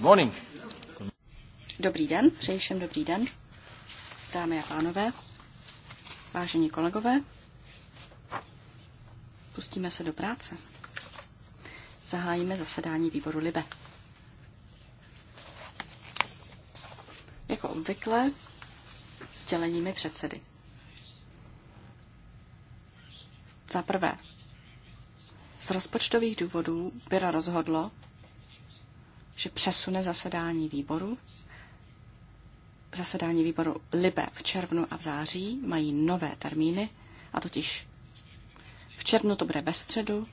Good morning. Dobrý den, přeji všem dobrý den, dámy a pánové, vážení kolegové. Pustíme se do práce. Zahájíme zasedání výboru Libe. Jako obvykle, sděleními předsedy. Za prvé, z rozpočtových důvodů byla rozhodlo, že přesune zasedání výboru. Zasedání výboru Libe v červnu a v září mají nové termíny, a totiž v červnu to bude ve středu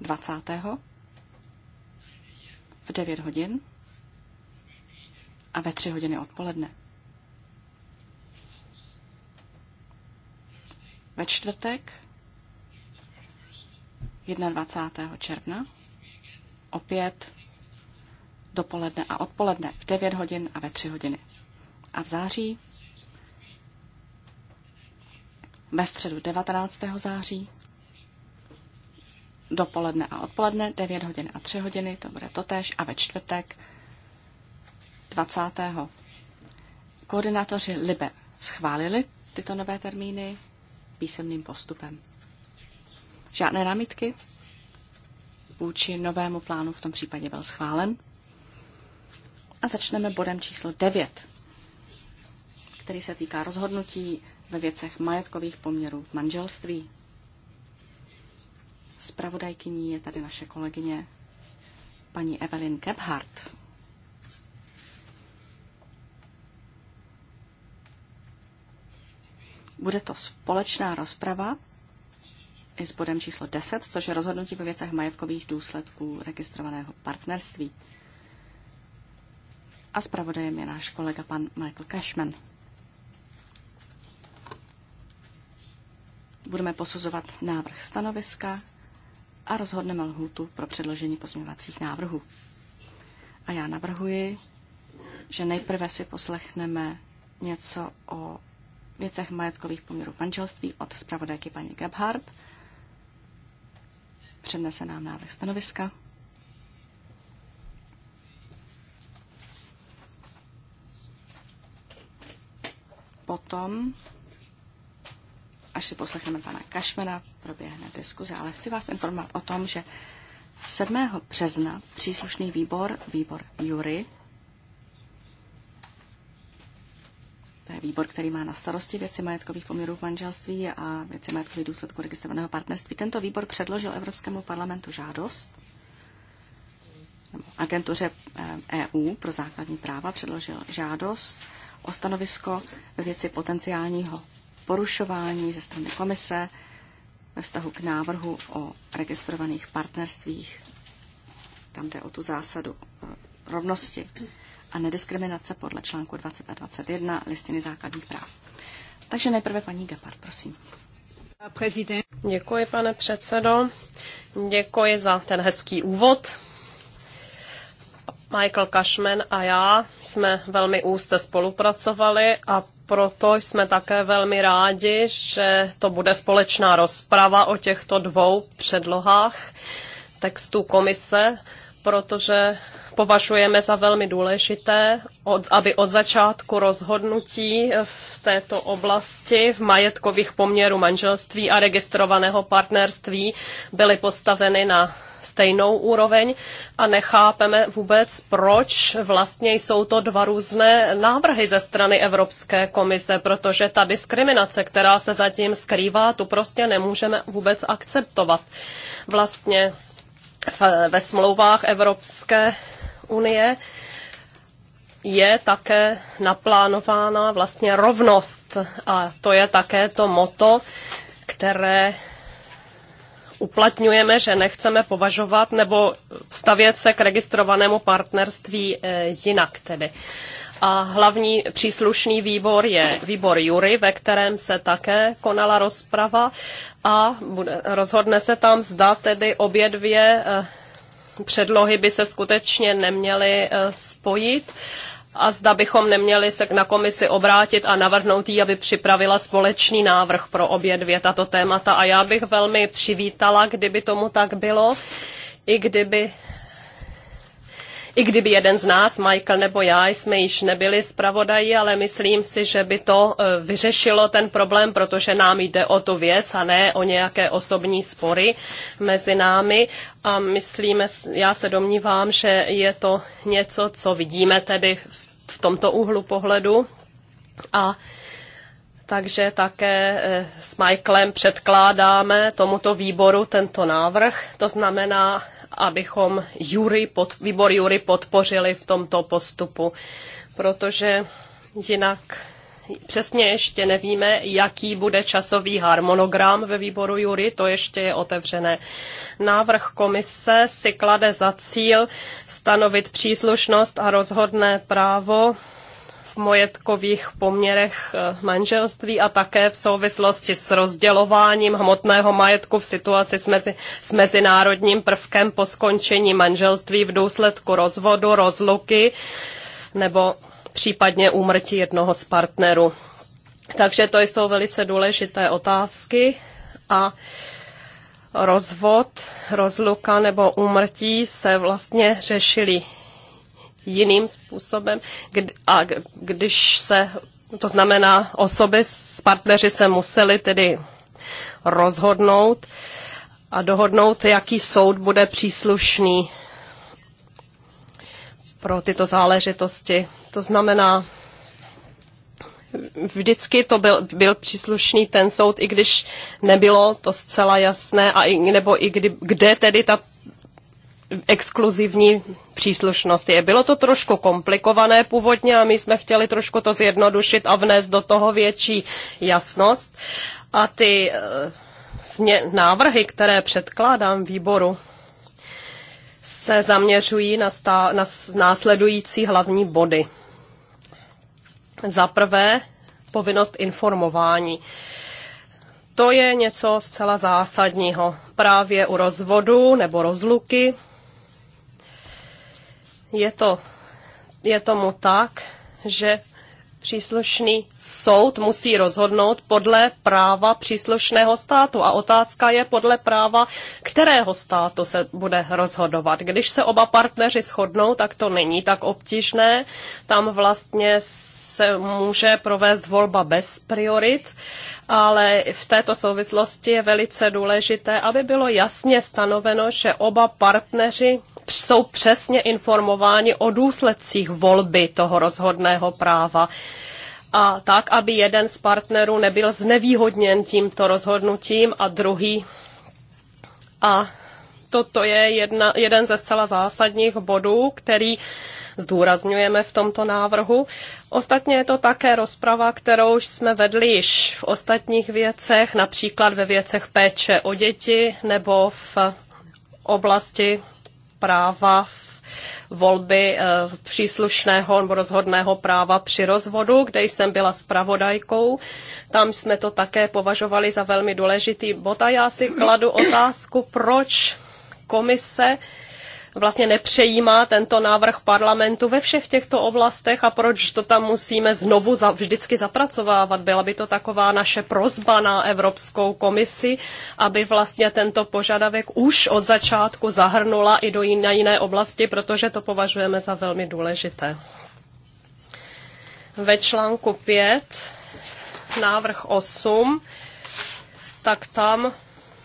20. v 9 hodin a ve 3 hodiny odpoledne. Ve čtvrtek 21. června opět dopoledne a odpoledne v 9 hodin a ve 3 hodiny. A v září ve středu 19. září dopoledne a odpoledne 9 hodin a 3 hodiny, to bude totéž, a ve čtvrtek 20. Koordinátoři LIBE schválili tyto nové termíny písemným postupem. Žádné námitky vůči novému plánu v tom případě byl schválen. A začneme bodem číslo 9, který se týká rozhodnutí ve věcech majetkových poměrů v manželství. Spravodajkyní je tady naše kolegyně paní Evelyn Gebhardt. Bude to společná rozprava i s bodem číslo 10, což je rozhodnutí ve věcech majetkových důsledků registrovaného partnerství a zpravodajem je náš kolega pan Michael Cashman. Budeme posuzovat návrh stanoviska a rozhodneme lhůtu pro předložení pozměňovacích návrhů. A já navrhuji, že nejprve si poslechneme něco o věcech majetkových poměrů v manželství od zpravodajky paní Gebhardt. Přednese nám návrh stanoviska. potom, až si poslechneme pana Kašmena, proběhne diskuze, ale chci vás informovat o tom, že 7. března příslušný výbor, výbor Jury, to je výbor, který má na starosti věci majetkových poměrů v manželství a věci majetkových důsledků registrovaného partnerství. Tento výbor předložil Evropskému parlamentu žádost, agentuře EU eh, e pro základní práva předložil žádost o stanovisko ve věci potenciálního porušování ze strany komise ve vztahu k návrhu o registrovaných partnerstvích. Tam jde o tu zásadu eh, rovnosti a nediskriminace podle článku 20 a 21 listiny základních práv. Takže nejprve paní Gepard, prosím. Děkuji, pane předsedo. Děkuji za ten hezký úvod. Michael Cashman a já jsme velmi úzce spolupracovali a proto jsme také velmi rádi, že to bude společná rozprava o těchto dvou předlohách textu komise, protože považujeme za velmi důležité, od, aby od začátku rozhodnutí v této oblasti v majetkových poměrů manželství a registrovaného partnerství byly postaveny na stejnou úroveň a nechápeme vůbec, proč vlastně jsou to dva různé návrhy ze strany Evropské komise, protože ta diskriminace, která se zatím skrývá, tu prostě nemůžeme vůbec akceptovat. Vlastně ve smlouvách Evropské unie je také naplánována vlastně rovnost. A to je také to moto, které uplatňujeme, že nechceme považovat nebo stavět se k registrovanému partnerství eh, jinak tedy. A hlavní příslušný výbor je výbor Jury, ve kterém se také konala rozprava a rozhodne se tam, zda tedy obě dvě eh, předlohy by se skutečně neměly eh, spojit a zda bychom neměli se na komisi obrátit a navrhnout jí, aby připravila společný návrh pro obě dvě tato témata. A já bych velmi přivítala, kdyby tomu tak bylo, i kdyby i kdyby jeden z nás, Michael nebo já, jsme již nebyli zpravodají, ale myslím si, že by to eh, vyřešilo ten problém, protože nám jde o tu věc a ne o nějaké osobní spory mezi námi. A myslíme, já se domnívám, že je to něco, co vidíme tedy v tomto úhlu pohledu. A takže také eh, s Michaelem předkládáme tomuto výboru tento návrh. To znamená, abychom jury pod, výbor jury podpořili v tomto postupu, protože jinak přesně ještě nevíme, jaký bude časový harmonogram ve výboru jury, to ještě je otevřené. Návrh komise si klade za cíl stanovit příslušnost a rozhodné právo majetkových poměrech eh, manželství a také v souvislosti s rozdělováním hmotného majetku v situaci s, mezi, s mezinárodním prvkem po skončení manželství v důsledku rozvodu, rozluky nebo případně úmrtí jednoho z partnerů. Takže to jsou velice důležité otázky a rozvod, rozluka nebo úmrtí se vlastně řešili jiným způsobem. A když se, to znamená, osoby s partneři se museli tedy rozhodnout a dohodnout, jaký soud bude příslušný pro tyto záležitosti. To znamená, vždycky to byl, byl příslušný ten soud, i když nebylo to zcela jasné, a i, nebo i kdy, kde tedy ta exkluzivní příslušnosti. Je Bylo to trošku komplikované původně a my jsme chtěli trošku to zjednodušit a vnést do toho větší jasnost. A ty eh, návrhy, které předkládám výboru, se zaměřují na, stá, na následující hlavní body. Za prvé, povinnost informování. To je něco zcela zásadního. Právě u rozvodu nebo rozluky je, to, je tomu tak, že příslušný soud musí rozhodnout podle práva příslušného státu. A otázka je podle práva, kterého státu se bude rozhodovat. Když se oba partneři shodnou, tak to není tak obtížné. Tam vlastně se může provést volba bez priorit, ale v této souvislosti je velice důležité, aby bylo jasně stanoveno, že oba partneři jsou přesně informováni o důsledcích volby toho rozhodného práva a tak, aby jeden z partnerů nebyl znevýhodněn tímto rozhodnutím a druhý. A toto je jedna, jeden ze zcela zásadních bodů, který zdůrazňujeme v tomto návrhu. Ostatně je to také rozprava, kterou jsme vedli již v ostatních věcech, například ve věcech péče o děti nebo v oblasti práva volby eh, příslušného nebo rozhodného práva při rozvodu, kde jsem byla zpravodajkou. Tam jsme to také považovali za velmi důležitý bod a já si kladu otázku, proč komise vlastně nepřejímá tento návrh parlamentu ve všech těchto oblastech a proč to tam musíme znovu za, vždycky zapracovávat. Byla by to taková naše prozba na Evropskou komisi, aby vlastně tento požadavek už od začátku zahrnula i do jiné, jiné oblasti, protože to považujeme za velmi důležité. Ve článku 5, návrh 8, tak tam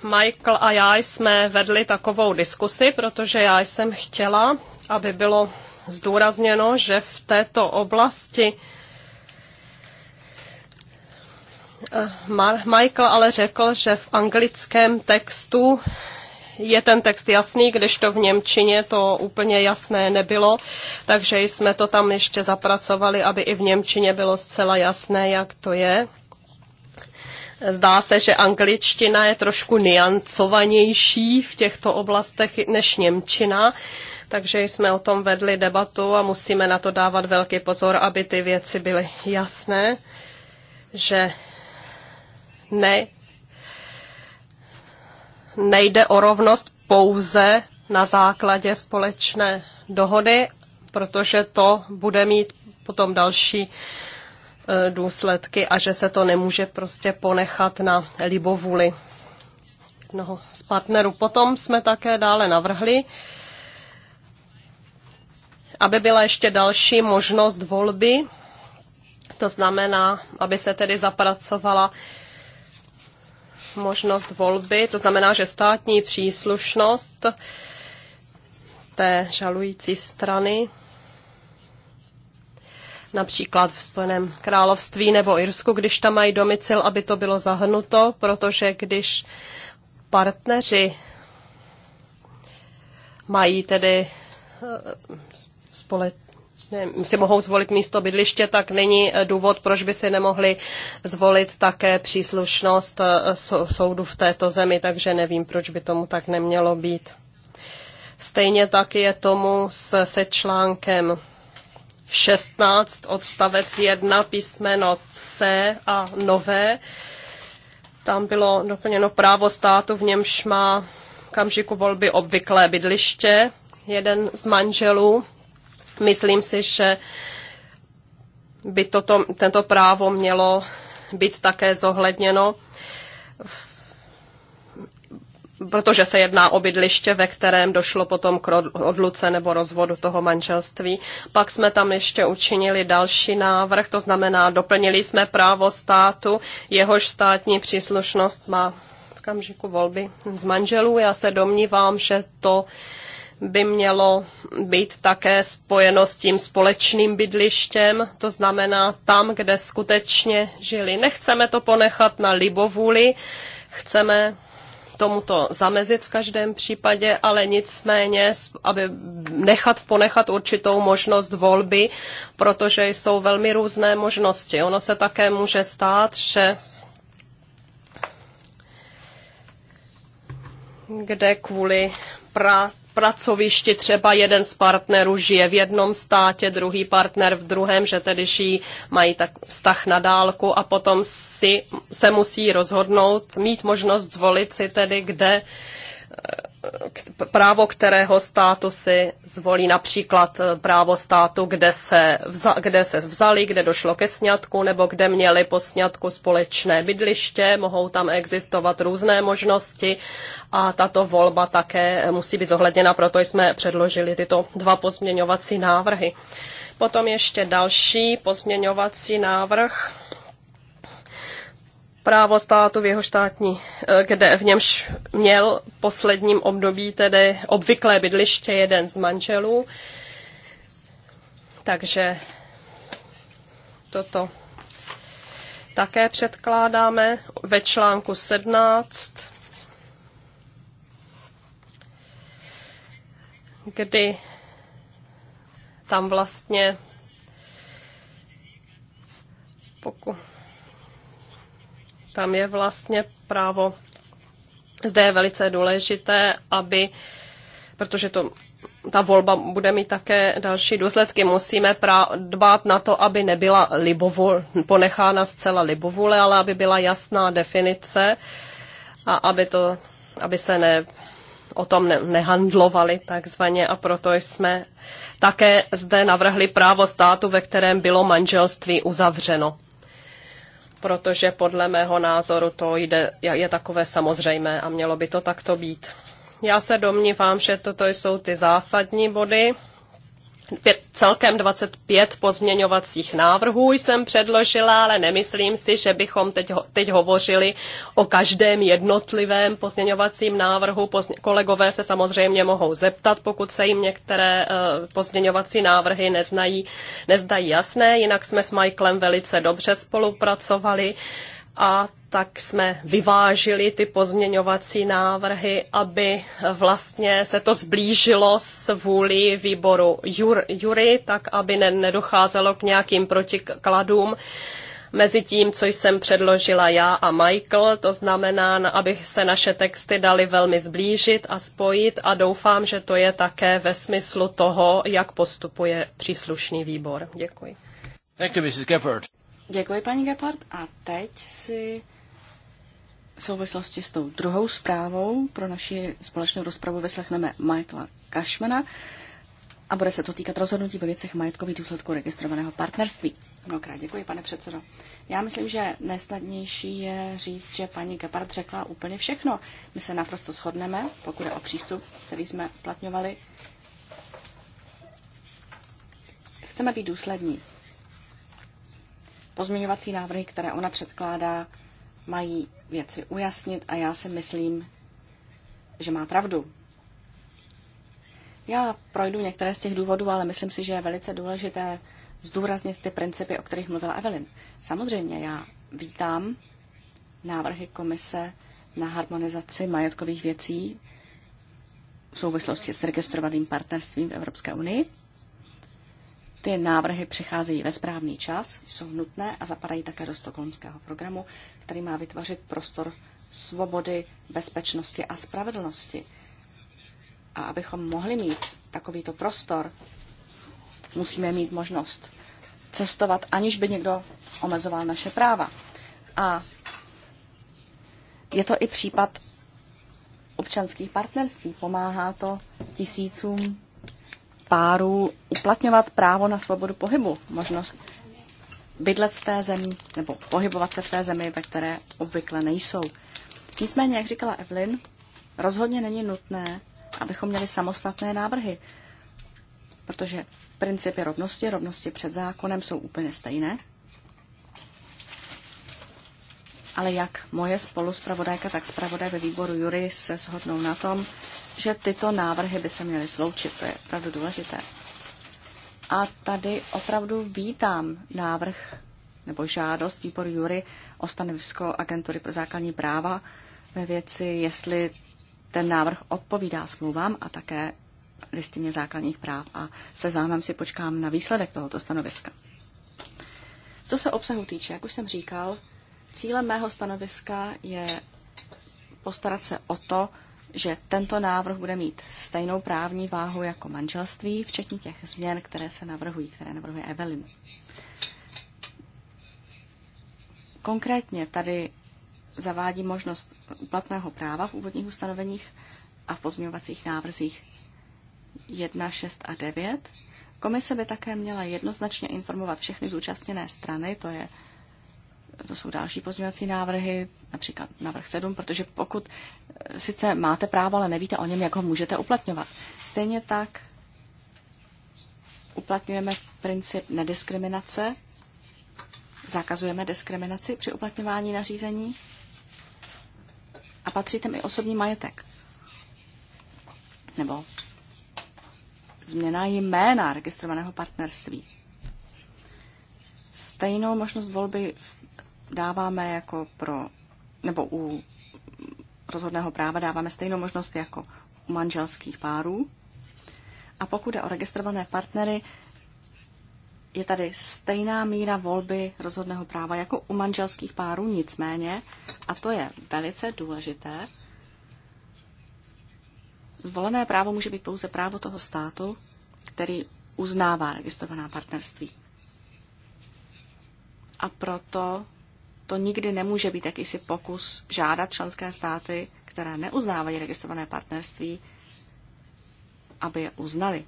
Michael a já jsme vedli takovou diskusi, protože já jsem chtěla, aby bylo zdůrazněno, že v této oblasti eh, Michael ale řekl, že v anglickém textu je ten text jasný, když to v Němčině to úplně jasné nebylo, takže jsme to tam ještě zapracovali, aby i v Němčině bylo zcela jasné, jak to je. Zdá se, že angličtina je trošku niancovanější v těchto oblastech než němčina, takže jsme o tom vedli debatu a musíme na to dávat velký pozor, aby ty věci byly jasné, že ne, nejde o rovnost pouze na základě společné dohody, protože to bude mít potom další Eh, důsledky a že se to nemůže prostě ponechat na libovůli jednoho z partnerů. Potom jsme také dále navrhli, aby byla ještě další možnost volby, to znamená, aby se tedy zapracovala možnost volby, to znamená, že státní příslušnost té žalující strany například v Spojeném království nebo Irsku, když tam mají domicil, aby to bylo zahrnuto, protože když partneři mají tedy eh, společnost, si mohou zvolit místo bydliště, tak není eh, důvod, proč by si nemohli zvolit také příslušnost eh, soudu v této zemi, takže nevím, proč by tomu tak nemělo být. Stejně tak je tomu se, se článkem 16 odstavec 1 písmeno C a nové. Tam bylo doplněno právo státu, v němž má kamžiku volby obvyklé bydliště, jeden z manželů. Myslím si, že by toto, tento právo mělo být také zohledněno v protože se jedná o bydliště, ve kterém došlo potom k odluce nebo rozvodu toho manželství. Pak jsme tam ještě učinili další návrh, to znamená, doplnili jsme právo státu, jehož státní příslušnost má v kamžiku volby z manželů. Já se domnívám, že to by mělo být také spojeno s tím společným bydlištěm, to znamená tam, kde skutečně žili. Nechceme to ponechat na libovůli, chceme tomuto zamezit v každém případě, ale nicméně, aby nechat ponechat určitou možnost volby, protože jsou velmi různé možnosti. Ono se také může stát, že kde kvůli pra, pracovišti třeba jeden z partnerů žije v jednom státě, druhý partner v druhém, že tedy žijí, mají tak vztah na dálku a potom si, se musí rozhodnout, mít možnost zvolit si tedy, kde právo kterého státu si zvolí, například eh, právo státu, kde se, vza, kde se vzali, kde došlo ke sňatku, nebo kde měli po sňatku společné bydliště, mohou tam existovat různé možnosti a tato volba také musí být zohledněna, proto jsme předložili tyto dva pozměňovací návrhy. Potom ještě další pozměňovací návrh právo státu v jeho státní, eh, kde v němž měl v posledním období tedy obvyklé bydliště jeden z manželů. Takže toto také předkládáme ve článku 17, kdy tam vlastně pokud tam je vlastně právo. Zde je velice důležité, aby, protože to ta volba bude mít také další důsledky. Musíme dbát na to, aby nebyla libovol, ponechána zcela libovůle, ale aby byla jasná definice a aby, to, aby se ne, o tom ne, nehandlovali takzvaně a proto jsme také zde navrhli právo státu, ve kterém bylo manželství uzavřeno protože podle mého názoru to jde, je takové samozřejmé a mělo by to takto být. Já se domnívám, že toto jsou ty zásadní body Pět, celkem 25 pozměňovacích návrhů jsem předložila, ale nemyslím si, že bychom teď, teď hovořili o každém jednotlivém pozměňovacím návrhu. Pozmě, kolegové se samozřejmě mohou zeptat, pokud se jim některé uh, pozměňovací návrhy neznají, nezdají jasné. Jinak jsme s Michaelem velice dobře spolupracovali a tak jsme vyvážili ty pozměňovací návrhy, aby vlastně se to zblížilo s vůli výboru jur, jury, tak aby ne, nedocházelo k nějakým protikladům mezi tím, co jsem předložila já a Michael, to znamená, aby se naše texty daly velmi zblížit a spojit a doufám, že to je také ve smyslu toho, jak postupuje příslušný výbor. Děkuji. Thank you, Mrs. Gephardt. Děkuji, paní Gephardt. A teď si v souvislosti s tou druhou zprávou pro naši společnou rozpravu vyslechneme Michaela Kašmana a bude se to týkat rozhodnutí ve věcech majetkových důsledků registrovaného partnerství. Mnohokrát děkuji, pane předsedo. Já myslím, že nejsnadnější je říct, že paní Gepard řekla úplně všechno. My se naprosto shodneme, pokud je o přístup, který jsme platňovali. Chceme být důslední. Pozměňovací návrhy, které ona předkládá, mají věci ujasnit a já si myslím, že má pravdu. Já projdu některé z těch důvodů, ale myslím si, že je velice důležité zdůraznit ty principy, o kterých mluvila Evelyn. Samozřejmě já vítám návrhy komise na harmonizaci majetkových věcí v souvislosti s registrovaným partnerstvím v Evropské unii. Ty návrhy přicházejí ve správný čas, jsou nutné a zapadají také do stokholmského programu, který má vytvořit prostor svobody, bezpečnosti a spravedlnosti. A abychom mohli mít takovýto prostor, musíme mít možnost cestovat, aniž by někdo omezoval naše práva. A je to i případ občanských partnerství. Pomáhá to tisícům párů uplatňovat právo na svobodu pohybu, možnost bydlet v té zemi nebo pohybovat se v té zemi, ve které obvykle nejsou. Nicméně, jak říkala Evelyn, rozhodně není nutné, abychom měli samostatné návrhy, protože principy rovnosti, rovnosti před zákonem jsou úplně stejné. Ale jak moje spoluspravodajka, tak spravodaj ve výboru Jury se shodnou na tom, že tyto návrhy by se měly sloučit. To je opravdu důležité. A tady opravdu vítám návrh nebo žádost výboru Jury o stanovisko Agentury pro základní práva ve věci, jestli ten návrh odpovídá smlouvám a také listině základních práv a se zájmem si počkám na výsledek tohoto stanoviska. Co se obsahu týče, jak už jsem říkal, cílem mého stanoviska je postarat se o to, že tento návrh bude mít stejnou právní váhu jako manželství, včetně těch změn, které se navrhují, které navrhuje Evelyn. Konkrétně tady zavádí možnost uplatného práva v úvodních ustanoveních a v pozměňovacích návrzích 1, 6 a 9. Komise by také měla jednoznačně informovat všechny zúčastněné strany, to je to jsou další pozměňovací návrhy, například návrh 7, protože pokud e, sice máte právo, ale nevíte o něm, jak ho můžete uplatňovat. Stejně tak uplatňujeme princip nediskriminace, zakazujeme diskriminaci při uplatňování nařízení a patří tam i osobní majetek. Nebo změna jména registrovaného partnerství. Stejnou možnost volby dáváme jako pro, nebo u rozhodného práva dáváme stejnou možnost jako u manželských párů. A pokud je o registrované partnery, je tady stejná míra volby rozhodného práva jako u manželských párů, nicméně, a to je velice důležité, zvolené právo může být pouze právo toho státu, který uznává registrovaná partnerství. A proto to nikdy nemůže být jakýsi pokus žádat členské státy, které neuznávají registrované partnerství, aby je uznali.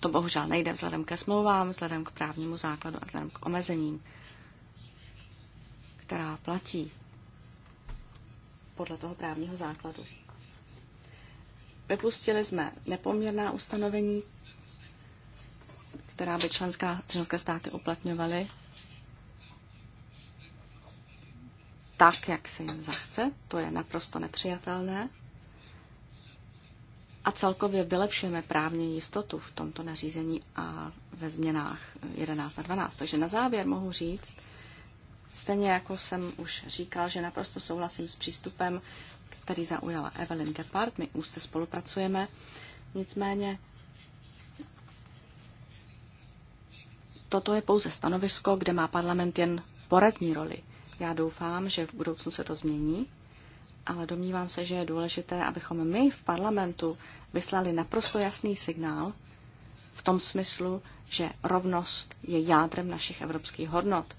To bohužel nejde vzhledem ke smlouvám, vzhledem k právnímu základu a vzhledem k omezením, která platí podle toho právního základu. Vypustili jsme nepoměrná ustanovení, která by členská, členské státy uplatňovaly tak, jak se jim zachce. To je naprosto nepřijatelné. A celkově vylepšujeme právně jistotu v tomto nařízení a ve změnách 11 a 12. Takže na závěr mohu říct, stejně jako jsem už říkal, že naprosto souhlasím s přístupem, který zaujala Evelyn Gepard, my úzce spolupracujeme, nicméně toto je pouze stanovisko, kde má parlament jen poradní roli. Já doufám, že v budoucnu se to změní, ale domnívám se, že je důležité, abychom my v parlamentu vyslali naprosto jasný signál v tom smyslu, že rovnost je jádrem našich evropských hodnot.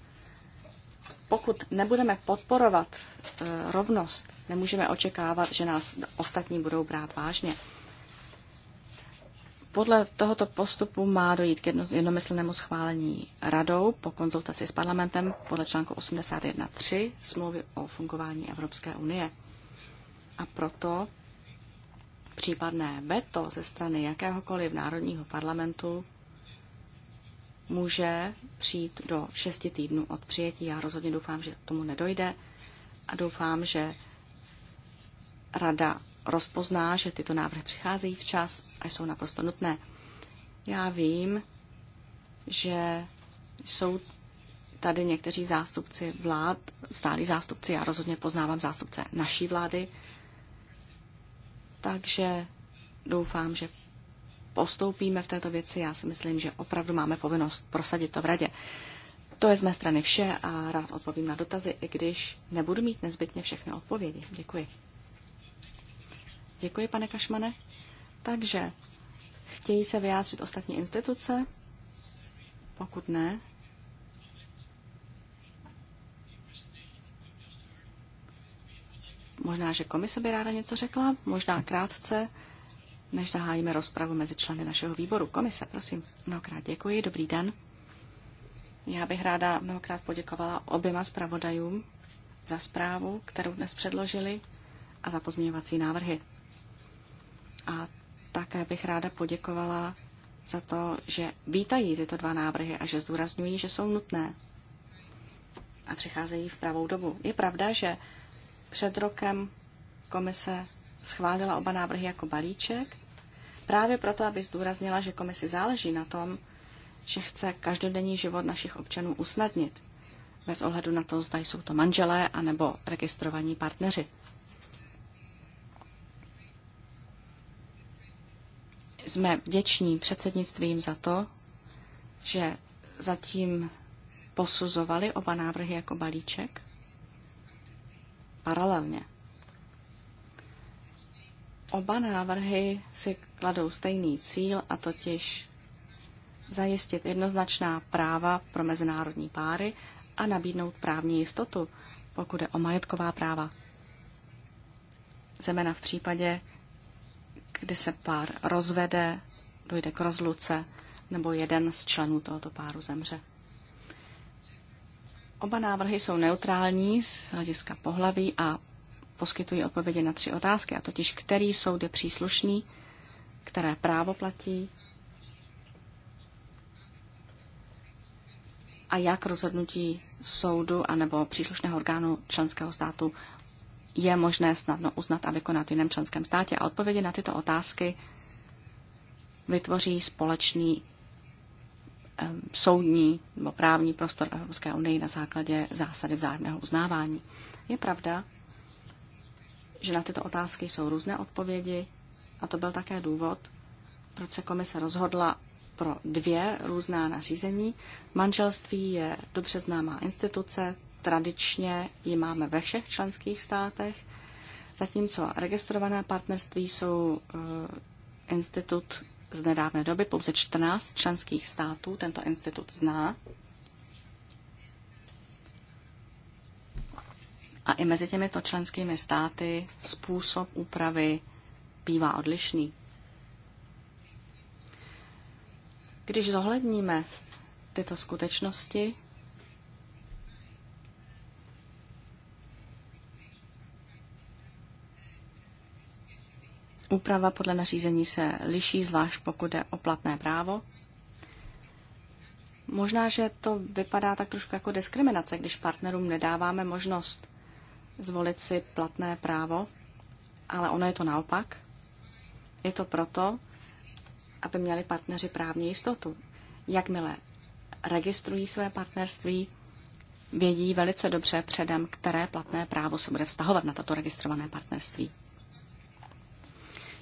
Pokud nebudeme podporovat eh, rovnost, nemůžeme očekávat, že nás ostatní budou brát vážně. Podle tohoto postupu má dojít k jedno, jednomyslnému schválení radou po konzultaci s parlamentem podle článku 81.3 smlouvy o fungování Evropské unie. A proto případné veto ze strany jakéhokoliv národního parlamentu může přijít do šesti týdnů od přijetí. Já rozhodně doufám, že k tomu nedojde a doufám, že rada rozpozná, že tyto návrhy přicházejí včas a jsou naprosto nutné. Já vím, že jsou tady někteří zástupci vlád, stálí zástupci, já rozhodně poznávám zástupce naší vlády, takže doufám, že postoupíme v této věci. Já si myslím, že opravdu máme povinnost prosadit to v radě. To je z mé strany vše a rád odpovím na dotazy, i když nebudu mít nezbytně všechny odpovědi. Děkuji. Děkuji, pane Kašmane. Takže chtějí se vyjádřit ostatní instituce? Pokud ne, Možná, že komise by ráda něco řekla, možná krátce, než zahájíme rozpravu mezi členy našeho výboru. Komise, prosím, mnohokrát děkuji, dobrý den. Já bych ráda mnohokrát poděkovala oběma zpravodajům za zprávu, kterou dnes předložili a za pozměňovací návrhy. A také bych ráda poděkovala za to, že vítají tyto dva návrhy a že zdůrazňují, že jsou nutné a přicházejí v pravou dobu. Je pravda, že před rokem komise schválila oba návrhy jako balíček, právě proto, aby zdůraznila, že komisi záleží na tom, že chce každodenní život našich občanů usnadnit, bez ohledu na to, zda jsou to manželé anebo registrovaní partneři. jsme vděční předsednictvím za to, že zatím posuzovali oba návrhy jako balíček paralelně. Oba návrhy si kladou stejný cíl, a totiž zajistit jednoznačná práva pro mezinárodní páry a nabídnout právní jistotu, pokud je o majetková práva. Zemena v případě, kdy se pár rozvede, dojde k rozluce nebo jeden z členů tohoto páru zemře. Oba návrhy jsou neutrální z hlediska pohlaví a poskytují odpovědi na tři otázky, a totiž který soud je příslušný, které právo platí a jak rozhodnutí soudu anebo příslušného orgánu členského státu je možné snadno uznat a vykonat v jiném členském státě. A odpovědi na tyto otázky vytvoří společný soudní nebo právní prostor Evropské unii na základě zásady vzájemného uznávání. Je pravda, že na tyto otázky jsou různé odpovědi a to byl také důvod, proč se komise rozhodla pro dvě různá nařízení. Manželství je dobře známá instituce, Tradičně ji máme ve všech členských státech, zatímco registrované partnerství jsou eh, institut z nedávné doby, pouze 14 členských států tento institut zná. A i mezi těmito členskými státy způsob úpravy bývá odlišný. Když zohledníme tyto skutečnosti, Úprava podle nařízení se liší, zvlášť pokud je o platné právo. Možná, že to vypadá tak trošku jako diskriminace, když partnerům nedáváme možnost zvolit si platné právo, ale ono je to naopak. Je to proto, aby měli partneři právní jistotu. Jakmile registrují své partnerství, vědí velice dobře předem, které platné právo se bude vztahovat na toto registrované partnerství.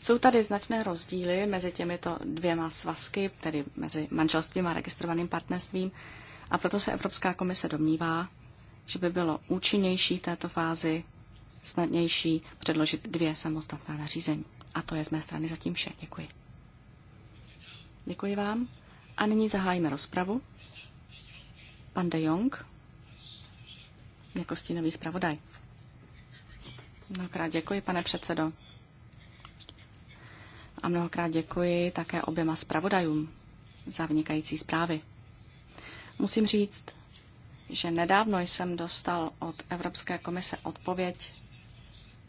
Jsou tady značné rozdíly mezi těmito dvěma svazky, tedy mezi manželstvím a registrovaným partnerstvím, a proto se Evropská komise domnívá, že by bylo účinnější v této fázi, snadnější předložit dvě samostatná nařízení. A to je z mé strany zatím vše. Děkuji. Děkuji vám. A nyní zahájíme rozpravu. Pan De Jong jako stínový zpravodaj. Mnohokrát děkuji, pane předsedo a mnohokrát děkuji také oběma zpravodajům za vynikající zprávy. Musím říct, že nedávno jsem dostal od Evropské komise odpověď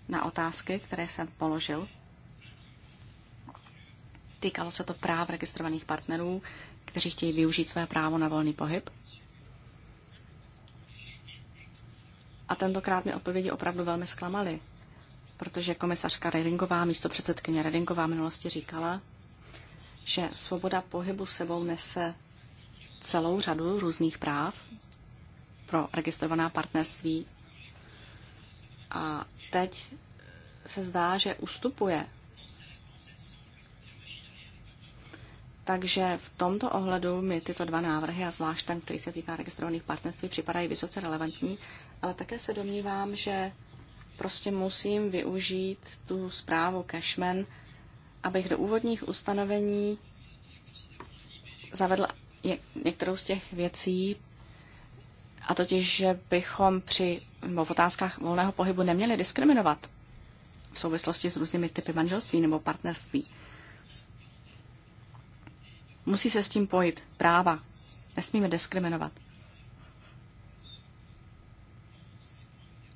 na otázky, které jsem položil. Týkalo se to práv registrovaných partnerů, kteří chtějí využít své právo na volný pohyb. A tentokrát mi odpovědi opravdu velmi zklamaly protože komisařka Redingová, místo předsedkyně Redingová minulosti říkala, že svoboda pohybu sebou nese celou řadu různých práv pro registrovaná partnerství. A teď se zdá, že ustupuje. Takže v tomto ohledu mi tyto dva návrhy, a zvlášť ten, který se týká registrovaných partnerství, připadají vysoce relevantní, ale také se domnívám, že prostě musím využít tu zprávu Cashman, abych do úvodních ustanovení zavedl některou z těch věcí, a totiž, že bychom při, nebo v otázkách volného pohybu neměli diskriminovat v souvislosti s různými typy manželství nebo partnerství. Musí se s tím pojít práva. Nesmíme diskriminovat.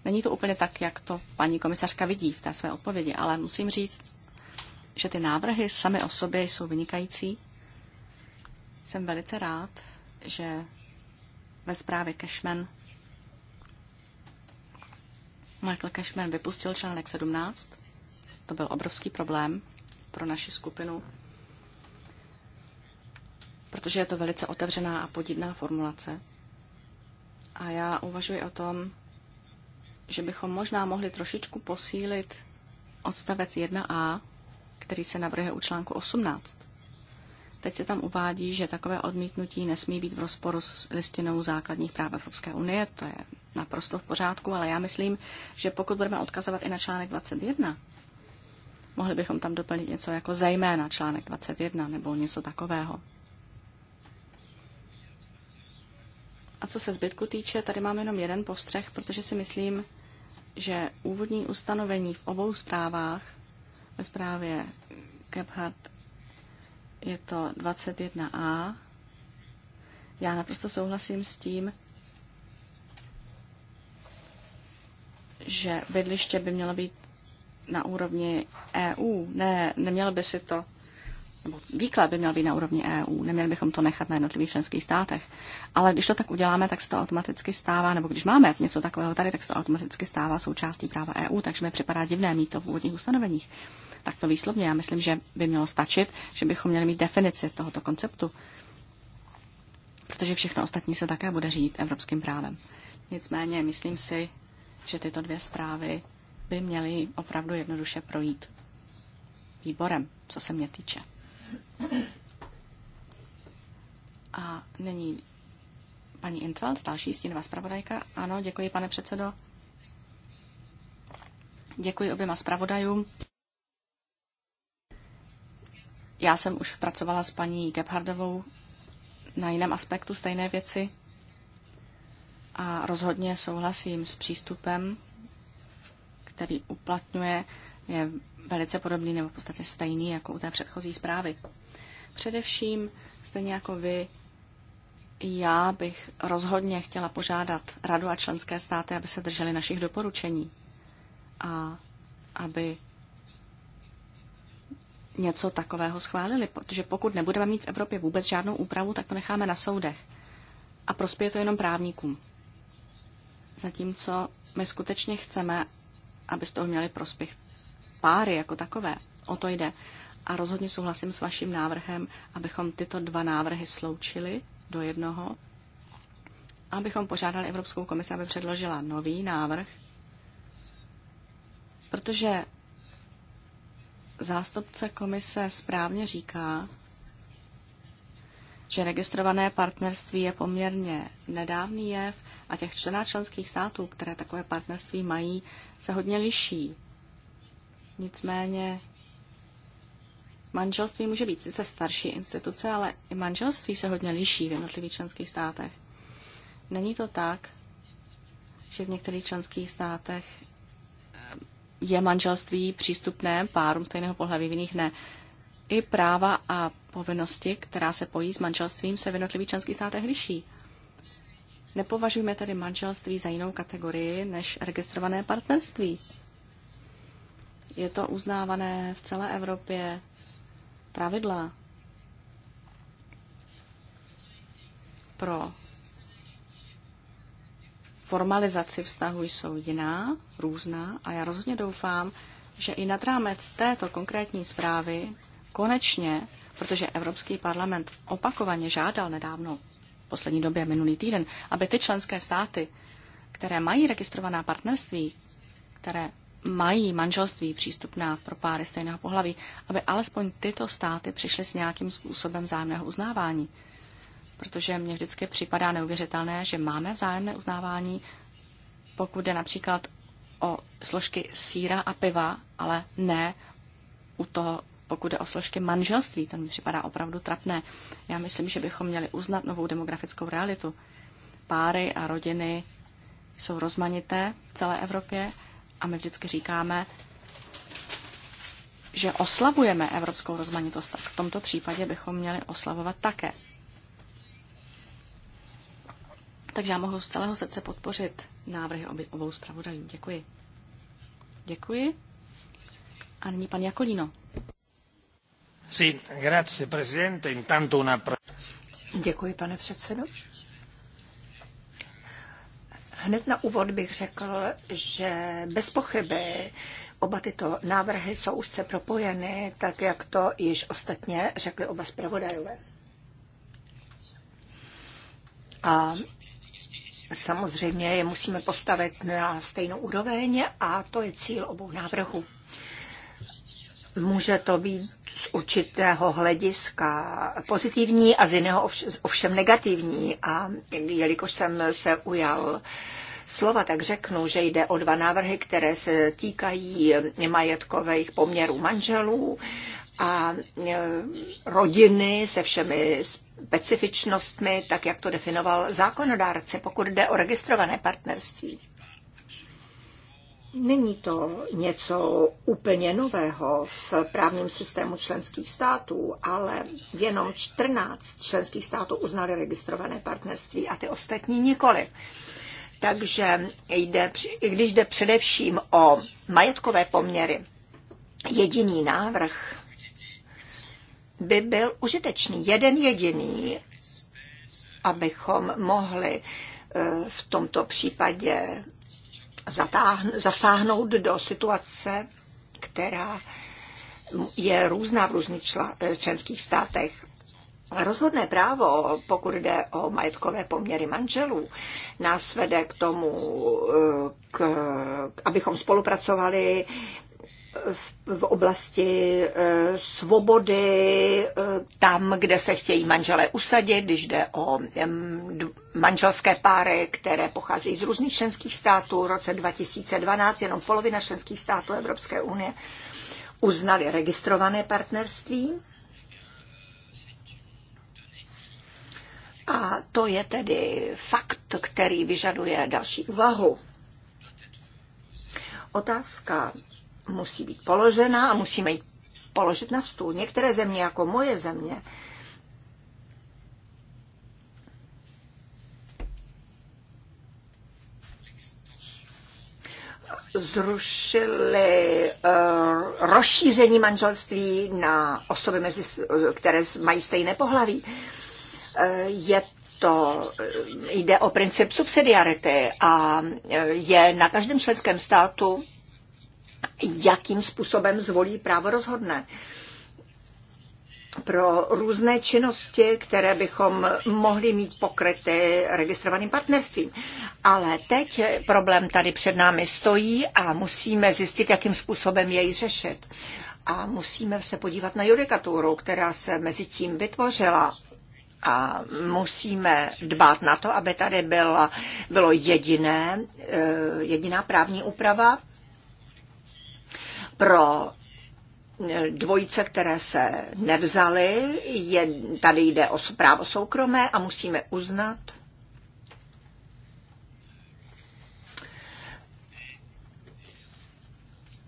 Není to úplně tak, jak to paní komisařka vidí v té své odpovědi, ale musím říct, že ty návrhy samy o sobě jsou vynikající. Jsem velice rád, že ve zprávě Cashman Michael Cashman vypustil článek 17. To byl obrovský problém pro naši skupinu, protože je to velice otevřená a podivná formulace. A já uvažuji o tom, že bychom možná mohli trošičku posílit odstavec 1a, který se navrhuje u článku 18. Teď se tam uvádí, že takové odmítnutí nesmí být v rozporu s listinou základních práv Evropské unie, to je naprosto v pořádku, ale já myslím, že pokud budeme odkazovat i na článek 21, mohli bychom tam doplnit něco jako zejména článek 21 nebo něco takového. A co se zbytku týče, tady mám jenom jeden postřeh, protože si myslím, že úvodní ustanovení v obou zprávách, ve zprávě Gebhardt je to 21a, já naprosto souhlasím s tím, že bydliště by mělo být na úrovni EU. Ne, nemělo by si to výklad by měl být na úrovni EU, neměli bychom to nechat na jednotlivých členských státech. Ale když to tak uděláme, tak se to automaticky stává, nebo když máme něco takového tady, tak se to automaticky stává součástí práva EU, takže mi připadá divné mít to v úvodních ustanoveních. Tak to výslovně, já myslím, že by mělo stačit, že bychom měli mít definici tohoto konceptu, protože všechno ostatní se také bude řídit evropským právem. Nicméně, myslím si, že tyto dvě zprávy by měly opravdu jednoduše projít výborem, co se mě týče. A není paní Intveld, další stínová zpravodajka. Ano, děkuji, pane předsedo. Děkuji oběma zpravodajům. Já jsem už pracovala s paní Gebhardovou na jiném aspektu stejné věci a rozhodně souhlasím s přístupem, který uplatňuje, je velice podobný nebo v podstatě stejný jako u té předchozí zprávy. Především, stejně jako vy, já bych rozhodně chtěla požádat Radu a členské státy, aby se drželi našich doporučení a aby něco takového schválili, protože pokud nebudeme mít v Evropě vůbec žádnou úpravu, tak to necháme na soudech. A prospěje to jenom právníkům. Zatímco my skutečně chceme, aby z toho měli prospěch páry jako takové. O to jde. A rozhodně souhlasím s vaším návrhem, abychom tyto dva návrhy sloučili do jednoho, abychom požádali Evropskou komisi, aby předložila nový návrh, protože zástupce komise správně říká, že registrované partnerství je poměrně nedávný jev a těch 14 členských států, které takové partnerství mají, se hodně liší. Nicméně manželství může být sice starší instituce, ale i manželství se hodně liší v jednotlivých členských státech. Není to tak, že v některých členských státech eh, je manželství přístupné párům stejného pohlaví, v jiných ne. I práva a povinnosti, která se pojí s manželstvím, se v jednotlivých členských státech liší. Nepovažujeme tedy manželství za jinou kategorii než registrované partnerství. Je to uznávané v celé Evropě pravidla pro formalizaci vztahu jsou jiná, různá a já rozhodně doufám, že i nad rámec této konkrétní zprávy konečně, protože Evropský parlament opakovaně žádal nedávno poslední době minulý týden, aby ty členské státy, které mají registrovaná partnerství, které mají manželství přístupná pro páry stejného pohlaví, aby alespoň tyto státy přišly s nějakým způsobem vzájemného uznávání. Protože mně vždycky připadá neuvěřitelné, že máme vzájemné uznávání, pokud jde například o složky síra a piva, ale ne u toho pokud jde o složky manželství, to mi připadá opravdu trapné. Já myslím, že bychom měli uznat novou demografickou realitu. Páry a rodiny jsou rozmanité v celé Evropě a my vždycky říkáme, že oslavujeme evropskou rozmanitost, tak v tomto případě bychom měli oslavovat také. Takže já mohu z celého srdce podpořit návrhy obě, obou zpravodajů. Děkuji. Děkuji. A nyní pan Jakolíno. Děkuji, pane předsedo. Hned na úvod bych řekl, že bez pochyby oba tyto návrhy jsou úzce propojeny, tak jak to již ostatně řekli oba zpravodajové. A samozřejmě je musíme postavit na stejnou úroveň a to je cíl obou návrhů. Může to být z určitého hlediska pozitivní a z jiného ovšem negativní. A jelikož jsem se ujal slova, tak řeknu, že jde o dva návrhy, které se týkají majetkových poměrů manželů a e, rodiny se všemi specifičnostmi, tak jak to definoval zákonodárce, pokud jde o registrované partnerství. Není to něco úplně nového v právním systému členských států, ale jenom 14 členských států uznali registrované partnerství a ty ostatní nikoli. Takže jde, když jde především o majetkové poměry, jediný návrh by byl užitečný, jeden jediný, abychom mohli eh, v tomto případě zasáhnout do situace, která je různá v různých čla, členských státech. Rozhodné právo, pokud jde o majetkové poměry manželů, nás vede k tomu, eh, k, abychom spolupracovali v, v oblasti e, svobody, e, tam, kde se chtějí manželé usadit, když jde o e, manželské páry, které pocházejí z různých členských států. V roce 2012 jenom polovina členských států Evropské unie uznali registrované partnerství. A to je tedy fakt, který vyžaduje další úvahu. Otázka musí být položena a musíme ji položit na stůl. Některé země, jako moje země, zrušili uh, rozšíření manželství na osoby, mezi, které mají stejné pohlaví. Uh, je to, eh, jde o princip subsidiarity a je na každém členském státu jakým způsobem zvolí právo rozhodné pro různé činnosti, které bychom mohli mít pokryty registrovaným partnerstvím. Ale teď problém tady před námi stojí a musíme zjistit, jakým způsobem jej řešit. A musíme se podívat na judikaturu, která se mezi tím vytvořila. A musíme dbát na to, aby tady byla, bylo jediné, eh, jediná právní úprava, pro eh, dvojice, které se nevzaly. Je, tady jde o právo soukromé a musíme uznat,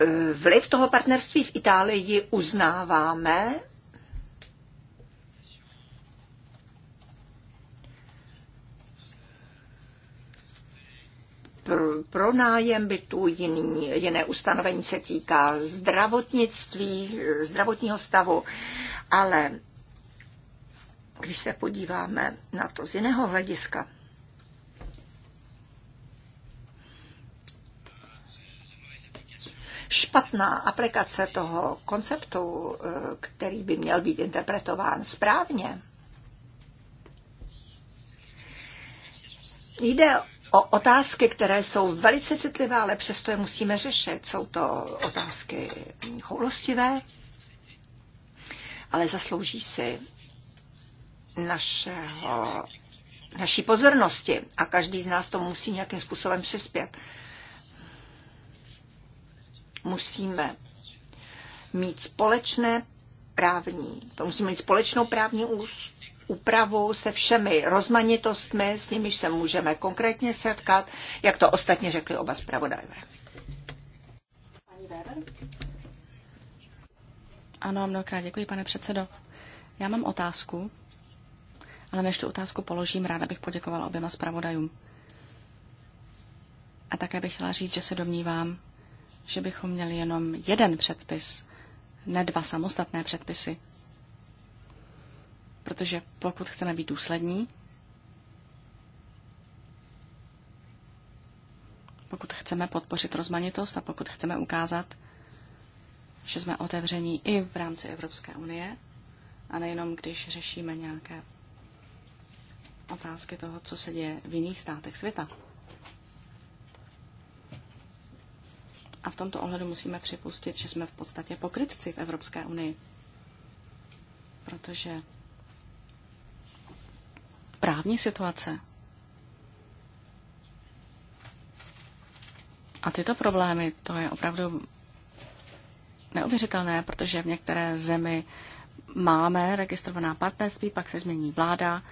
eh, Vliv toho partnerství v Itálii uznáváme pro, pro nájem bytů, jiný, jiné ustanovení se týká zdravotnictví, zdravotního stavu, ale když se podíváme na to z jiného hlediska, špatná aplikace toho konceptu, který by měl být interpretován správně, jde o otázky, které jsou velice citlivé, ale přesto je musíme řešit. Jsou to otázky choulostivé, ale zaslouží si našeho, naší pozornosti a každý z nás to musí nějakým způsobem přispět. Musíme mít společné právní, to musíme mít společnou právní úst, úpravu se všemi rozmanitostmi, s nimiž se můžeme konkrétně setkat, jak to ostatně řekli oba zpravodajové. Ano, mnohokrát děkuji, pane předsedo. Já mám otázku, ale než tu otázku položím, ráda bych poděkovala oběma zpravodajům. A také bych chtěla říct, že se domnívám, že bychom měli jenom jeden předpis, ne dva samostatné předpisy protože pokud chceme být důslední, pokud chceme podpořit rozmanitost a pokud chceme ukázat, že jsme otevření i v rámci Evropské unie a nejenom když řešíme nějaké otázky toho, co se děje v jiných státech světa. A v tomto ohledu musíme připustit, že jsme v podstatě pokrytci v Evropské unii, protože právní situace. A tyto problémy, to je opravdu neuvěřitelné, protože v některé zemi máme registrovaná partnerství, pak se změní vláda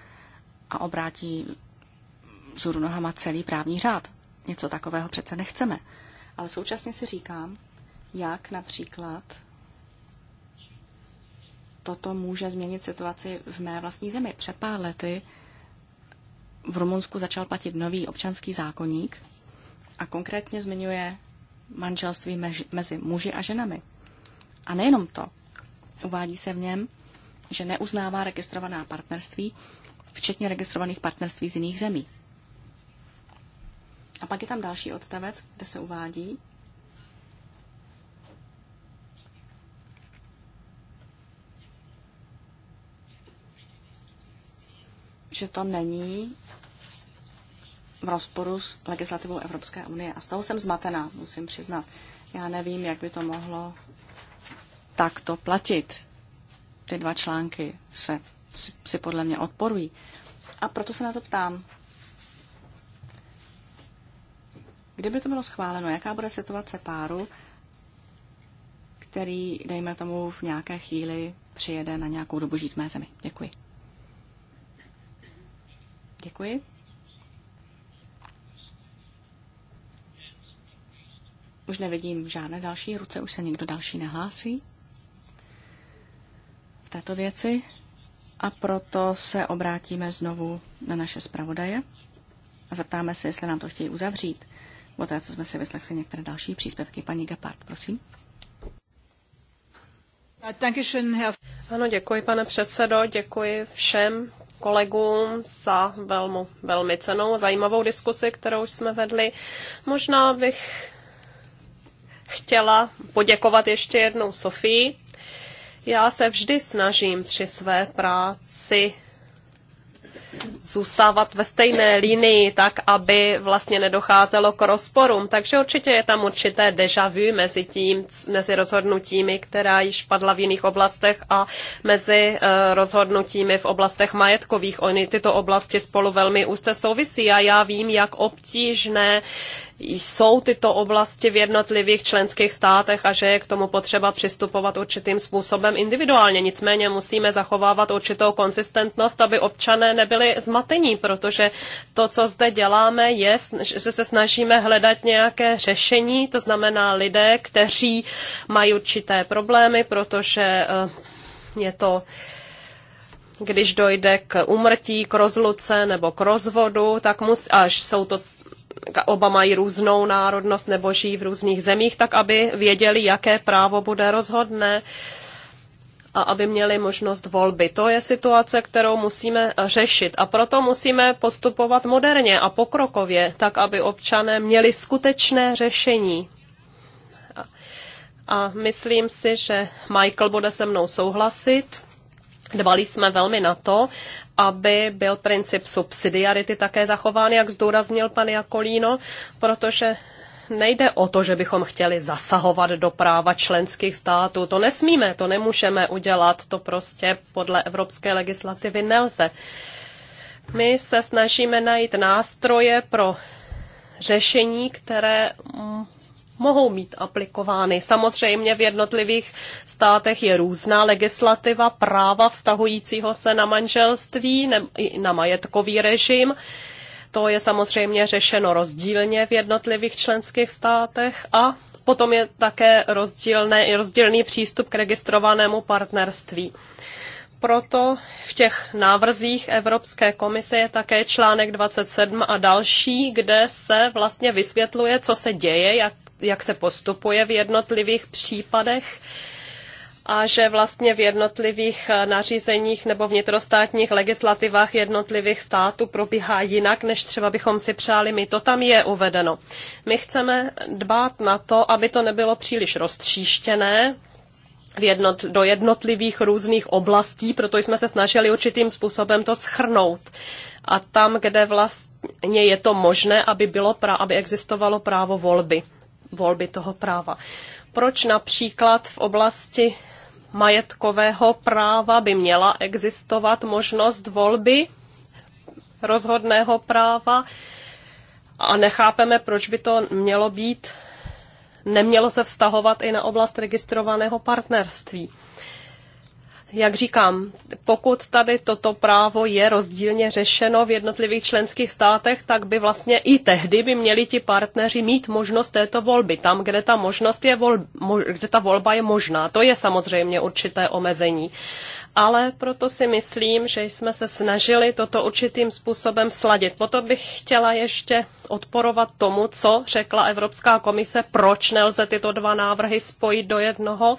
a obrátí vzhůru nohama celý právní řád. Něco takového přece nechceme. Ale současně si říkám, jak například toto může změnit situaci v mé vlastní zemi. Před pár lety v Rumunsku začal platit nový občanský zákonník a konkrétně zmiňuje manželství mezi muži a ženami. A nejenom to, uvádí se v něm, že neuznává registrovaná partnerství, včetně registrovaných partnerství z jiných zemí. A pak je tam další odstavec, kde se uvádí, že to není v rozporu s legislativou Evropské unie. A z toho jsem zmatená, musím přiznat. Já nevím, jak by to mohlo takto platit. Ty dva články se, si, podle mě odporují. A proto se na to ptám. Kdyby to bylo schváleno, jaká bude situace páru, který, dejme tomu, v nějaké chvíli přijede na nějakou dobu žít mé zemi? Děkuji. Děkuji. Už nevidím žádné další ruce, už se někdo další nehlásí v této věci. A proto se obrátíme znovu na naše zpravodaje a zeptáme se, jestli nám to chtějí uzavřít. O té, co jsme si vyslechli některé další příspěvky. Paní Gapart, prosím. Ano, děkuji, pane předsedo, děkuji všem kolegům za velmi, velmi cenou, zajímavou diskusi, kterou jsme vedli. Možná bych chtěla poděkovat ještě jednou Sofii. Já se vždy snažím při své práci zůstávat ve stejné linii, tak aby vlastně nedocházelo k rozporům. Takže určitě je tam určité deja vu mezi tím, mezi rozhodnutími, která již padla v jiných oblastech a mezi eh, rozhodnutími v oblastech majetkových. Oni tyto oblasti spolu velmi úzce souvisí a já vím, jak obtížné jsou tyto oblasti v jednotlivých členských státech a že je k tomu potřeba přistupovat určitým způsobem individuálně. Nicméně musíme zachovávat určitou konsistentnost, aby občané nebyli zmatení, protože to, co zde děláme, je, že se snažíme hledat nějaké řešení, to znamená lidé, kteří mají určité problémy, protože eh, je to když dojde k umrtí, k rozluce nebo k rozvodu, tak mus, až jsou to oba mají různou národnost nebo žijí v různých zemích, tak aby věděli, jaké právo bude rozhodné a aby měli možnost volby. To je situace, kterou musíme řešit a proto musíme postupovat moderně a pokrokově, tak aby občané měli skutečné řešení. A myslím si, že Michael bude se mnou souhlasit Dbali jsme velmi na to, aby byl princip subsidiarity také zachován, jak zdůraznil pan Jakolíno, protože nejde o to, že bychom chtěli zasahovat do práva členských států. To nesmíme, to nemůžeme udělat, to prostě podle evropské legislativy nelze. My se snažíme najít nástroje pro řešení, které mohou mít aplikovány. Samozřejmě v jednotlivých státech je různá legislativa práva vztahujícího se na manželství, ne, na majetkový režim. To je samozřejmě řešeno rozdílně v jednotlivých členských státech a potom je také rozdílný přístup k registrovanému partnerství proto v těch návrzích Evropské komise je také článek 27 a další, kde se vlastně vysvětluje, co se děje, jak, jak se postupuje v jednotlivých případech a že vlastně v jednotlivých nařízeních nebo vnitrostátních legislativách jednotlivých států probíhá jinak, než třeba bychom si přáli. My to tam je uvedeno. My chceme dbát na to, aby to nebylo příliš roztříštěné, jednot, do jednotlivých různých oblastí, proto jsme se snažili určitým způsobem to schrnout. A tam, kde vlastně je to možné, aby, bylo pra, aby existovalo právo volby, volby toho práva. Proč například v oblasti majetkového práva by měla existovat možnost volby rozhodného práva a nechápeme, proč by to mělo být nemělo se vztahovat i na oblast registrovaného partnerství jak říkám, pokud tady toto právo je rozdílně řešeno v jednotlivých členských státech, tak by vlastně i tehdy by měli ti partneři mít možnost této volby, tam, kde ta možnost je vol, kde ta volba je možná. To je samozřejmě určité omezení. Ale proto si myslím, že jsme se snažili toto určitým způsobem sladit. Potom bych chtěla ještě odporovat tomu, co řekla Evropská komise, proč nelze tyto dva návrhy spojit do jednoho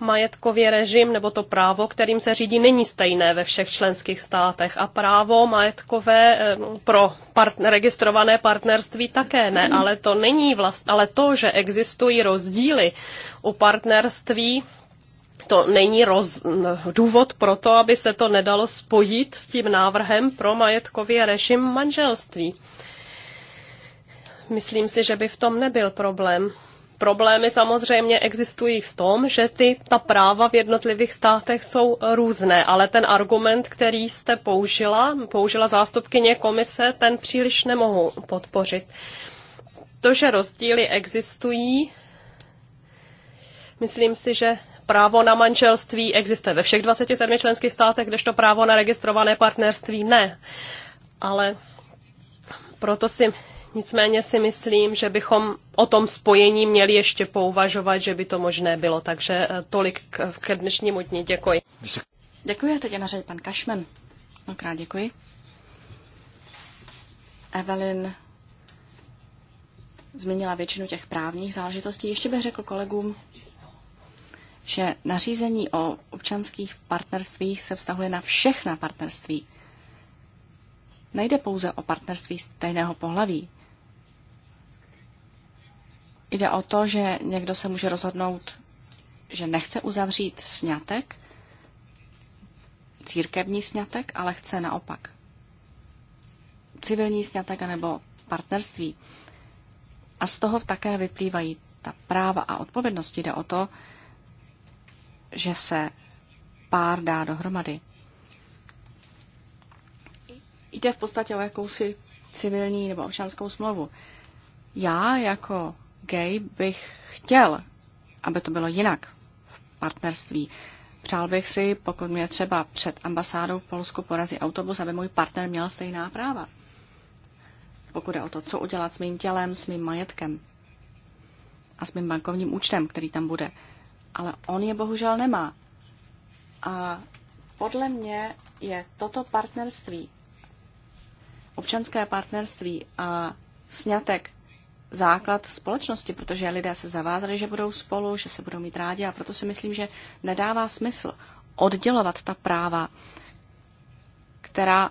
majetkový režim nebo to právo, kterým se řídí, není stejné ve všech členských státech a právo majetkové eh, pro partner, registrované partnerství také ne, ale to není vlast, ale to, že existují rozdíly u partnerství, to není roz, důvod pro to, aby se to nedalo spojit s tím návrhem pro majetkový režim manželství. Myslím si, že by v tom nebyl problém. Problémy samozřejmě existují v tom, že ty, ta práva v jednotlivých státech jsou různé, ale ten argument, který jste použila, použila zástupkyně komise, ten příliš nemohu podpořit. To, že rozdíly existují, myslím si, že právo na manželství existuje ve všech 27 členských státech, kdežto právo na registrované partnerství ne. Ale proto si Nicméně si myslím, že bychom o tom spojení měli ještě pouvažovat, že by to možné bylo. Takže eh, tolik k dnešnímu dní. Děkuji. Děkuji, teď je na řadě pan Kašmen. Mnohokrát děkuji. Evelyn zmínila většinu těch právních záležitostí. Ještě bych řekl kolegům, že nařízení o občanských partnerstvích se vztahuje na všechna partnerství. Nejde pouze o partnerství stejného pohlaví. Jde o to, že někdo se může rozhodnout, že nechce uzavřít sňatek, církevní sňatek, ale chce naopak civilní sňatek anebo partnerství. A z toho také vyplývají ta práva a odpovědnosti. Jde o to, že se pár dá dohromady. Jde v podstatě o jakousi civilní nebo občanskou smlouvu. Já jako gay, bych chtěl, aby to bylo jinak v partnerství. Přál bych si, pokud mě třeba před ambasádou v Polsku porazí autobus, aby můj partner měl stejná práva. Pokud je o to, co udělat s mým tělem, s mým majetkem a s mým bankovním účtem, který tam bude. Ale on je bohužel nemá. A podle mě je toto partnerství, občanské partnerství a snětek základ společnosti, protože lidé se zavázali, že budou spolu, že se budou mít rádi a proto si myslím, že nedává smysl oddělovat ta práva, která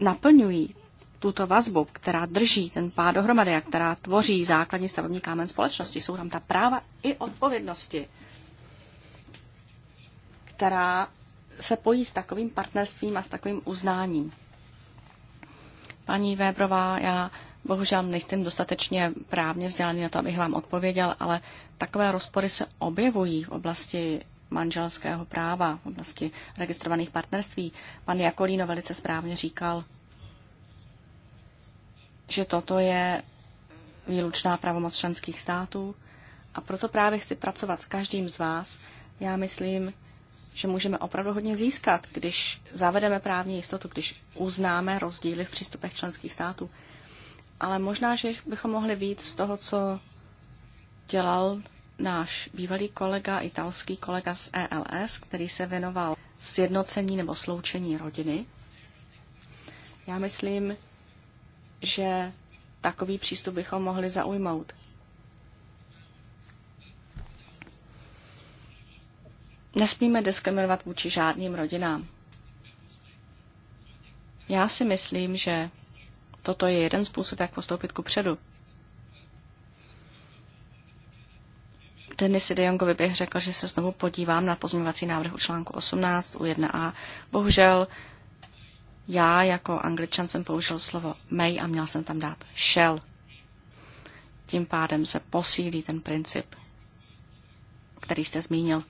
naplňují tuto vazbu, která drží ten pád dohromady a která tvoří základní stavební kámen společnosti. Jsou tam ta práva i odpovědnosti, která se pojí s takovým partnerstvím a s takovým uznáním. Paní Vébrová, já Bohužel nejsem dostatečně právně vzdělaný na to, abych vám odpověděl, ale takové rozpory se objevují v oblasti manželského práva, v oblasti registrovaných partnerství. Pan Jakolíno velice správně říkal, že toto je výlučná pravomoc členských států a proto právě chci pracovat s každým z vás. Já myslím, že můžeme opravdu hodně získat, když zavedeme právní jistotu, když uznáme rozdíly v přístupech členských států ale možná, že bychom mohli víc z toho, co dělal náš bývalý kolega, italský kolega z ELS, který se věnoval sjednocení nebo sloučení rodiny. Já myslím, že takový přístup bychom mohli zaujmout. Nesmíme diskriminovat vůči žádným rodinám. Já si myslím, že toto je jeden způsob, jak postoupit ku předu. Denis de Jongovi bych řekl, že se znovu podívám na pozměňovací návrh u článku 18 u 1a. Bohužel já jako angličan jsem použil slovo may a měl jsem tam dát shall. Tím pádem se posílí ten princip, který jste zmínil.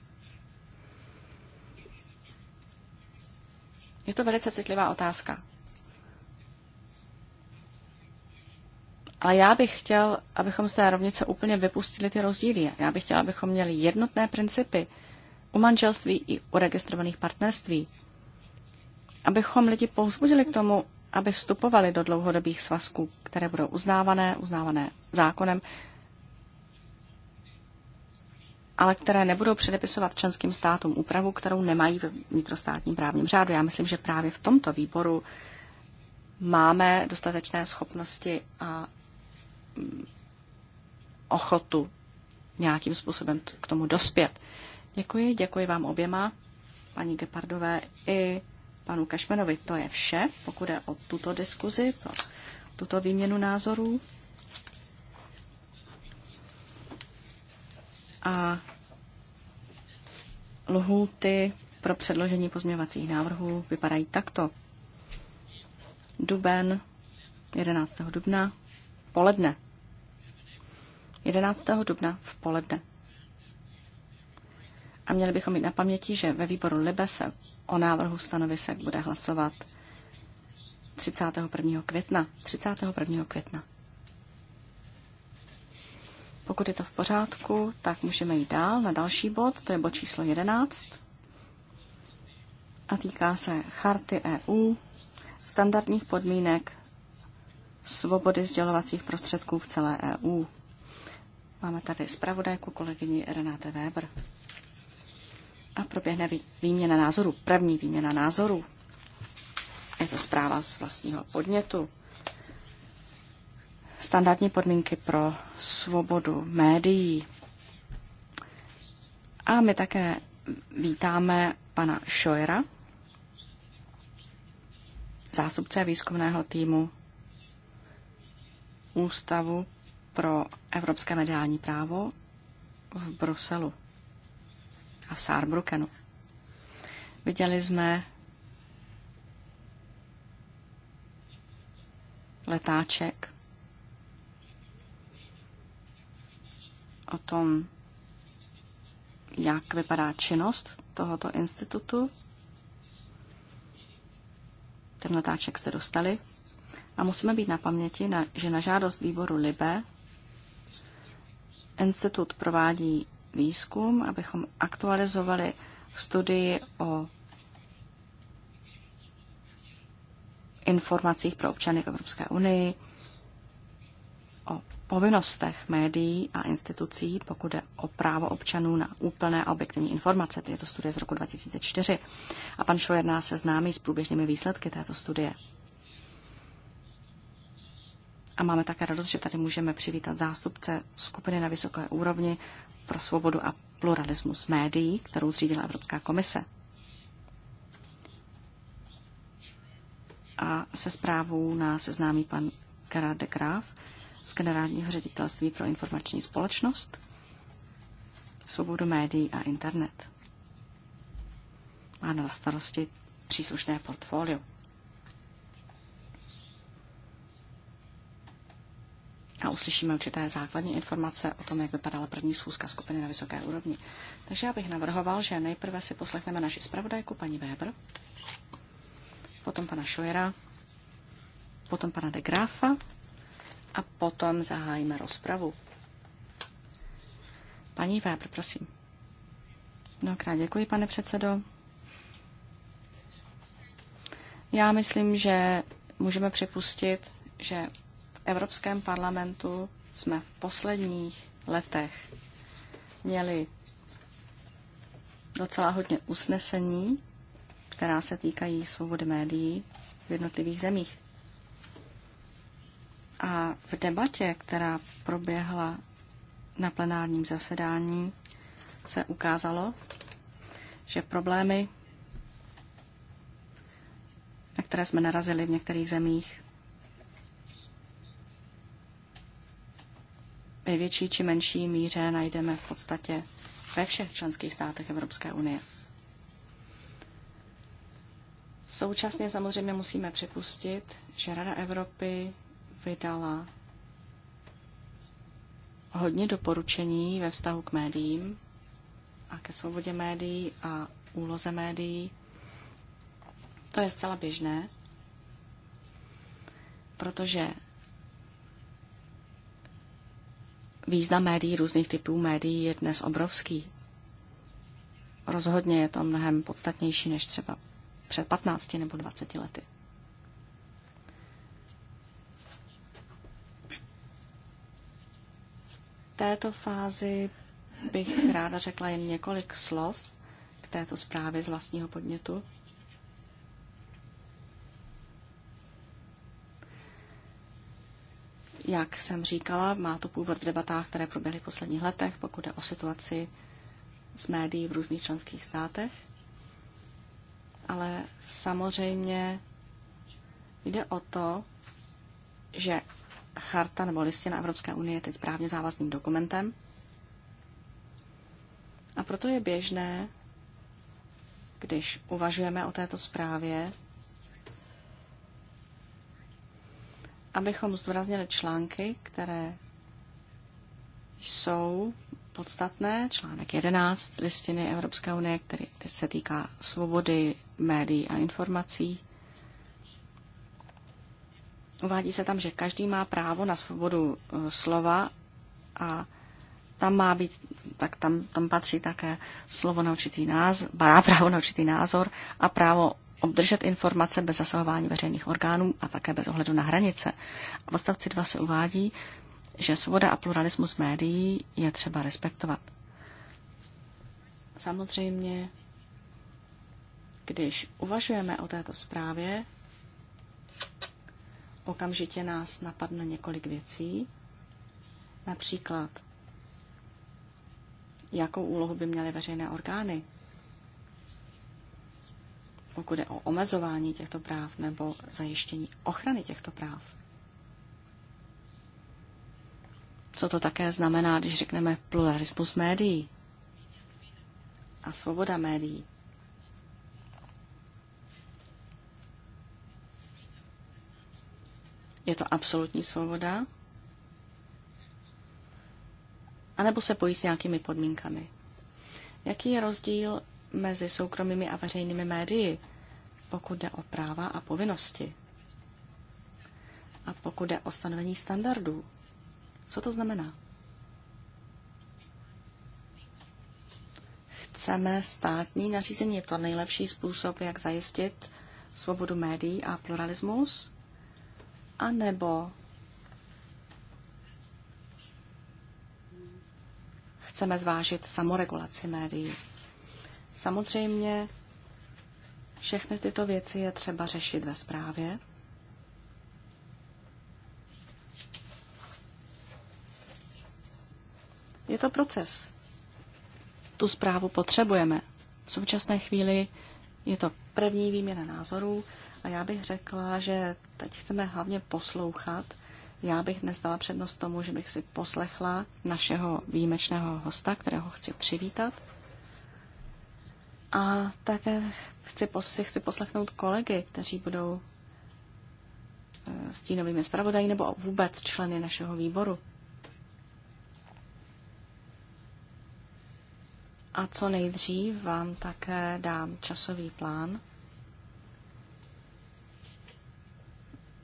Je to velice citlivá otázka. Ale já bych chtěl, abychom z té rovnice úplně vypustili ty rozdíly. Já bych chtěl, abychom měli jednotné principy u manželství i u registrovaných partnerství. Abychom lidi povzbudili k tomu, aby vstupovali do dlouhodobých svazků, které budou uznávané, uznávané zákonem, ale které nebudou předepisovat členským státům úpravu, kterou nemají v vnitrostátním právním řádu. Já myslím, že právě v tomto výboru máme dostatečné schopnosti a ochotu nějakým způsobem k tomu dospět. Děkuji, děkuji vám oběma, paní Gepardové i panu Kašmenovi. To je vše, pokud je o tuto diskuzi, pro tuto výměnu názorů. A lhůty pro předložení pozměvacích návrhů vypadají takto. Duben 11. dubna poledne 11. dubna v poledne. A měli bychom mít na paměti, že ve výboru Libe se o návrhu stanovisek bude hlasovat 31. května. 31. května. Pokud je to v pořádku, tak můžeme jít dál na další bod, to je bod číslo 11. A týká se charty EU, standardních podmínek svobody sdělovacích prostředků v celé EU. Máme tady zpravodajku kolegyni Renáte Weber. A proběhne výměna názorů, první výměna názorů. Je to zpráva z vlastního podnětu. Standardní podmínky pro svobodu médií. A my také vítáme pana Šojera, zástupce výzkumného týmu Ústavu pro evropské mediální právo v Bruselu a v Saarbrückenu. Viděli jsme letáček o tom, jak vypadá činnost tohoto institutu. Ten letáček jste dostali. A musíme být na paměti, že na žádost výboru LIBE Institut provádí výzkum, abychom aktualizovali studii o informacích pro občany v Evropské unii, o povinnostech médií a institucí, pokud je o právo občanů na úplné a objektivní informace. Je to studie z roku 2004 a pan Šojer nás známý s průběžnými výsledky této studie. A máme také radost, že tady můžeme přivítat zástupce skupiny na vysoké úrovni pro svobodu a pluralismus médií, kterou zřídila Evropská komise. A se zprávou nás seznámí pan Gerard de Graaf z Generálního ředitelství pro informační společnost, svobodu médií a internet. Má na starosti příslušné portfolio. a uslyšíme určité základní informace o tom, jak vypadala první schůzka skupiny na vysoké úrovni. Takže já bych navrhoval, že nejprve si poslechneme naši zpravodajku, paní Weber, potom pana Šojera, potom pana de Grafa a potom zahájíme rozpravu. Paní Weber, prosím. Mnohokrát děkuji, pane předsedo. Já myslím, že můžeme připustit, že Evropském parlamentu jsme v posledních letech měli docela hodně usnesení, která se týkají svobody médií v jednotlivých zemích. A v debatě, která proběhla na plenárním zasedání, se ukázalo, že problémy, na které jsme narazili v některých zemích, ve větší či menší míře najdeme v podstatě ve všech členských státech Evropské unie. Současně samozřejmě musíme připustit, že Rada Evropy vydala hodně doporučení ve vztahu k médiím a ke svobodě médií a úloze médií. To je zcela běžné, protože Význam médií, různých typů médií je dnes obrovský. Rozhodně je to mnohem podstatnější než třeba před 15 nebo 20 lety. V této fázi bych ráda řekla jen několik slov k této zprávě z vlastního podnětu. Jak jsem říkala, má to původ v debatách, které proběhly v posledních letech, pokud jde o situaci z médií v různých členských státech. Ale samozřejmě jde o to, že charta nebo listina Evropské unie je teď právně závazným dokumentem. A proto je běžné, když uvažujeme o této zprávě, abychom zdůraznili články, které jsou podstatné. Článek 11 listiny Evropské unie, který se týká svobody médií a informací. Uvádí se tam, že každý má právo na svobodu eh, slova a tam má být, tak tam, tam patří také slovo na určitý názor, právo na určitý názor a právo obdržet informace bez zasahování veřejných orgánů a také bez ohledu na hranice. v odstavci 2 se uvádí, že svoboda a pluralismus médií je třeba respektovat. Samozřejmě, když uvažujeme o této zprávě, okamžitě nás napadne několik věcí. Například, jakou úlohu by měly veřejné orgány pokud je o omezování těchto práv nebo zajištění ochrany těchto práv. Co to také znamená, když řekneme pluralismus médií a svoboda médií? Je to absolutní svoboda? A nebo se pojí s nějakými podmínkami? Jaký je rozdíl mezi soukromými a veřejnými médii, pokud jde o práva a povinnosti a pokud jde o stanovení standardů. Co to znamená? Chceme státní nařízení. Je to nejlepší způsob, jak zajistit svobodu médií a pluralismus? A nebo chceme zvážit samoregulaci médií? Samozřejmě všechny tyto věci je třeba řešit ve zprávě. Je to proces. Tu zprávu potřebujeme. V současné chvíli je to první výměna názorů a já bych řekla, že teď chceme hlavně poslouchat. Já bych dnes dala přednost tomu, že bych si poslechla našeho výjimečného hosta, kterého chci přivítat. A také chci, si chci poslechnout kolegy, kteří budou eh, stínovými zpravodají nebo vůbec členy našeho výboru. A co nejdřív vám také dám časový plán.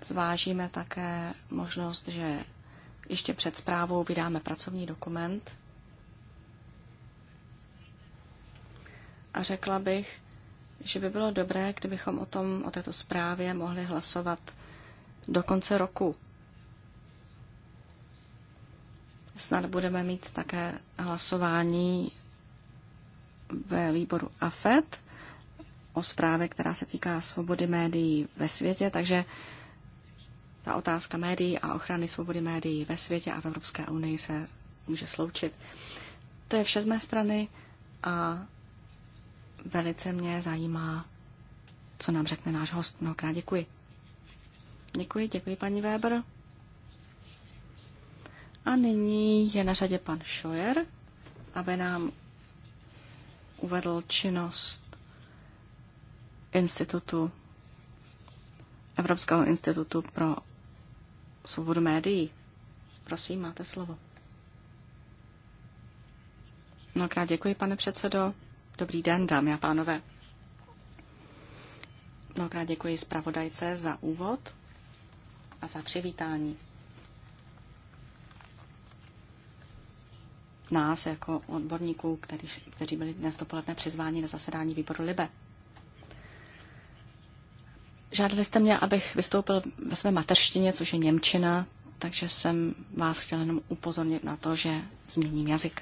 Zvážíme také možnost, že ještě před zprávou vydáme pracovní dokument – A řekla bych, že by bylo dobré, kdybychom o tom, o této zprávě mohli hlasovat do konce roku. Snad budeme mít také hlasování ve výboru AFET o zprávě, která se týká svobody médií ve světě, takže ta otázka médií a ochrany svobody médií ve světě a v Evropské unii se může sloučit. To je vše z mé strany a Velice mě zajímá, co nám řekne náš host. Mnohokrát děkuji. Děkuji, děkuji, paní Weber. A nyní je na řadě pan Šojer, aby nám uvedl činnost institutu, Evropského institutu pro svobodu médií. Prosím, máte slovo. Mnohokrát děkuji, pane předsedo. Dobrý den, dámy a pánové. Mnohokrát děkuji zpravodajce za úvod a za přivítání. Nás jako odborníků, který, kteří byli dnes dopoledne přizváni na zasedání výboru LIBE. Žádali jste mě, abych vystoupil ve své mateřštině, což je Němčina, takže jsem vás chtěl jenom upozornit na to, že změním jazyk.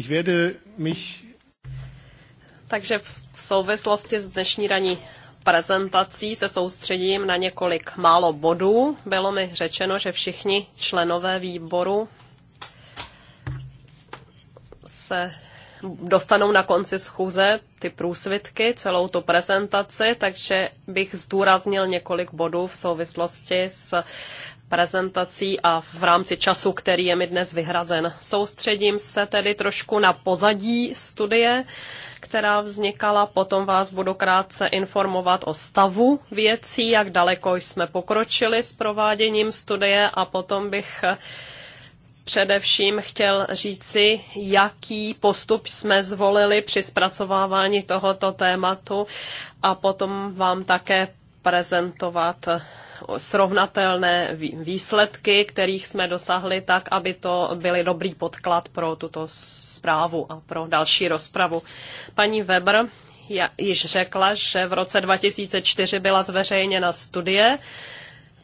Ich werde mich takže v souvislosti s dnešní raní prezentací se soustředím na několik málo bodů. Bylo mi řečeno, že všichni členové výboru se dostanou na konci schůze ty průsvitky, celou tu prezentaci, takže bych zdůraznil několik bodů v souvislosti s prezentací a v rámci času, který je mi dnes vyhrazen. Soustředím se tedy trošku na pozadí studie, která vznikala. Potom vás budu krátce informovat o stavu věcí, jak daleko jsme pokročili s prováděním studie a potom bych především chtěl říci, jaký postup jsme zvolili při zpracovávání tohoto tématu a potom vám také prezentovat srovnatelné výsledky, kterých jsme dosáhli, tak, aby to byly dobrý podklad pro tuto zprávu a pro další rozpravu. Paní Weber již řekla, že v roce 2004 byla zveřejněna studie,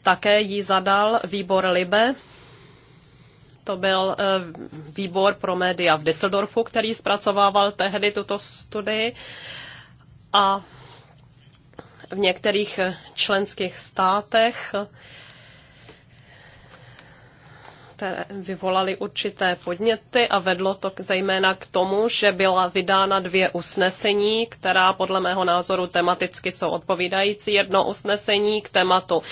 také ji zadal výbor Libe, to byl eh, výbor pro média v Düsseldorfu, který zpracovával tehdy tuto studii. A v některých eh, členských státech které vyvolaly určité podněty a vedlo to k, zejména k tomu, že byla vydána dvě usnesení, která podle mého názoru tematicky jsou odpovídající. Jedno usnesení k tématu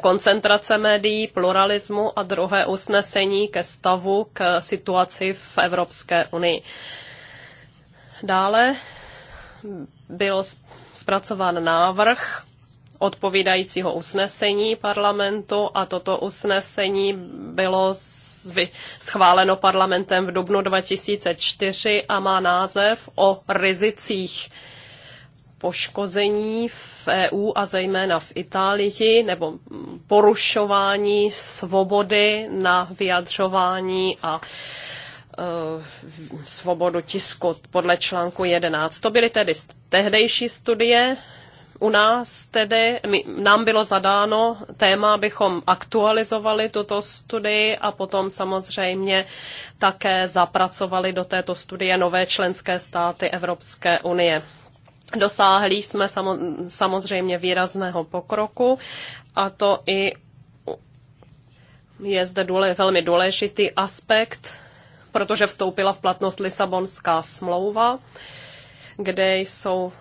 koncentrace médií, pluralismu a druhé usnesení ke stavu, k situaci v Evropské unii. Dále byl zpracován návrh odpovídajícího usnesení parlamentu a toto usnesení bylo schváleno parlamentem v dubnu 2004 a má název o rizicích poškození v EU a zejména v Itálii nebo porušování svobody na vyjadřování a Eh, svobodu tisku podle článku 11. To byly tedy tehdejší studie. U nás tedy my, nám bylo zadáno téma, abychom aktualizovali tuto studii a potom samozřejmě také zapracovali do této studie nové členské státy Evropské unie. Dosáhli jsme samozřejmě výrazného pokroku a to i je zde důle, velmi důležitý aspekt protože vstoupila v platnost Lisabonská smlouva, kde jsou,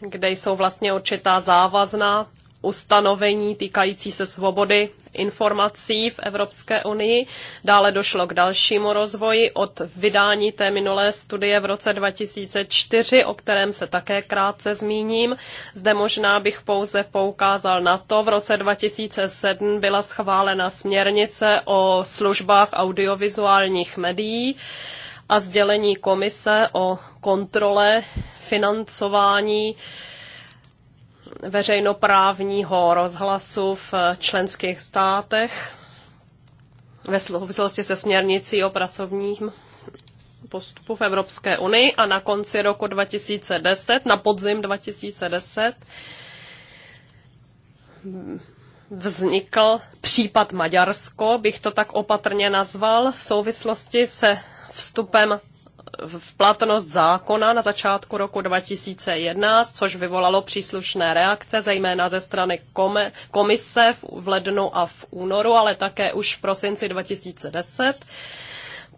kde jsou vlastně určitá závazná ustanovení týkající se svobody informací v Evropské unii. Dále došlo k dalšímu rozvoji od vydání té minulé studie v roce 2004, o kterém se také krátce zmíním. Zde možná bych pouze poukázal na to, v roce 2007 byla schválena směrnice o službách audiovizuálních médií a sdělení komise o kontrole financování veřejnoprávního rozhlasu v členských státech ve souvislosti se směrnicí o pracovním postupu v Evropské unii a na konci roku 2010, na podzim 2010, vznikl případ Maďarsko, bych to tak opatrně nazval, v souvislosti se vstupem v platnost zákona na začátku roku 2011, což vyvolalo příslušné reakce, zejména ze strany komise v lednu a v únoru, ale také už v prosinci 2010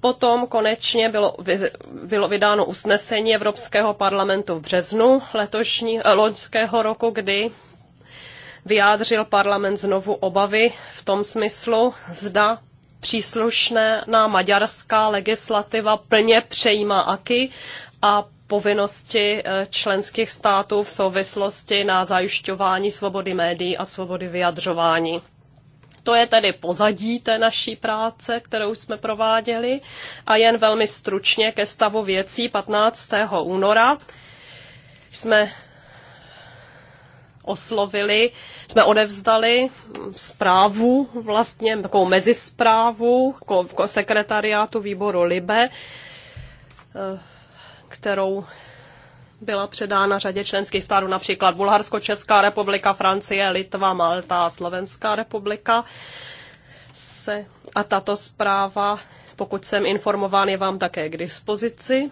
potom konečně bylo, vy, bylo vydáno usnesení Evropského parlamentu v březnu letošní, eh, loňského roku, kdy vyjádřil parlament znovu obavy v tom smyslu, zda příslušné na maďarská legislativa plně přejímá AKY a povinnosti eh, členských států v souvislosti na zajišťování svobody médií a svobody vyjadřování. To je tedy pozadí té naší práce, kterou jsme prováděli. A jen velmi stručně ke stavu věcí 15. února jsme oslovili, jsme odevzdali zprávu, vlastně takovou mezisprávu sekretariátu výboru LIBE, eh, kterou byla předána řadě členských států, například Bulharsko, Česká republika, Francie, Litva, Malta a Slovenská republika. Se, a tato zpráva, pokud jsem informován, je vám také k dispozici.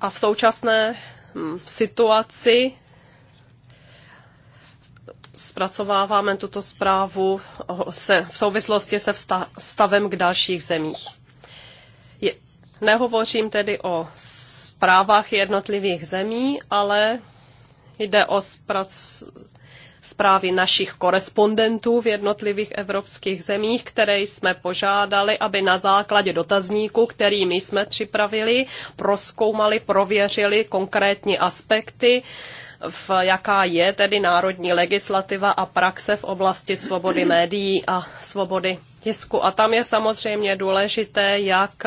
A v současné Mm, situaci. Zpracováváme tuto zprávu se, v souvislosti se vsta, stavem k dalších zemích. Je, nehovořím tedy o zprávách jednotlivých zemí, ale jde o zpracování zprávy našich korespondentů v jednotlivých evropských zemích, které jsme požádali, aby na základě dotazníku, který my jsme připravili, proskoumali, prověřili konkrétní aspekty, v jaká je tedy národní legislativa a praxe v oblasti svobody médií a svobody tisku. A tam je samozřejmě důležité, jak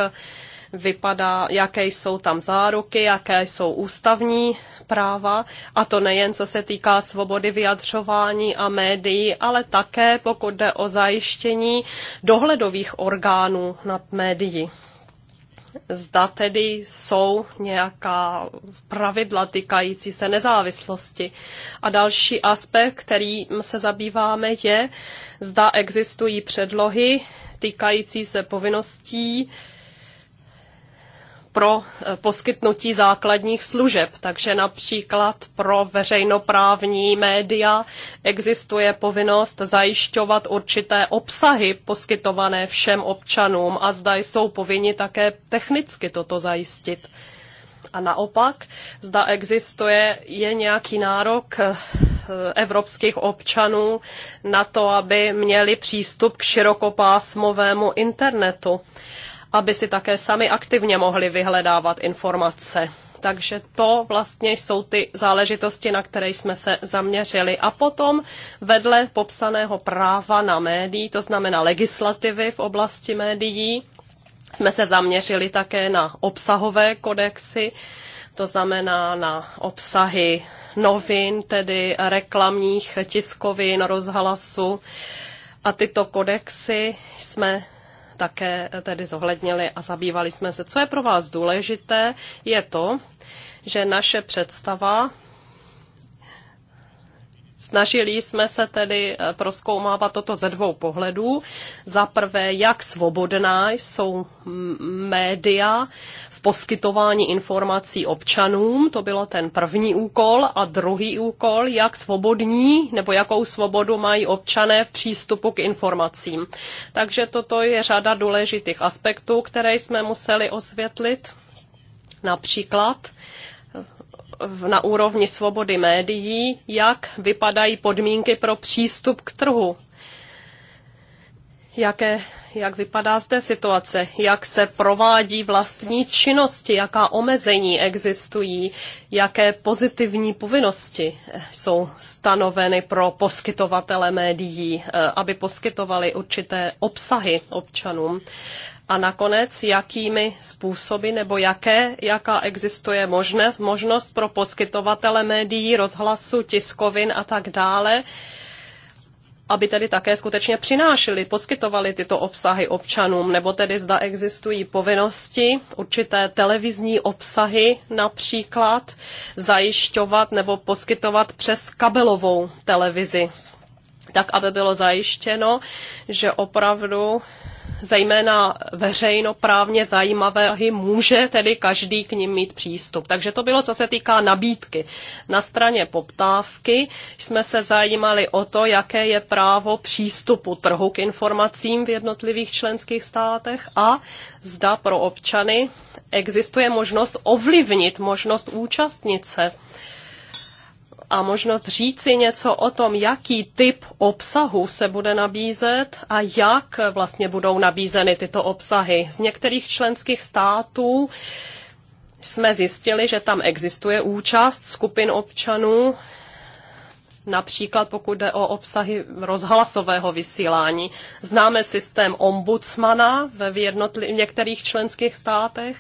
vypadá, jaké jsou tam záruky, jaké jsou ústavní práva, a to nejen co se týká svobody vyjadřování a médií, ale také pokud jde o zajištění dohledových orgánů nad médií. Zda tedy jsou nějaká pravidla týkající se nezávislosti. A další aspekt, kterým se zabýváme, je, zda existují předlohy týkající se povinností pro eh, poskytnutí základních služeb. Takže například pro veřejnoprávní média existuje povinnost zajišťovat určité obsahy poskytované všem občanům a zda jsou povinni také technicky toto zajistit. A naopak, zda existuje je nějaký nárok eh, evropských občanů na to, aby měli přístup k širokopásmovému internetu aby si také sami aktivně mohli vyhledávat informace. Takže to vlastně jsou ty záležitosti, na které jsme se zaměřili. A potom vedle popsaného práva na médií, to znamená legislativy v oblasti médií, jsme se zaměřili také na obsahové kodexy, to znamená na obsahy novin, tedy reklamních tiskovin, rozhlasu. A tyto kodexy jsme také tedy zohlednili a zabývali jsme se. Co je pro vás důležité, je to, že naše představa Snažili jsme se tedy eh, proskoumávat toto ze dvou pohledů. Za prvé, jak svobodná jsou média poskytování informací občanům, to bylo ten první úkol, a druhý úkol, jak svobodní nebo jakou svobodu mají občané v přístupu k informacím. Takže toto je řada důležitých aspektů, které jsme museli osvětlit. Například na úrovni svobody médií, jak vypadají podmínky pro přístup k trhu jaké, jak vypadá zde situace, jak se provádí vlastní činnosti, jaká omezení existují, jaké pozitivní povinnosti eh, jsou stanoveny pro poskytovatele médií, eh, aby poskytovali určité obsahy občanům. A nakonec, jakými způsoby nebo jaké, jaká existuje možnost, možnost pro poskytovatele médií, rozhlasu, tiskovin a tak dále, aby tedy také skutečně přinášeli, poskytovali tyto obsahy občanům, nebo tedy zda existují povinnosti, určité televizní obsahy například, zajišťovat nebo poskytovat přes kabelovou televizi tak aby bylo zajištěno, že opravdu zejména veřejnoprávně zajímavé, může tedy každý k ním mít přístup. Takže to bylo, co se týká nabídky. Na straně poptávky jsme se zajímali o to, jaké je právo přístupu trhu k informacím v jednotlivých členských státech a zda pro občany existuje možnost ovlivnit možnost účastnit se a možnost říci něco o tom, jaký typ obsahu se bude nabízet a jak vlastně budou nabízeny tyto obsahy. Z některých členských států jsme zjistili, že tam existuje účast skupin občanů, například pokud jde o obsahy rozhlasového vysílání. Známe systém ombudsmana ve v některých členských státech.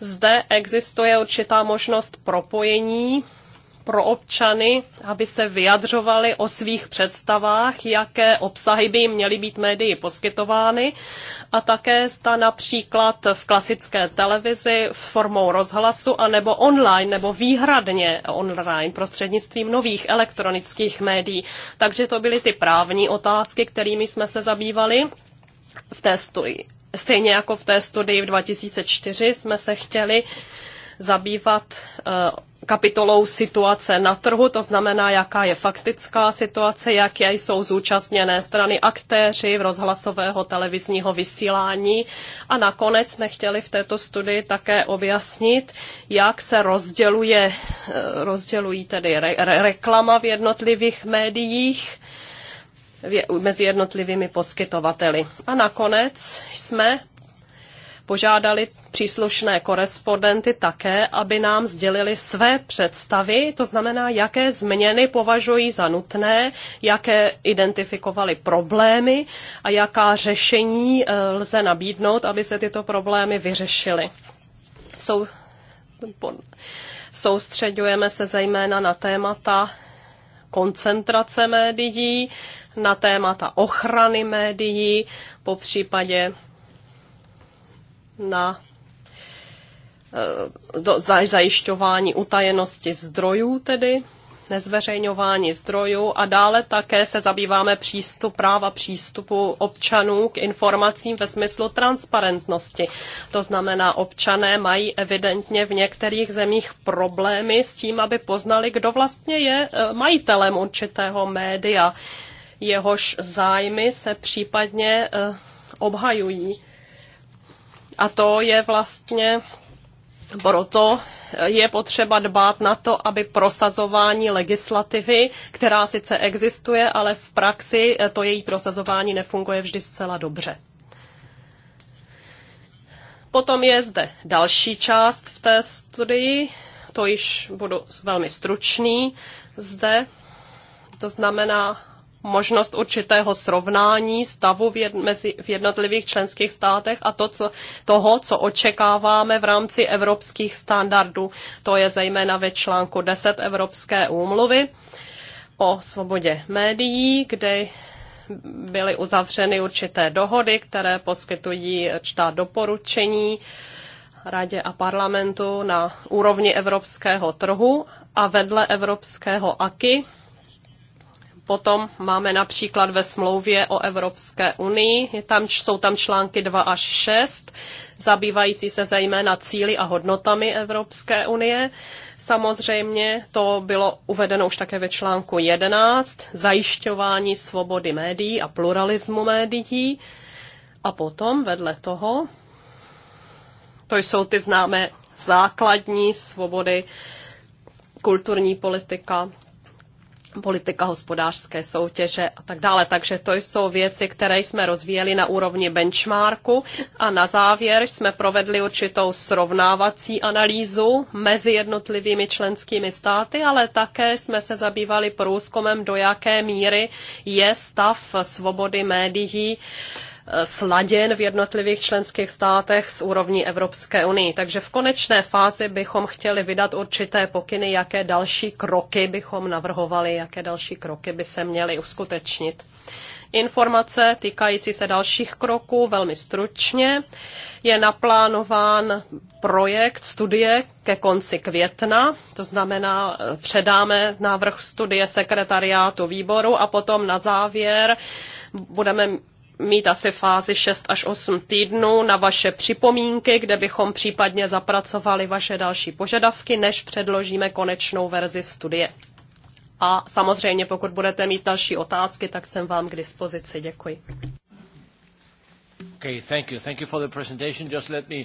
Zde existuje určitá možnost propojení pro občany, aby se vyjadřovali o svých představách, jaké obsahy by jim měly být médii poskytovány a také sta například v klasické televizi formou rozhlasu a nebo online nebo výhradně online prostřednictvím nových elektronických médií. Takže to byly ty právní otázky, kterými jsme se zabývali v té studii. Stejně jako v té studii v 2004 jsme se chtěli zabývat eh, kapitolou situace na trhu, to znamená, jaká je faktická situace, jaké jsou zúčastněné strany aktéři v rozhlasového televizního vysílání. A nakonec jsme chtěli v této studii také objasnit, jak se rozděluje, eh, rozdělují tedy re, re, reklama v jednotlivých médiích mezi jednotlivými poskytovateli. A nakonec jsme požádali příslušné korespondenty také, aby nám sdělili své představy, to znamená, jaké změny považují za nutné, jaké identifikovali problémy a jaká řešení eh, lze nabídnout, aby se tyto problémy vyřešily. Jsou, soustředujeme se zejména na témata koncentrace médií, na témata ochrany médií, po případě na eh, do zajišťování utajenosti zdrojů tedy, nezveřejňování zdrojů a dále také se zabýváme přístup, práva přístupu občanů k informacím ve smyslu transparentnosti. To znamená, občané mají evidentně v některých zemích problémy s tím, aby poznali, kdo vlastně je eh, majitelem určitého média, jehož zájmy se případně eh, obhajují. A to je vlastně proto je potřeba dbát na to, aby prosazování legislativy, která sice existuje, ale v praxi eh, to její prosazování nefunguje vždy zcela dobře. Potom je zde další část v té studii, to již budu velmi stručný zde. To znamená možnost určitého srovnání stavu v, jed, mezi, v jednotlivých členských státech a to, co, toho, co očekáváme v rámci evropských standardů. To je zejména ve článku 10 Evropské úmluvy o svobodě médií, kde byly uzavřeny určité dohody, které poskytují čtá doporučení radě a parlamentu na úrovni evropského trhu a vedle evropského AKI, Potom máme například ve smlouvě o Evropské unii, je tam, jsou tam články 2 až 6, zabývající se zejména cíly a hodnotami Evropské unie. Samozřejmě to bylo uvedeno už také ve článku 11, zajišťování svobody médií a pluralismu médií. A potom vedle toho, to jsou ty známé základní svobody, kulturní politika, politika hospodářské soutěže a tak dále. Takže to jsou věci, které jsme rozvíjeli na úrovni benchmarku a na závěr jsme provedli určitou srovnávací analýzu mezi jednotlivými členskými státy, ale také jsme se zabývali průzkumem, do jaké míry je stav svobody médií uh, Eh, sladěn v jednotlivých členských státech s úrovní Evropské unii. Takže v konečné fázi bychom chtěli vydat určité pokyny, jaké další kroky bychom navrhovali, jaké další kroky by se měly uskutečnit. Informace týkající se dalších kroků velmi stručně. Je naplánován projekt studie ke konci května, to znamená, eh, předáme návrh studie sekretariátu výboru a potom na závěr budeme mít asi fázi 6 až 8 týdnů na vaše připomínky, kde bychom případně zapracovali vaše další požadavky, než předložíme konečnou verzi studie. A samozřejmě, pokud budete mít další otázky, tak jsem vám k dispozici. Děkuji. Okay, thank you. Thank you for the presentation. Just let me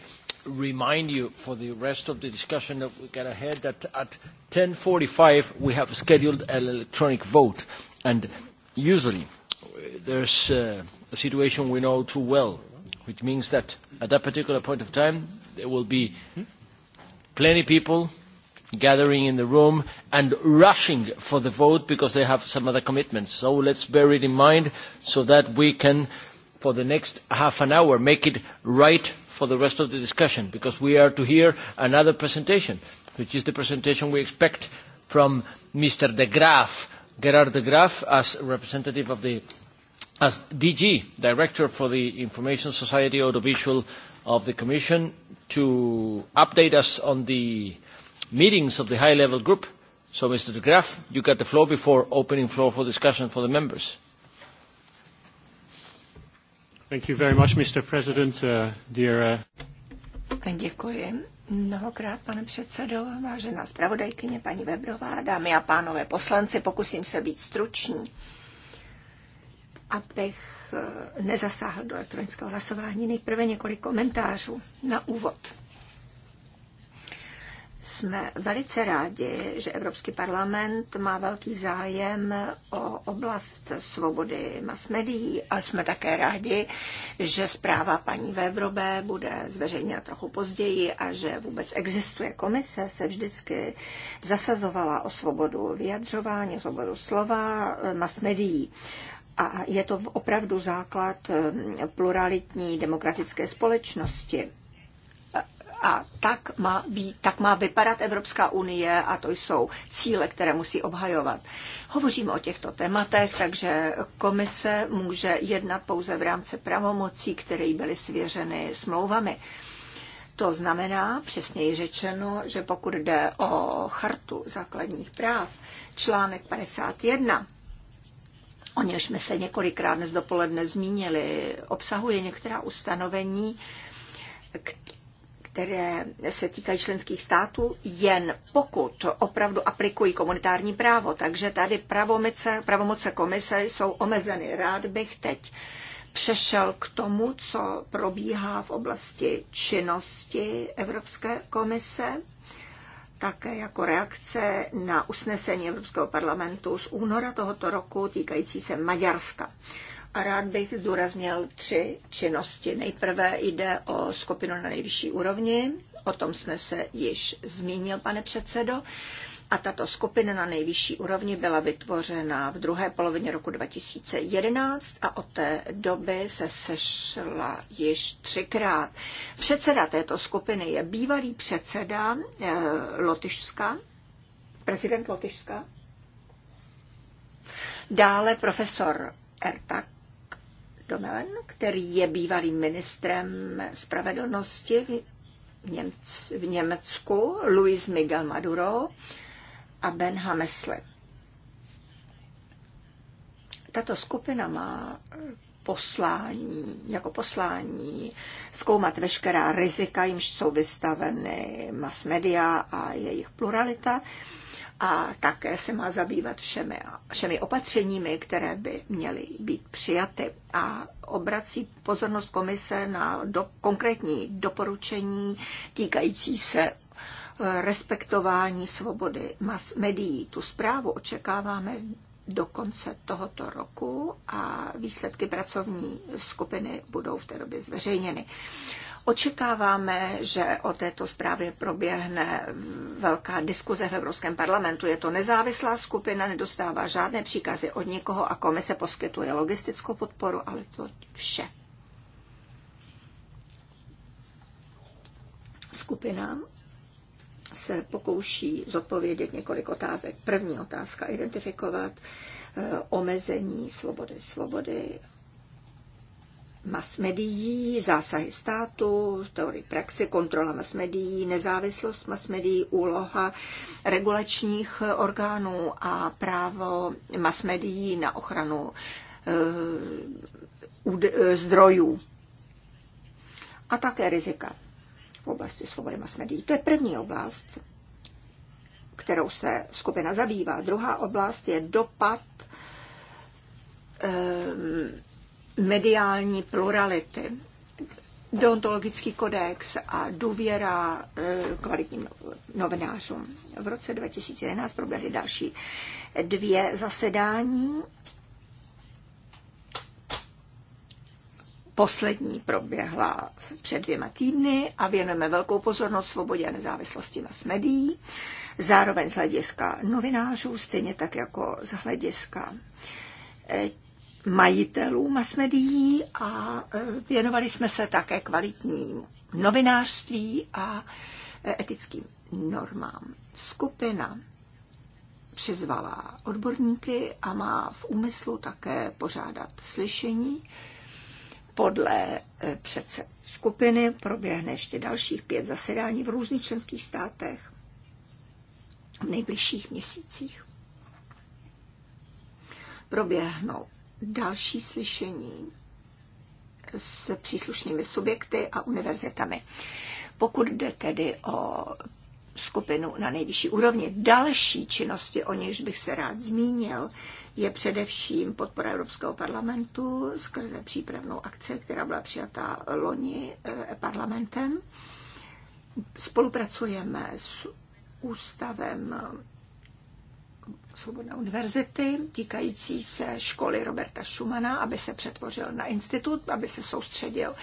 remind you for the rest of the discussion that we got ahead that at 10:45 we have scheduled an electronic vote, and usually there's uh, a situation we know too well, which means that at that particular point of time, there will be plenty of people gathering in the room and rushing for the vote because they have some other commitments. So let's bear it in mind so that we can, for the next half an hour, make it right for the rest of the discussion because we are to hear another presentation, which is the presentation we expect from Mr. De Graaf, Gerard De Graaf, as representative of the As DG, Director for the Information Society Audiovisual of the Commission, to update us on the meetings of the high-level group. So, Mr. de Graaf, you got the floor before opening floor for discussion for the members. Thank you very much, Mr. President. Uh, dear, uh... Děkuji mnohokrát, pane předsedo, vážená zpravodajkyně, paní Webrová, dámy a pánové poslanci, pokusím se být stručný abych eh, nezasáhl do elektronického hlasování. Nejprve několik komentářů na úvod. Jsme velice rádi, že Evropský parlament má velký zájem o oblast svobody mass médií a jsme také rádi, že zpráva paní Vévrobe bude zveřejněna trochu později a že vůbec existuje komise, se vždycky zasazovala o svobodu vyjadřování, svobodu slova eh, mass médií. A je to opravdu základ eh, pluralitní demokratické společnosti. A tak má, být, tak má vypadat Evropská unie a to jsou cíle, které musí obhajovat. Hovoříme o těchto tématech, takže komise může jednat pouze v rámci pravomocí, které byly svěřeny smlouvami. To znamená, přesněji řečeno, že pokud jde o chartu základních práv, článek 51 o něž jsme se několikrát dnes dopoledne zmínili, obsahuje některá ustanovení, které se týkají členských států, jen pokud opravdu aplikují komunitární právo. Takže tady pravomice, pravomoce komise jsou omezeny. Rád bych teď přešel k tomu, co probíhá v oblasti činnosti Evropské komise také jako reakce na usnesení Evropského parlamentu z února tohoto roku týkající se Maďarska. A rád bych zdůraznil tři činnosti. Nejprve jde o skupinu na nejvyšší úrovni, o tom jsme se již zmínil, pane předsedo a tato skupina na nejvyšší úrovni byla vytvořena v druhé polovině roku 2011 a od té doby se sešla již třikrát. Předseda této skupiny je bývalý předseda eh, Lotyšska, prezident Lotyšska, dále profesor Ertak Domelen, který je bývalým ministrem spravedlnosti v, Němc, v Německu, Luis Miguel Maduro, a Ben Hamesle. Tato skupina má poslání, jako poslání zkoumat veškerá rizika, jimž jsou vystaveny mass media a jejich pluralita a také se má zabývat všemi, všemi opatřeními, které by měly být přijaty. A obrací pozornost komise na do, konkrétní doporučení týkající se respektování svobody mas médií. Tu zprávu očekáváme do konce tohoto roku a výsledky pracovní skupiny budou v té době zveřejněny. Očekáváme, že o této zprávě proběhne velká diskuze v Evropském parlamentu. Je to nezávislá skupina, nedostává žádné příkazy od nikoho a komise poskytuje logistickou podporu, ale to vše. Skupina se pokouší zodpovědět několik otázek. První otázka, identifikovat eh, omezení svobody, svobody mas medií, zásahy státu, Teorie praxe, kontrola mas medií, nezávislost mas medií, úloha regulačních orgánů a právo mas medií na ochranu eh, eh, zdrojů. A také rizika v oblasti svobody mass médií. To je první oblast, kterou se skupina zabývá. Druhá oblast je dopad um, mediální plurality deontologický kodex a důvěra eh, kvalitním novinářům. V roce 2011 proběhly další dvě zasedání Poslední proběhla před dvěma týdny a věnujeme velkou pozornost svobodě a nezávislosti na médií, zároveň z hlediska novinářů, stejně tak jako z hlediska eh, majitelů mass médií a eh, věnovali jsme se také kvalitním novinářství a eh, etickým normám. Skupina přizvala odborníky a má v úmyslu také pořádat slyšení podle eh, přece skupiny proběhne ještě dalších pět zasedání v různých členských státech v nejbližších měsících. Proběhnou další slyšení s příslušnými subjekty a univerzitami. Pokud jde tedy o skupinu na nejvyšší úrovni, další činnosti, o nichž bych se rád zmínil, je především podpora Evropského parlamentu skrze přípravnou akci, která byla přijata loni eh, parlamentem. Spolupracujeme s ústavem eh, Svobodné univerzity týkající se školy Roberta Schumana, aby se přetvořil na institut, aby se soustředil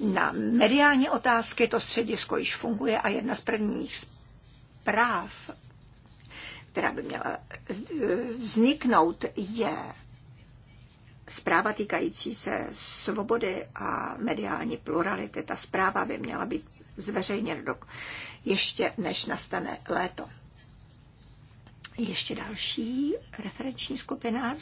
na mediální otázky. To středisko již funguje a jedna z prvních práv která by měla eh, vzniknout, je zpráva týkající se svobody a mediální plurality. Ta zpráva by měla být zveřejněna do, ještě než nastane léto. Ještě další referenční skupina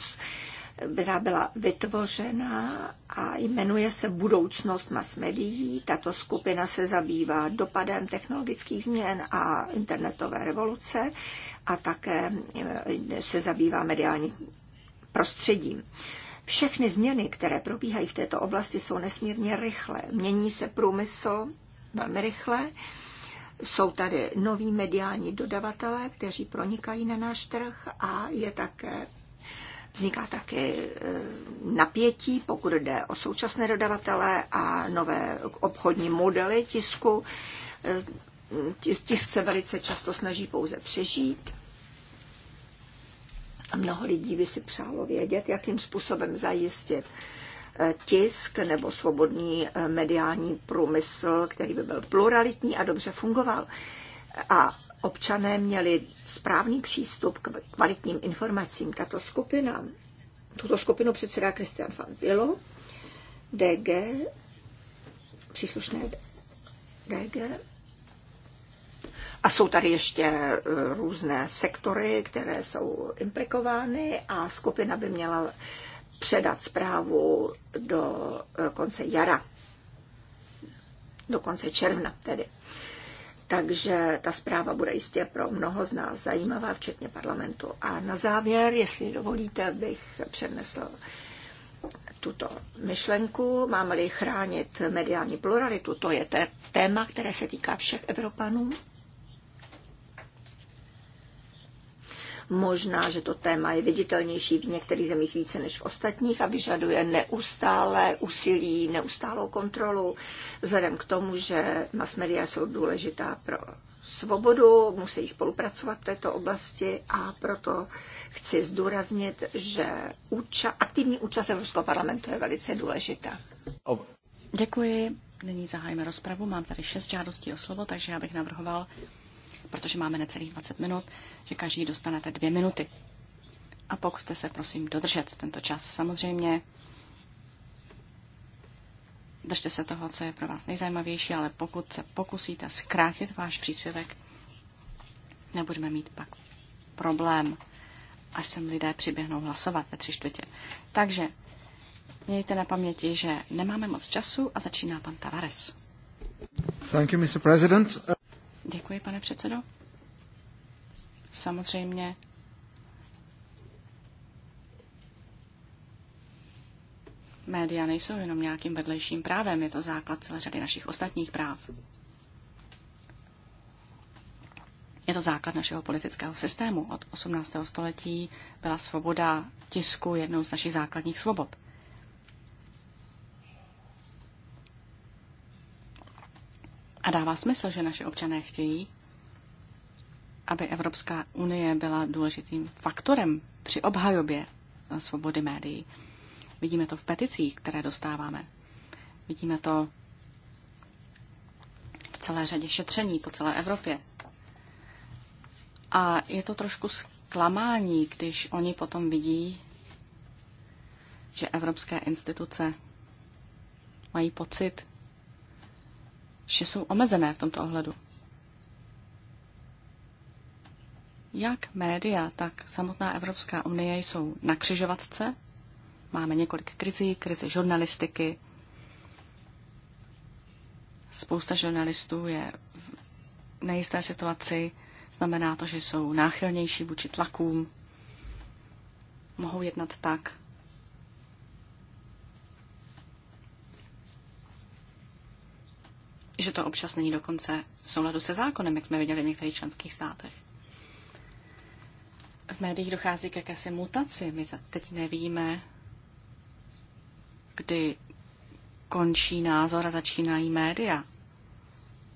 která byla vytvořena a jmenuje se Budoucnost mass medií. Tato skupina se zabývá dopadem technologických změn a internetové revoluce a také eh, se zabývá mediálním prostředím. Všechny změny, které probíhají v této oblasti, jsou nesmírně rychlé. Mění se průmysl velmi rychle. Jsou tady noví mediální dodavatelé, kteří pronikají na náš trh a je také Vzniká taky e, napětí, pokud jde o současné dodavatele a nové obchodní modely tisku. E, tisk se velice často snaží pouze přežít. A mnoho lidí by si přálo vědět, jakým způsobem zajistit e, tisk nebo svobodný mediální průmysl, který by byl pluralitní a dobře fungoval. A občané měli správný přístup k kvalitním informacím. Tato skupina, tuto skupinu předsedá Christian van Willo, DG, příslušné DG, a jsou tady ještě e, různé sektory, které jsou implikovány a skupina by měla předat zprávu do e, konce jara, do konce června tedy. Takže ta zpráva bude jistě pro mnoho z nás zajímavá, včetně parlamentu. A na závěr, jestli dovolíte, bych přednesl tuto myšlenku. Máme-li chránit mediální pluralitu, to je téma, které se týká všech Evropanů. Možná, že to téma je viditelnější v některých zemích více než v ostatních a vyžaduje neustále úsilí, neustálou kontrolu, vzhledem k tomu, že mass media jsou důležitá pro svobodu, musí spolupracovat v této oblasti a proto chci zdůraznit, že úča- aktivní účast Evropského parlamentu je velice důležitá. Děkuji. Nyní zahájíme rozpravu. Mám tady šest žádostí o slovo, takže já bych navrhoval, protože máme necelých 20 minut, že každý dostanete dvě minuty. A pokuste se prosím dodržet tento čas. Samozřejmě držte se toho, co je pro vás nejzajímavější, ale pokud se pokusíte zkrátit váš příspěvek, nebudeme mít pak problém, až sem lidé přiběhnou hlasovat ve tři čtvrtě. Takže mějte na paměti, že nemáme moc času a začíná pan Tavares. Thank you, Mr. President. Uh, Děkuji, pane předsedo. Samozřejmě média nejsou jenom nějakým vedlejším právem, je to základ celé řady našich ostatních práv. Je to základ našeho politického systému. Od 18. století byla svoboda tisku jednou z našich základních svobod. A dává smysl, že naše občané chtějí, aby Evropská unie byla důležitým faktorem při obhajobě eh, svobody médií. Vidíme to v peticích, které dostáváme. Vidíme to v celé řadě šetření po celé Evropě. A je to trošku zklamání, když oni potom vidí, že evropské instituce mají pocit, že jsou omezené v tomto ohledu. Jak média, tak samotná Evropská unie jsou na křižovatce. Máme několik krizí, krizi žurnalistiky. Spousta žurnalistů je v nejisté situaci. Znamená to, že jsou náchylnější vůči tlakům. Mohou jednat tak, že to občas není dokonce v souladu se zákonem, jak jsme viděli v některých členských státech. V médiích dochází k jakési mutaci. My teď nevíme, kdy končí názor a začínají média.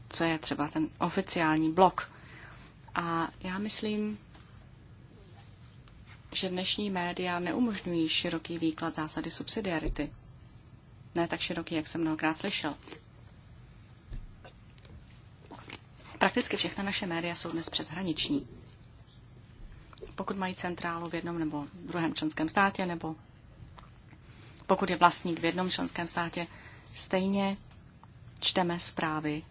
Co je třeba ten oficiální blok. A já myslím, že dnešní média neumožňují široký výklad zásady subsidiarity. Ne tak široký, jak jsem mnohokrát slyšel. Prakticky všechna naše média jsou dnes přeshraniční. Pokud mají centrálu v jednom nebo druhém členském státě, nebo pokud je vlastník v jednom členském státě, stejně čteme zprávy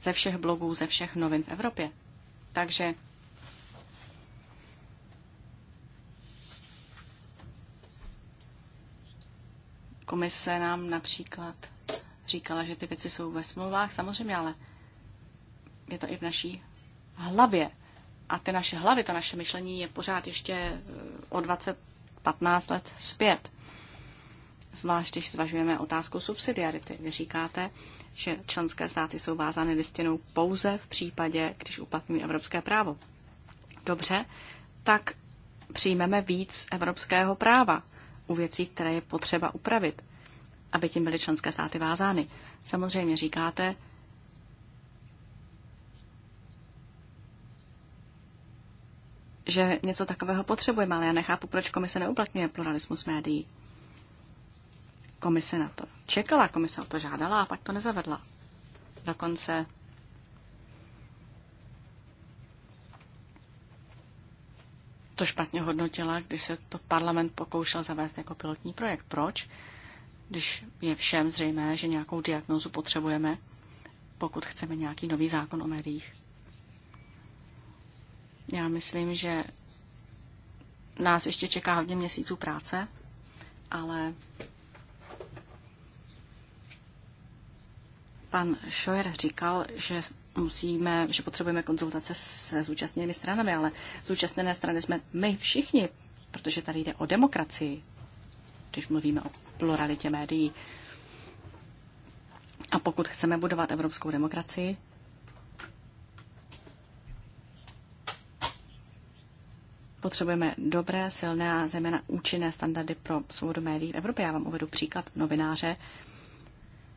ze všech blogů, ze všech novin v Evropě. Takže komise nám například říkala, že ty věci jsou ve smlouvách, samozřejmě, ale je to i v naší hlavě. A ty naše hlavy, to naše myšlení je pořád ještě eh, o 20-15 let zpět. Zvlášť, když zvažujeme otázku subsidiarity. Vy říkáte, že členské státy jsou vázány listinou pouze v případě, když uplatňují evropské právo. Dobře, tak přijmeme víc evropského práva u věcí, které je potřeba upravit aby tím byly členské státy vázány. Samozřejmě říkáte, že něco takového potřebujeme, ale já nechápu, proč komise neuplatňuje pluralismus médií. Komise na to čekala, komise o to žádala a pak to nezavedla. Dokonce to špatně hodnotila, když se to parlament pokoušel zavést jako pilotní projekt. Proč? když je všem zřejmé, že nějakou diagnozu potřebujeme, pokud chceme nějaký nový zákon o médiích. Já myslím, že nás ještě čeká hodně měsíců práce, ale pan Šojer říkal, že musíme, že potřebujeme konzultace se zúčastněnými stranami, ale zúčastněné strany jsme my všichni, protože tady jde o demokracii, když mluvíme o pluralitě médií. A pokud chceme budovat evropskou demokracii, potřebujeme dobré, silné a zejména účinné standardy pro svobodu médií v Evropě. Já vám uvedu příklad novináře,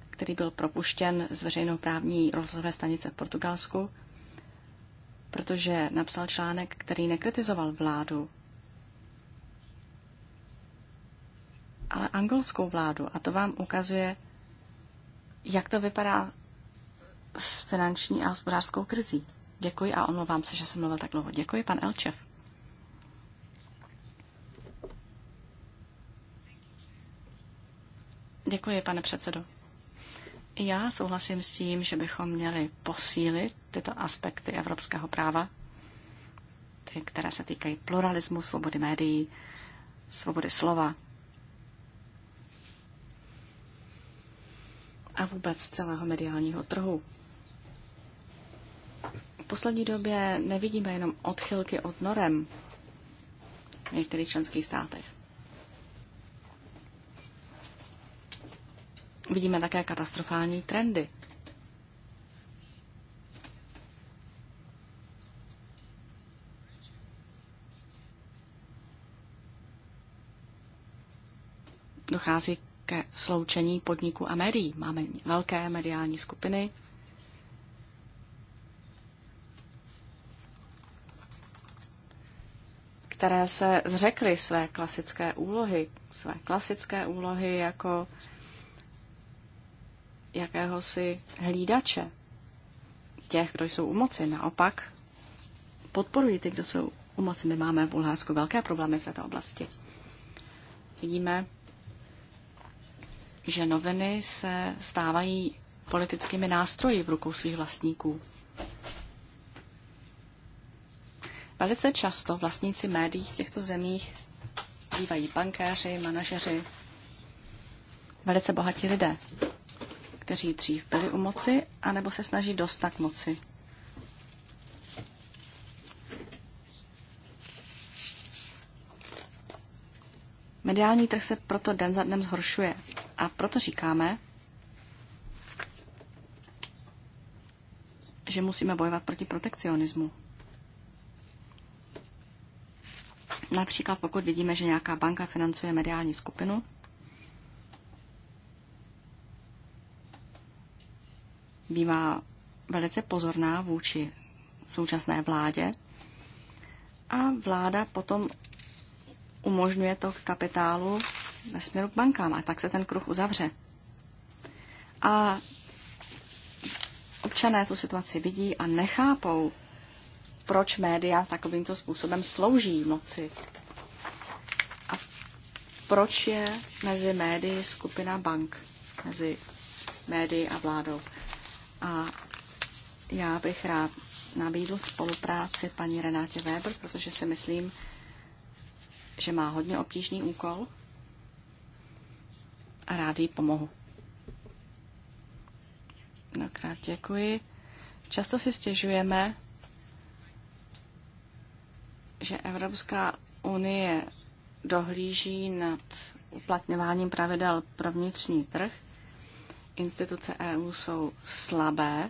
který byl propuštěn z právní rozhlasové stanice v Portugalsku, protože napsal článek, který nekritizoval vládu, ale angolskou vládu. A to vám ukazuje, jak to vypadá s finanční a hospodářskou krizí. Děkuji a omlouvám se, že jsem mluvil tak dlouho. Děkuji, pan Elčev. Děkuji, pane předsedo. Já souhlasím s tím, že bychom měli posílit tyto aspekty evropského práva, ty, které se týkají pluralismu, svobody médií, svobody slova, a vůbec celého mediálního trhu. V poslední době nevidíme jenom odchylky od norem v některých členských státech. Vidíme také katastrofální trendy. Dochází ke sloučení podniků a médií. Máme velké mediální skupiny. které se zřekly své klasické úlohy, své klasické úlohy jako jakéhosi hlídače těch, kdo jsou u moci. Naopak podporují ty, kdo jsou u moci. My máme v Bulharsku velké problémy v této oblasti. Vidíme, že noviny se stávají politickými nástroji v rukou svých vlastníků. Velice často vlastníci médií v těchto zemích bývají bankéři, manažeři, velice bohatí lidé, kteří dřív byli u moci, anebo se snaží dostat k moci. Mediální trh se proto den za dnem zhoršuje a proto říkáme, že musíme bojovat proti protekcionismu. Například pokud vidíme, že nějaká banka financuje mediální skupinu, bývá velice pozorná vůči současné vládě a vláda potom umožňuje to k kapitálu ve směru k bankám a tak se ten kruh uzavře. A občané tu situaci vidí a nechápou, proč média takovýmto způsobem slouží moci. A proč je mezi médií skupina bank, mezi médií a vládou. A já bych rád nabídl spolupráci paní Renátě Weber, protože si myslím, že má hodně obtížný úkol a rád jí pomohu. Mnohokrát děkuji. Často si stěžujeme, že Evropská unie dohlíží nad uplatňováním pravidel pro vnitřní trh. Instituce EU jsou slabé.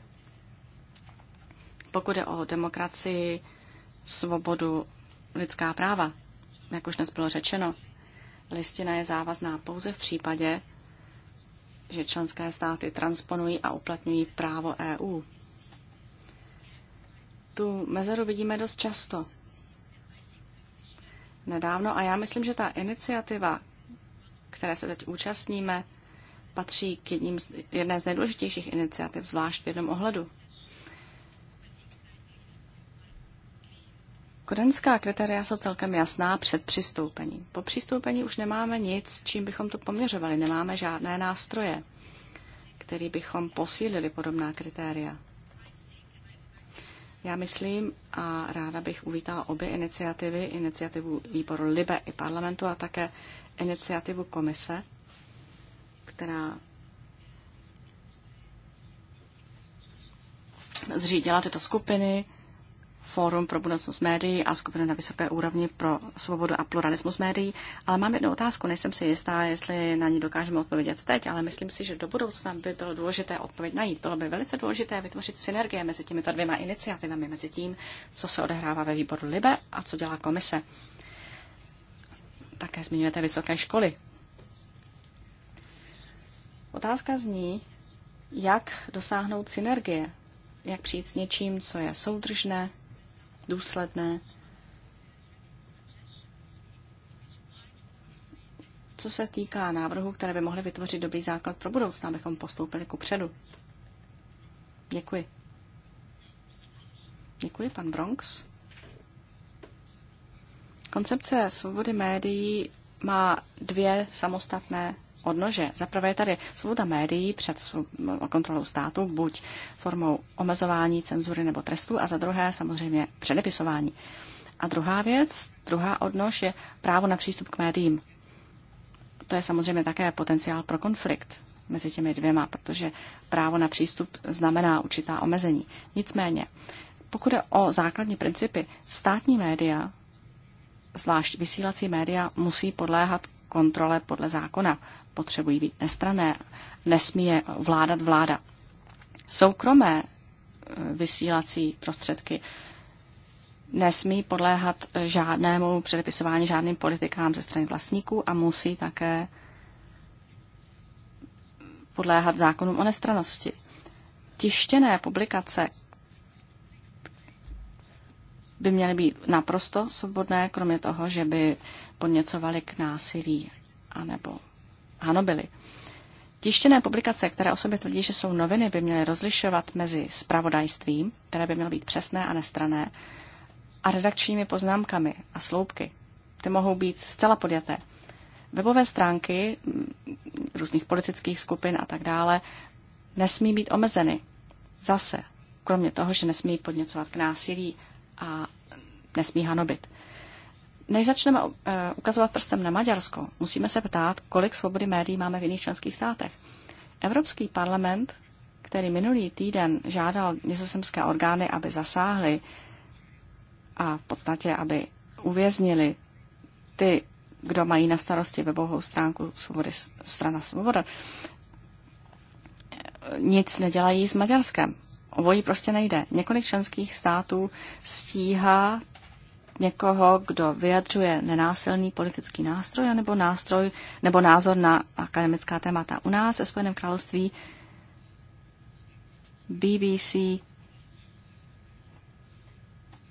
Pokud je o demokracii, svobodu, lidská práva, jak už dnes bylo řečeno, Listina je závazná pouze v případě, že členské státy transponují a uplatňují právo EU. Tu mezeru vidíme dost často. Nedávno, a já myslím, že ta iniciativa, které se teď účastníme, patří k jedním z, jedné z nejdůležitějších iniciativ, zvlášť v jednom ohledu. Kodenská kritéria jsou celkem jasná před přistoupením. Po přistoupení už nemáme nic, čím bychom to poměřovali. Nemáme žádné nástroje, který bychom posílili podobná kritéria. Já myslím a ráda bych uvítala obě iniciativy, iniciativu výboru LIBE i parlamentu a také iniciativu komise, která zřídila tyto skupiny, Fórum pro budoucnost médií a skupinu na vysoké úrovni pro svobodu a pluralismus médií. Ale mám jednu otázku, nejsem si jistá, jestli na ní dokážeme odpovědět teď, ale myslím si, že do budoucna by bylo důležité odpověď najít. Bylo by velice důležité vytvořit synergie mezi těmito dvěma iniciativami, mezi tím, co se odehrává ve výboru LIBE a co dělá komise. Také zmiňujete vysoké školy. Otázka zní, jak dosáhnout synergie, jak přijít s něčím, co je soudržné, důsledné. Co se týká návrhu, které by mohly vytvořit dobrý základ pro budoucna, abychom postoupili ku předu. Děkuji. Děkuji, pan Bronx. Koncepce svobody médií má dvě samostatné odnože. Zaprvé je tady svoboda médií před kontrolou státu, buď formou omezování, cenzury nebo trestu a za druhé samozřejmě předepisování. A druhá věc, druhá odnož je právo na přístup k médiím. To je samozřejmě také potenciál pro konflikt mezi těmi dvěma, protože právo na přístup znamená určitá omezení. Nicméně, pokud je o základní principy, státní média, zvlášť vysílací média, musí podléhat kontrole podle zákona. Potřebují být nestrané, nesmí je vládat vláda. Soukromé eh, vysílací prostředky nesmí podléhat eh, žádnému předepisování žádným politikám ze strany vlastníků a musí také podléhat zákonům o nestranosti. Tištěné publikace, by měly být naprosto svobodné, kromě toho, že by podněcovaly k násilí anebo hanobily. Tištěné publikace, které o sobě tvrdí, že jsou noviny, by měly rozlišovat mezi spravodajstvím, které by mělo být přesné a nestrané, a redakčními poznámkami a sloupky. Ty mohou být zcela podjaté. Webové stránky mm, různých politických skupin a tak dále nesmí být omezeny. Zase, kromě toho, že nesmí podněcovat k násilí a nesmí hanobit. Než začneme eh, ukazovat prstem na Maďarsko, musíme se ptát, kolik svobody médií máme v jiných členských státech. Evropský parlament, který minulý týden žádal nizozemské orgány, aby zasáhly a v podstatě, aby uvěznili ty, kdo mají na starosti webovou stránku svobody, strana svoboda, nic nedělají s Maďarskem. Ovojí prostě nejde. Několik členských států stíhá někoho, kdo vyjadřuje nenásilný politický nástroj nebo nástroj nebo názor na akademická témata. U nás ve Spojeném království BBC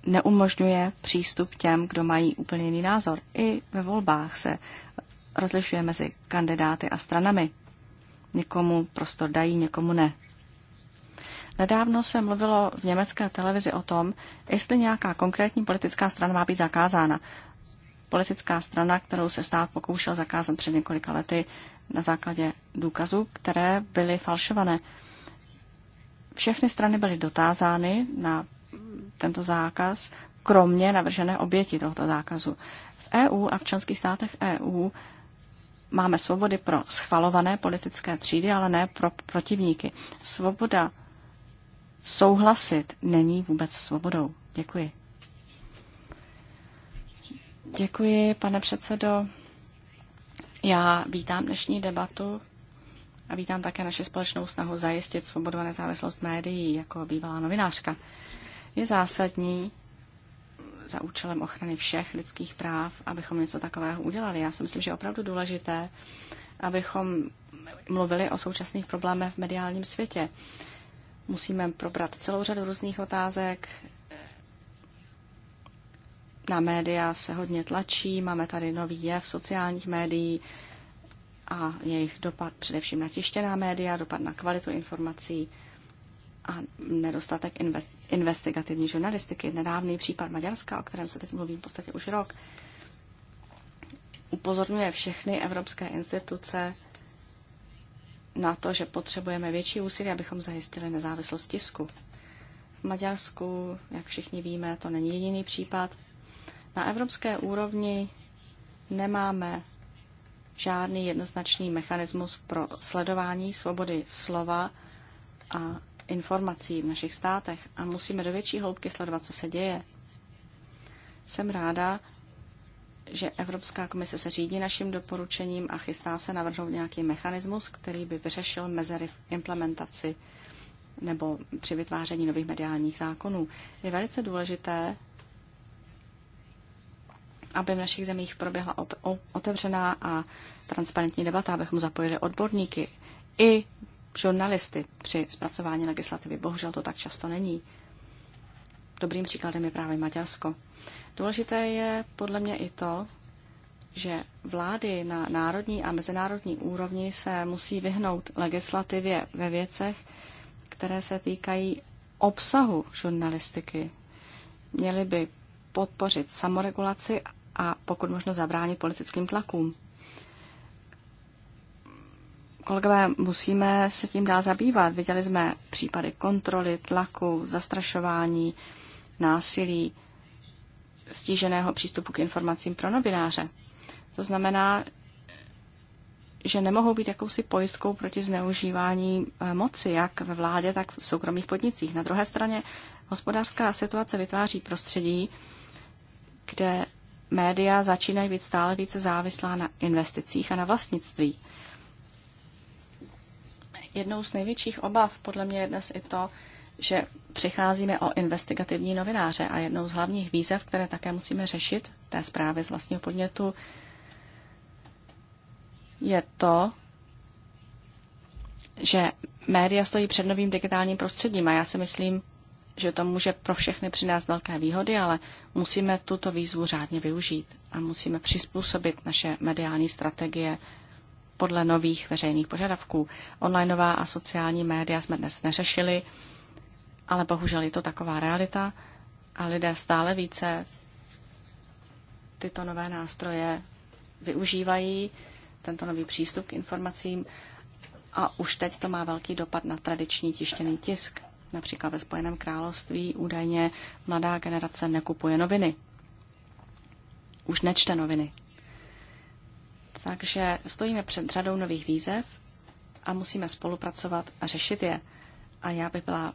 neumožňuje přístup těm, kdo mají úplně jiný názor. I ve volbách se rozlišuje mezi kandidáty a stranami. Někomu prostor dají, někomu ne. Nedávno se mluvilo v německé televizi o tom, jestli nějaká konkrétní politická strana má být zakázána. Politická strana, kterou se stát pokoušel zakázat před několika lety na základě důkazů, které byly falšované. Všechny strany byly dotázány na tento zákaz, kromě navržené oběti tohoto zákazu. V EU a v členských státech EU máme svobody pro schvalované politické třídy, ale ne pro protivníky. Svoboda souhlasit není vůbec svobodou. Děkuji. Děkuji, pane předsedo. Já vítám dnešní debatu a vítám také naši společnou snahu zajistit svobodu a nezávislost médií jako bývalá novinářka. Je zásadní za účelem ochrany všech lidských práv, abychom něco takového udělali. Já si myslím, že je opravdu důležité, abychom mluvili o současných problémech v mediálním světě. Musíme probrat celou řadu různých otázek. Na média se hodně tlačí, máme tady nový jev sociálních médií a jejich dopad především na tištěná média, dopad na kvalitu informací a nedostatek investigativní žurnalistiky. Nedávný případ Maďarska, o kterém se teď mluvím v podstatě už rok, upozorňuje všechny evropské instituce na to, že potřebujeme větší úsilí, abychom zajistili nezávislost tisku. V Maďarsku, jak všichni víme, to není jediný případ. Na evropské úrovni nemáme žádný jednoznačný mechanismus pro sledování svobody slova a informací v našich státech a musíme do větší hloubky sledovat, co se děje. Jsem ráda, že Evropská komise se řídí naším doporučením a chystá se navrhnout nějaký mechanismus, který by vyřešil mezery v implementaci nebo při vytváření nových mediálních zákonů. Je velice důležité, aby v našich zemích proběhla otevřená a transparentní debata, abychom zapojili odborníky i žurnalisty při zpracování legislativy. Bohužel to tak často není. Dobrým příkladem je právě Maďarsko. Důležité je podle mě i to, že vlády na národní a mezinárodní úrovni se musí vyhnout legislativě ve věcech, které se týkají obsahu žurnalistiky. Měly by podpořit samoregulaci a pokud možno zabránit politickým tlakům. Kolegové, musíme se tím dál zabývat. Viděli jsme případy kontroly, tlaku, zastrašování, násilí stíženého přístupu k informacím pro novináře. To znamená, že nemohou být jakousi pojistkou proti zneužívání eh, moci, jak ve vládě, tak v soukromých podnicích. Na druhé straně hospodářská situace vytváří prostředí, kde média začínají být stále více závislá na investicích a na vlastnictví. Jednou z největších obav podle mě je dnes i to, že přicházíme o investigativní novináře a jednou z hlavních výzev, které také musíme řešit, té zprávy z vlastního podnětu, je to, že média stojí před novým digitálním prostředím a já si myslím, že to může pro všechny přinést velké výhody, ale musíme tuto výzvu řádně využít a musíme přizpůsobit naše mediální strategie podle nových veřejných požadavků. Onlineová a sociální média jsme dnes neřešili ale bohužel je to taková realita a lidé stále více tyto nové nástroje využívají, tento nový přístup k informacím a už teď to má velký dopad na tradiční tištěný tisk. Například ve Spojeném království údajně mladá generace nekupuje noviny. Už nečte noviny. Takže stojíme před řadou nových výzev a musíme spolupracovat a řešit je. A já bych byla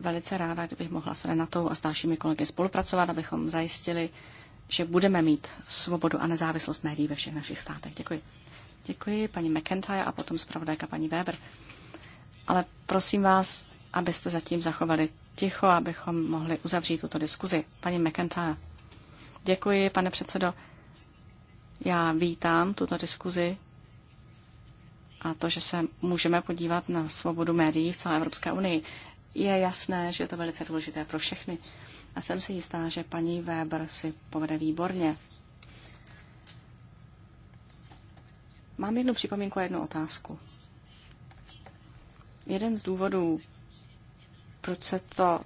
velice ráda, kdybych mohla s Renatou a s dalšími kolegy spolupracovat, abychom zajistili, že budeme mít svobodu a nezávislost médií ve všech našich státech. Děkuji. Děkuji paní McIntyre a potom zpravodajka paní Weber. Ale prosím vás, abyste zatím zachovali ticho, abychom mohli uzavřít tuto diskuzi. Paní McIntyre. Děkuji, pane předsedo. Já vítám tuto diskuzi a to, že se můžeme podívat na svobodu médií v celé Evropské unii je jasné, že je to velice důležité pro všechny. A jsem si jistá, že paní Weber si povede výborně. Mám jednu připomínku a jednu otázku. Jeden z důvodů, proč se to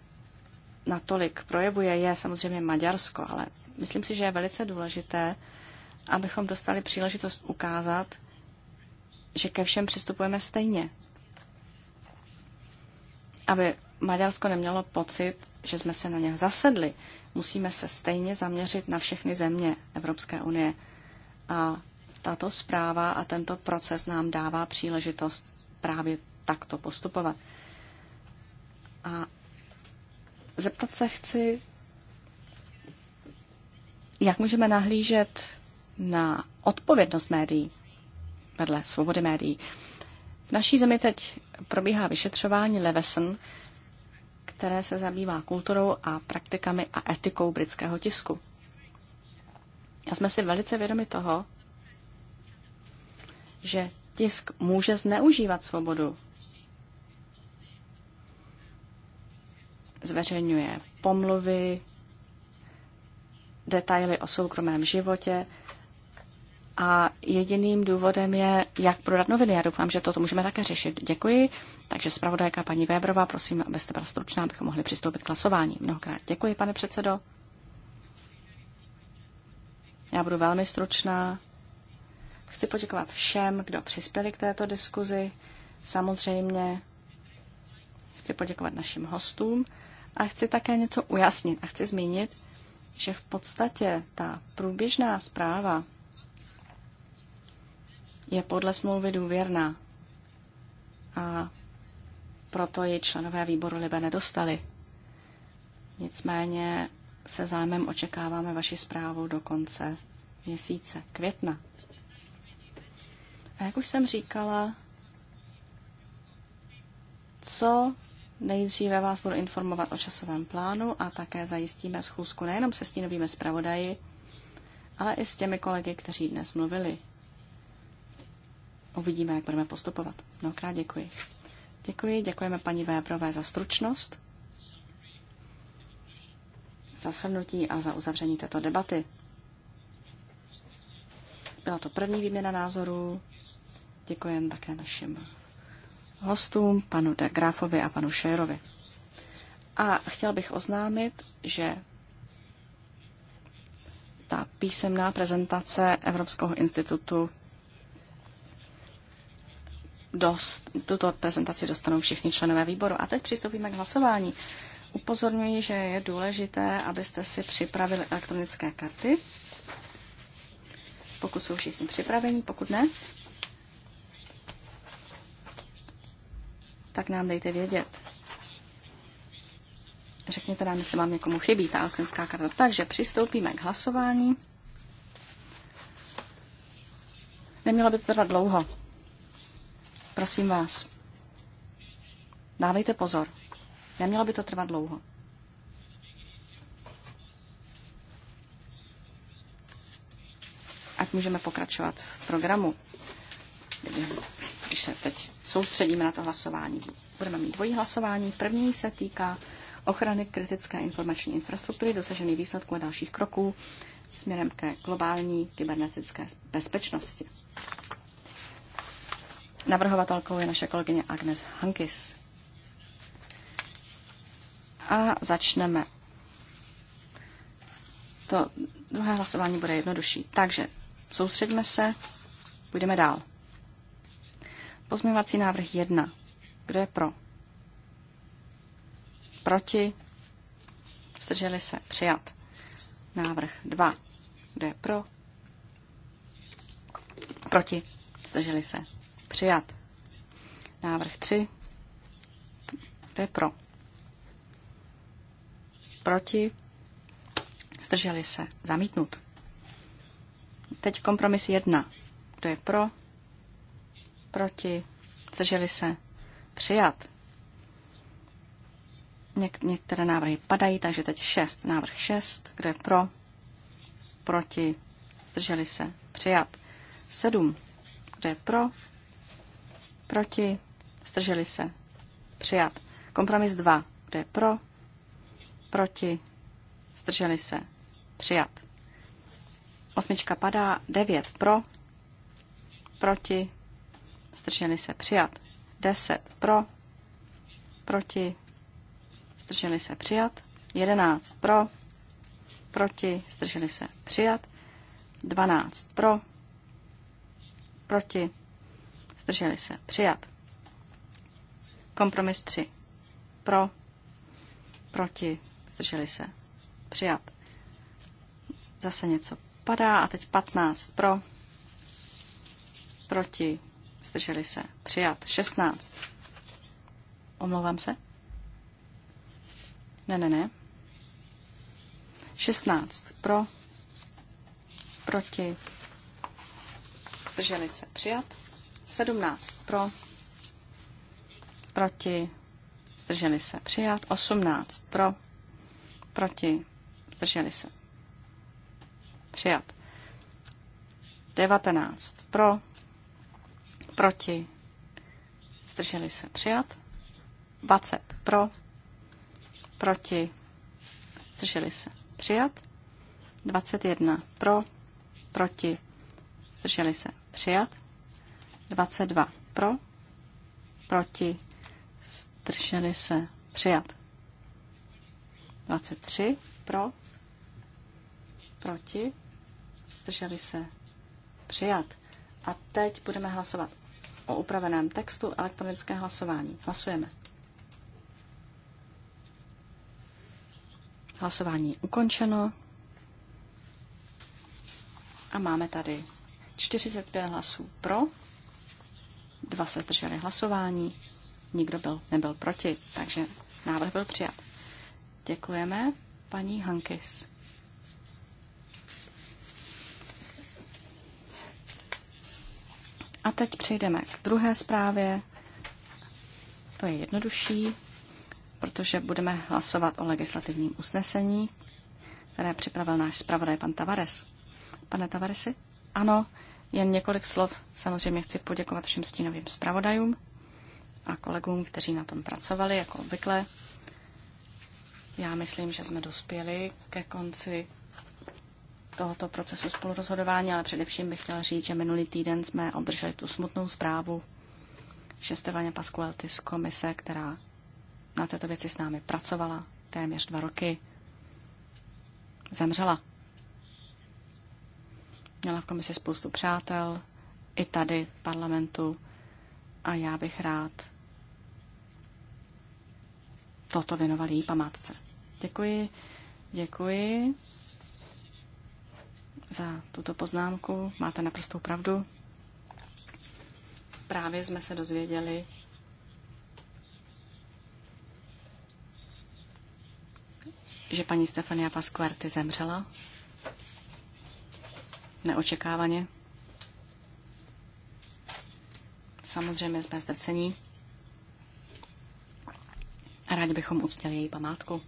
natolik projevuje, je samozřejmě Maďarsko, ale myslím si, že je velice důležité, abychom dostali příležitost ukázat, že ke všem přistupujeme stejně aby Maďarsko nemělo pocit, že jsme se na ně zasedli. Musíme se stejně zaměřit na všechny země Evropské unie. A tato zpráva a tento proces nám dává příležitost právě takto postupovat. A zeptat se chci, jak můžeme nahlížet na odpovědnost médií vedle svobody médií naší zemi teď probíhá vyšetřování Leveson, které se zabývá kulturou a praktikami a etikou britského tisku. A jsme si velice vědomi toho, že tisk může zneužívat svobodu. Zveřejňuje pomluvy, detaily o soukromém životě, a jediným důvodem je, jak prodat noviny. Já doufám, že toto můžeme také řešit. Děkuji. Takže zpravodajka paní Vébrová, prosím, abyste byla stručná, abychom mohli přistoupit k hlasování. Mnohokrát děkuji, pane předsedo. Já budu velmi stručná. Chci poděkovat všem, kdo přispěli k této diskuzi. Samozřejmě chci poděkovat našim hostům a chci také něco ujasnit a chci zmínit, že v podstatě ta průběžná zpráva je podle smlouvy důvěrná a proto ji členové výboru Libe nedostali. Nicméně se zájmem očekáváme vaši zprávu do konce měsíce, května. A jak už jsem říkala, co nejdříve vás budu informovat o časovém plánu a také zajistíme schůzku nejenom se stínovými zpravodaji, ale i s těmi kolegy, kteří dnes mluvili uvidíme, jak budeme postupovat. Mnohokrát děkuji. Děkuji, děkujeme paní Vébrové za stručnost, za shrnutí a za uzavření této debaty. Byla to první výměna názorů. Děkujeme také našim hostům, panu de Grafovi a panu Šérovi. A chtěl bych oznámit, že ta písemná prezentace Evropského institutu dost, tuto prezentaci dostanou všichni členové výboru. A teď přistoupíme k hlasování. Upozorňuji, že je důležité, abyste si připravili elektronické karty, pokud jsou všichni připraveni, pokud ne, tak nám dejte vědět. Řekněte nám, jestli vám někomu chybí ta elektronická karta. Takže přistoupíme k hlasování. Nemělo by to trvat dlouho. Prosím vás, dávejte pozor. Nemělo by to trvat dlouho. Ať můžeme pokračovat v programu, když se teď soustředíme na to hlasování. Budeme mít dvojí hlasování. První se týká ochrany kritické informační infrastruktury, dosažených výsledků a dalších kroků směrem ke globální kybernetické bezpečnosti. Navrhovatelkou je naše kolegyně Agnes Hankis. A začneme. To druhé hlasování bude jednodušší. Takže soustředíme se, půjdeme dál. Pozměvací návrh 1. Kdo je pro? Proti? Zdrželi se? Přijat. Návrh 2. Kdo je pro? Proti? Zdrželi se? Přijat. Návrh 3. To je pro? Proti? Zdrželi se. Zamítnut. Teď kompromis 1. To je pro? Proti? Zdrželi se. Přijat. Něk- některé návrhy padají, takže teď 6. Návrh 6. Kdo je pro? Proti? Zdrželi se. Přijat. 7. Kdo je pro? Proti? Zdrželi se. Přijat. Kompromis 2. Kdo je pro? Proti? Zdrželi se. Přijat. Osmička padá. 9 pro. Proti? Zdrželi se. Přijat. 10 pro. Proti? Zdrželi se. Přijat. 11 pro. Proti? Zdrželi se. Přijat. 12 pro. Proti? Zdrželi se. Přijat. Kompromis 3. Pro. Proti. Zdrželi se. Přijat. Zase něco padá a teď 15 pro. Proti. Zdrželi se. Přijat. 16. Omlouvám se. Ne, ne, ne. 16 pro. Proti. Zdrželi se. Přijat. 17 pro, proti, zdrželi se přijat, 18 pro, proti, zdrželi se přijat, 19 pro, proti, zdrželi se přijat, 20 pro, proti, zdrželi se přijat, 21 pro, proti, zdrželi se přijat, 22 pro, proti, zdrželi se, přijat. 23 pro, proti, zdrželi se, přijat. A teď budeme hlasovat o upraveném textu elektronické hlasování. Hlasujeme. Hlasování ukončeno. A máme tady 45 hlasů pro, dva se zdrželi hlasování, nikdo byl, nebyl proti, takže návrh byl přijat. Děkujeme, paní Hankis. A teď přejdeme k druhé zprávě. To je jednodušší, protože budeme hlasovat o legislativním usnesení, které připravil náš zpravodaj pan Tavares. Pane Tavaresi? Ano, jen několik slov. Samozřejmě chci poděkovat všem stínovým zpravodajům a kolegům, kteří na tom pracovali, jako obvykle. Já myslím, že jsme dospěli ke konci tohoto procesu spolurozhodování, ale především bych chtěla říct, že minulý týden jsme obdrželi tu smutnou zprávu Šestevaně Paskuelty z komise, která na této věci s námi pracovala téměř dva roky. Zemřela. Měla v komisi spoustu přátel, i tady v parlamentu a já bych rád toto věnoval její památce. Děkuji, děkuji za tuto poznámku. Máte naprostou pravdu. Právě jsme se dozvěděli, že paní Stefania Pasquarty zemřela neočekávaně. Samozřejmě jsme zdrcení a rádi bychom uctili její památku.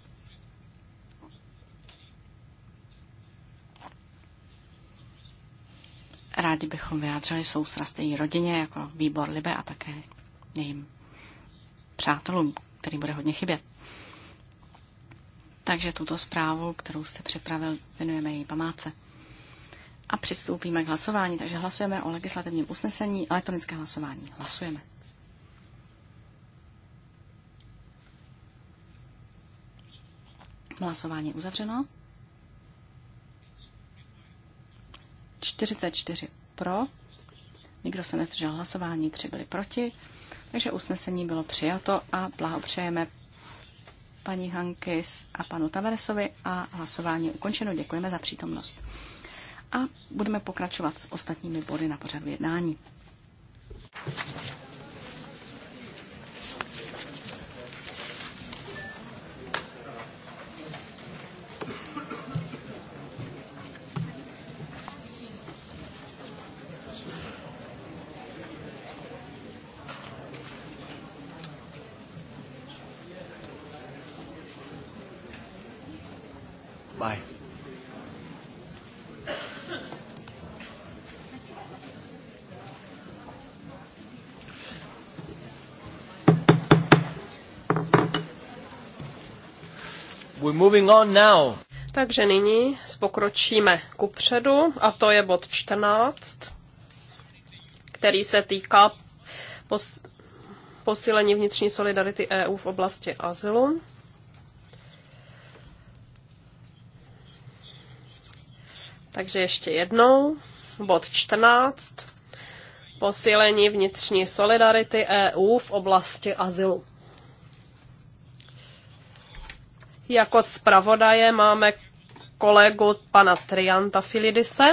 Rádi bychom vyjádřili soustrast její rodině jako výbor Libe a také jejím přátelům, který bude hodně chybět. Takže tuto zprávu, kterou jste připravil, věnujeme její památce a přistoupíme k hlasování. Takže hlasujeme o legislativním usnesení, elektronické hlasování. Hlasujeme. Hlasování uzavřeno. 44 pro, nikdo se nezdržel hlasování, tři byli proti, takže usnesení bylo přijato a blahopřejeme paní Hankis a panu Taveresovi a hlasování ukončeno. Děkujeme za přítomnost a budeme pokračovat s ostatními body na pořadu jednání. moving on now. Takže nyní ku kupředu a to je bod 14, který se týká pos- posílení vnitřní solidarity EU v oblasti azylu. Takže ještě jednou, bod 14, posílení vnitřní solidarity EU v oblasti azylu. Jako zpravodaje máme kolegu pana Trianta Filidise.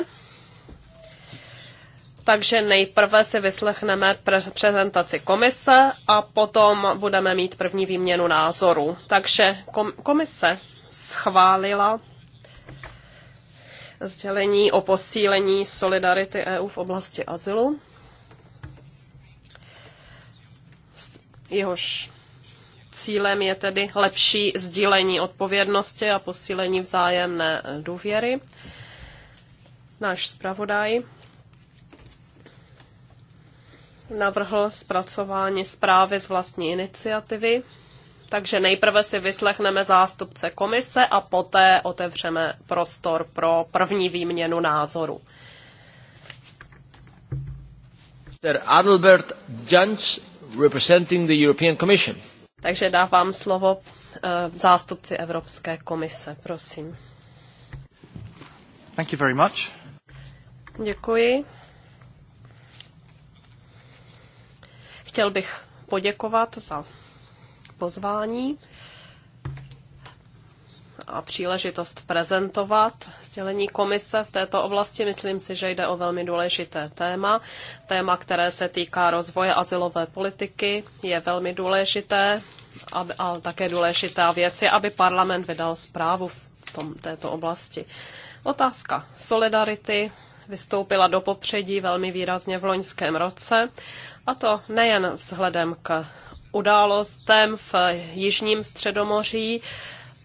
Takže nejprve si vyslechneme prezentaci komise a potom budeme mít první výměnu názorů. Takže komise schválila sdělení o posílení solidarity EU v oblasti azylu. Jehož Cílem je tedy lepší sdílení odpovědnosti a posílení vzájemné důvěry. Náš zpravodaj navrhl zpracování zprávy z vlastní iniciativy. Takže nejprve si vyslechneme zástupce komise a poté otevřeme prostor pro první výměnu názoru. Mr. Adelbert Jans, representing the European Commission. Takže dávám slovo eh, zástupci Evropské komise, prosím. Thank you very much. Děkuji. Chtěl bych poděkovat za pozvání a příležitost prezentovat sdělení komise v této oblasti. Myslím si, že jde o velmi důležité téma. Téma, které se týká rozvoje asilové politiky, je velmi důležité aby, a také důležitá věc je, aby parlament vydal zprávu v tom, této oblasti. Otázka solidarity vystoupila do popředí velmi výrazně v loňském roce, a to nejen vzhledem k událostem v Jižním středomoří,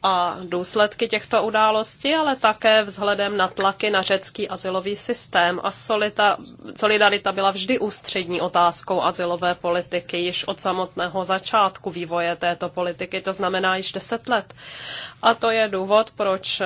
a důsledky těchto událostí, ale také vzhledem na tlaky na řecký asilový systém. A solita, solidarita byla vždy ústřední otázkou asilové politiky již od samotného začátku vývoje této politiky, to znamená již deset let. A to je důvod, proč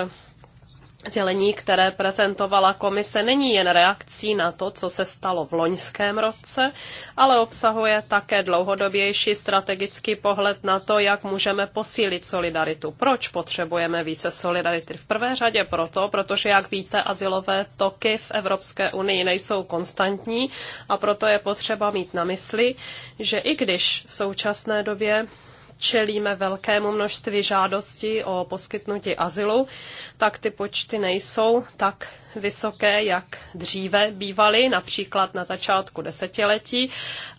Sdělení, které prezentovala komise, není jen reakcí na to, co se stalo v loňském roce, ale obsahuje také dlouhodobější strategický pohled na to, jak můžeme posílit solidaritu. Proč potřebujeme více solidarity? V prvé řadě proto, protože, jak víte, asilové toky v Evropské unii nejsou konstantní a proto je potřeba mít na mysli, že i když v současné době čelíme velkému množství žádostí o poskytnutí azylu, tak ty počty nejsou tak vysoké, jak dříve bývaly, například na začátku desetiletí,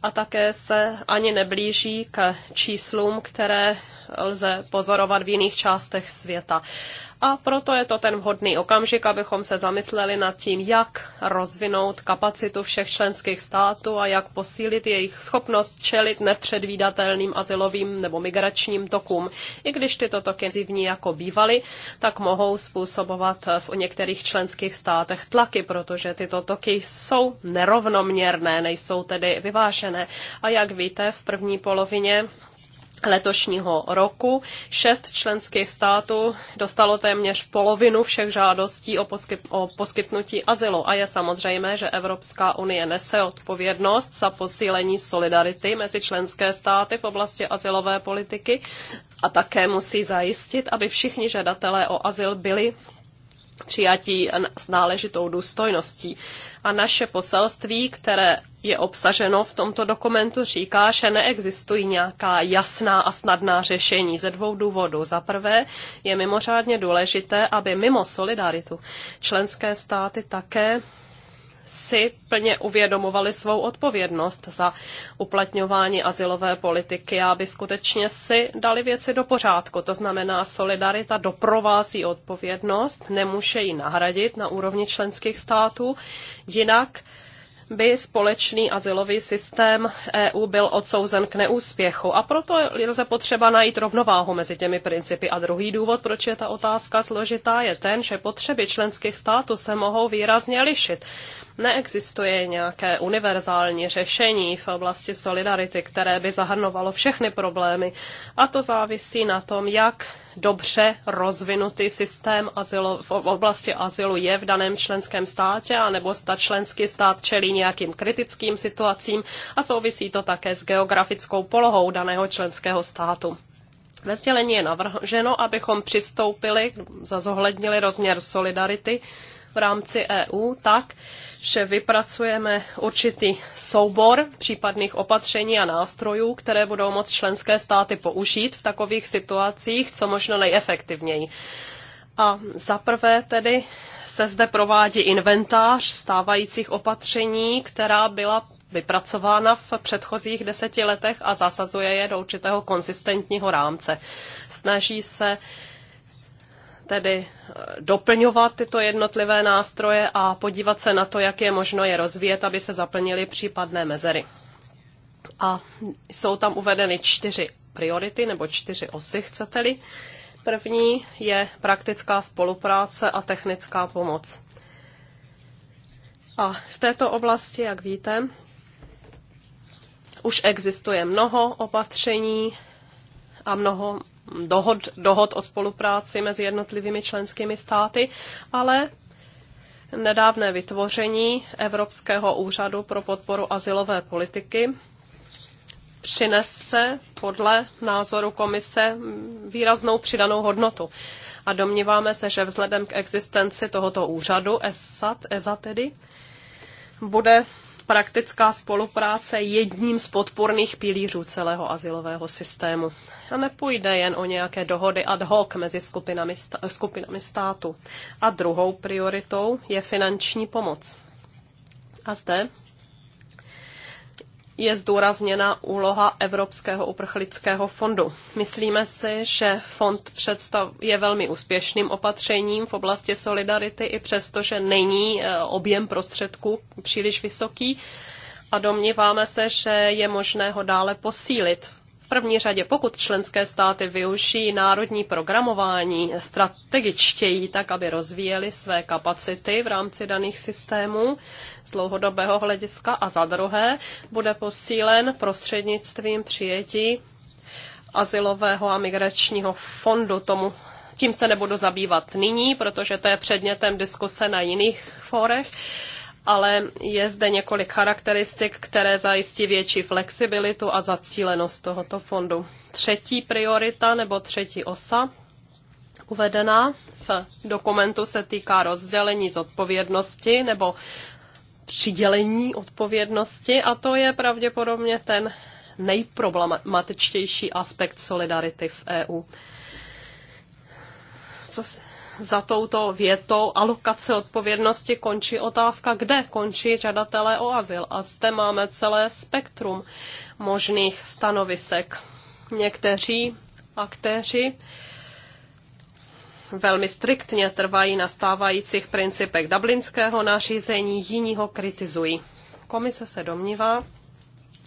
a také se ani neblíží k číslům, které lze pozorovat v jiných částech světa. A proto je to ten vhodný okamžik, abychom se zamysleli nad tím, jak rozvinout kapacitu všech členských států a jak posílit jejich schopnost čelit nepředvídatelným asilovým nebo migračním tokům. I když tyto toky zivní jako bývaly, tak mohou způsobovat v některých členských státech tlaky, protože tyto toky jsou nerovnoměrné, nejsou tedy vyvážené. A jak víte, v první polovině letošního roku. Šest členských států dostalo téměř polovinu všech žádostí o, poskyt, o poskytnutí azylu a je samozřejmé, že Evropská unie nese odpovědnost za posílení solidarity mezi členské státy v oblasti azylové politiky a také musí zajistit, aby všichni žadatelé o azyl byli přijatí s náležitou důstojností. A naše poselství, které je obsaženo v tomto dokumentu, říká, že neexistují nějaká jasná a snadná řešení ze dvou důvodů. Za prvé je mimořádně důležité, aby mimo solidaritu členské státy také si plně uvědomovali svou odpovědnost za uplatňování asilové politiky a aby skutečně si dali věci do pořádku. To znamená, solidarita doprovází odpovědnost, nemůže ji nahradit na úrovni členských států, jinak by společný asilový systém EU byl odsouzen k neúspěchu. A proto je potřeba najít rovnováhu mezi těmi principy. A druhý důvod, proč je ta otázka složitá, je ten, že potřeby členských států se mohou výrazně lišit. Neexistuje nějaké univerzální řešení v oblasti solidarity, které by zahrnovalo všechny problémy. A to závisí na tom, jak dobře rozvinutý systém azylo, v oblasti azylu je v daném členském státě, anebo sta členský stát čelí nějakým kritickým situacím a souvisí to také s geografickou polohou daného členského státu. Ve sdělení je navrženo, abychom přistoupili, zazohlednili rozměr solidarity v rámci EU tak, že vypracujeme určitý soubor případných opatření a nástrojů, které budou moct členské státy použít v takových situacích, co možno nejefektivněji. A zaprvé tedy se zde provádí inventář stávajících opatření, která byla vypracována v předchozích deseti letech a zasazuje je do určitého konsistentního rámce. Snaží se uh, tedy eh, doplňovat tyto jednotlivé nástroje a podívat se na to, jak je možno je rozvíjet, aby se zaplnily případné mezery. A jsou tam uvedeny čtyři priority nebo čtyři osy, chcete-li. První je praktická spolupráce a technická pomoc. A v této oblasti, jak víte, už existuje mnoho opatření a mnoho dohod, dohod o spolupráci mezi jednotlivými členskými státy, ale nedávné vytvoření Evropského úřadu pro podporu asilové politiky přinese podle názoru komise výraznou přidanou hodnotu. A domníváme se, že vzhledem k existenci tohoto úřadu, ESAT, ESA tedy, bude praktická spolupráce jedním z podporných pilířů celého asilového systému. A nepůjde jen o nějaké dohody ad hoc mezi skupinami, skupinami státu. A druhou prioritou je finanční pomoc. A zde je zdůrazněna úloha Evropského uprchlického fondu. Myslíme si, že fond představ je velmi úspěšným opatřením v oblasti solidarity, i přesto, že není eh, objem prostředků příliš vysoký a domníváme se, že je možné ho dále posílit první řadě, pokud členské státy využijí národní programování strategičtěji tak, aby rozvíjeli své kapacity v rámci daných systémů z dlouhodobého hlediska a za druhé bude posílen prostřednictvím přijetí azylového a migračního fondu tomu tím se nebudu zabývat nyní, protože to je předmětem diskuse na jiných fórech ale je zde několik charakteristik, které zajistí větší flexibilitu a zacílenost tohoto fondu. Třetí priorita nebo třetí osa uvedená v dokumentu se týká rozdělení zodpovědnosti nebo přidělení odpovědnosti a to je pravděpodobně ten nejproblematičtější aspekt solidarity v EU. Co se za touto větou alokace odpovědnosti končí otázka, kde končí žadatelé o azyl. A zde máme celé spektrum možných stanovisek. Někteří aktéři velmi striktně trvají na stávajících principech dublinského nařízení, jiní ho kritizují. Komise se domnívá,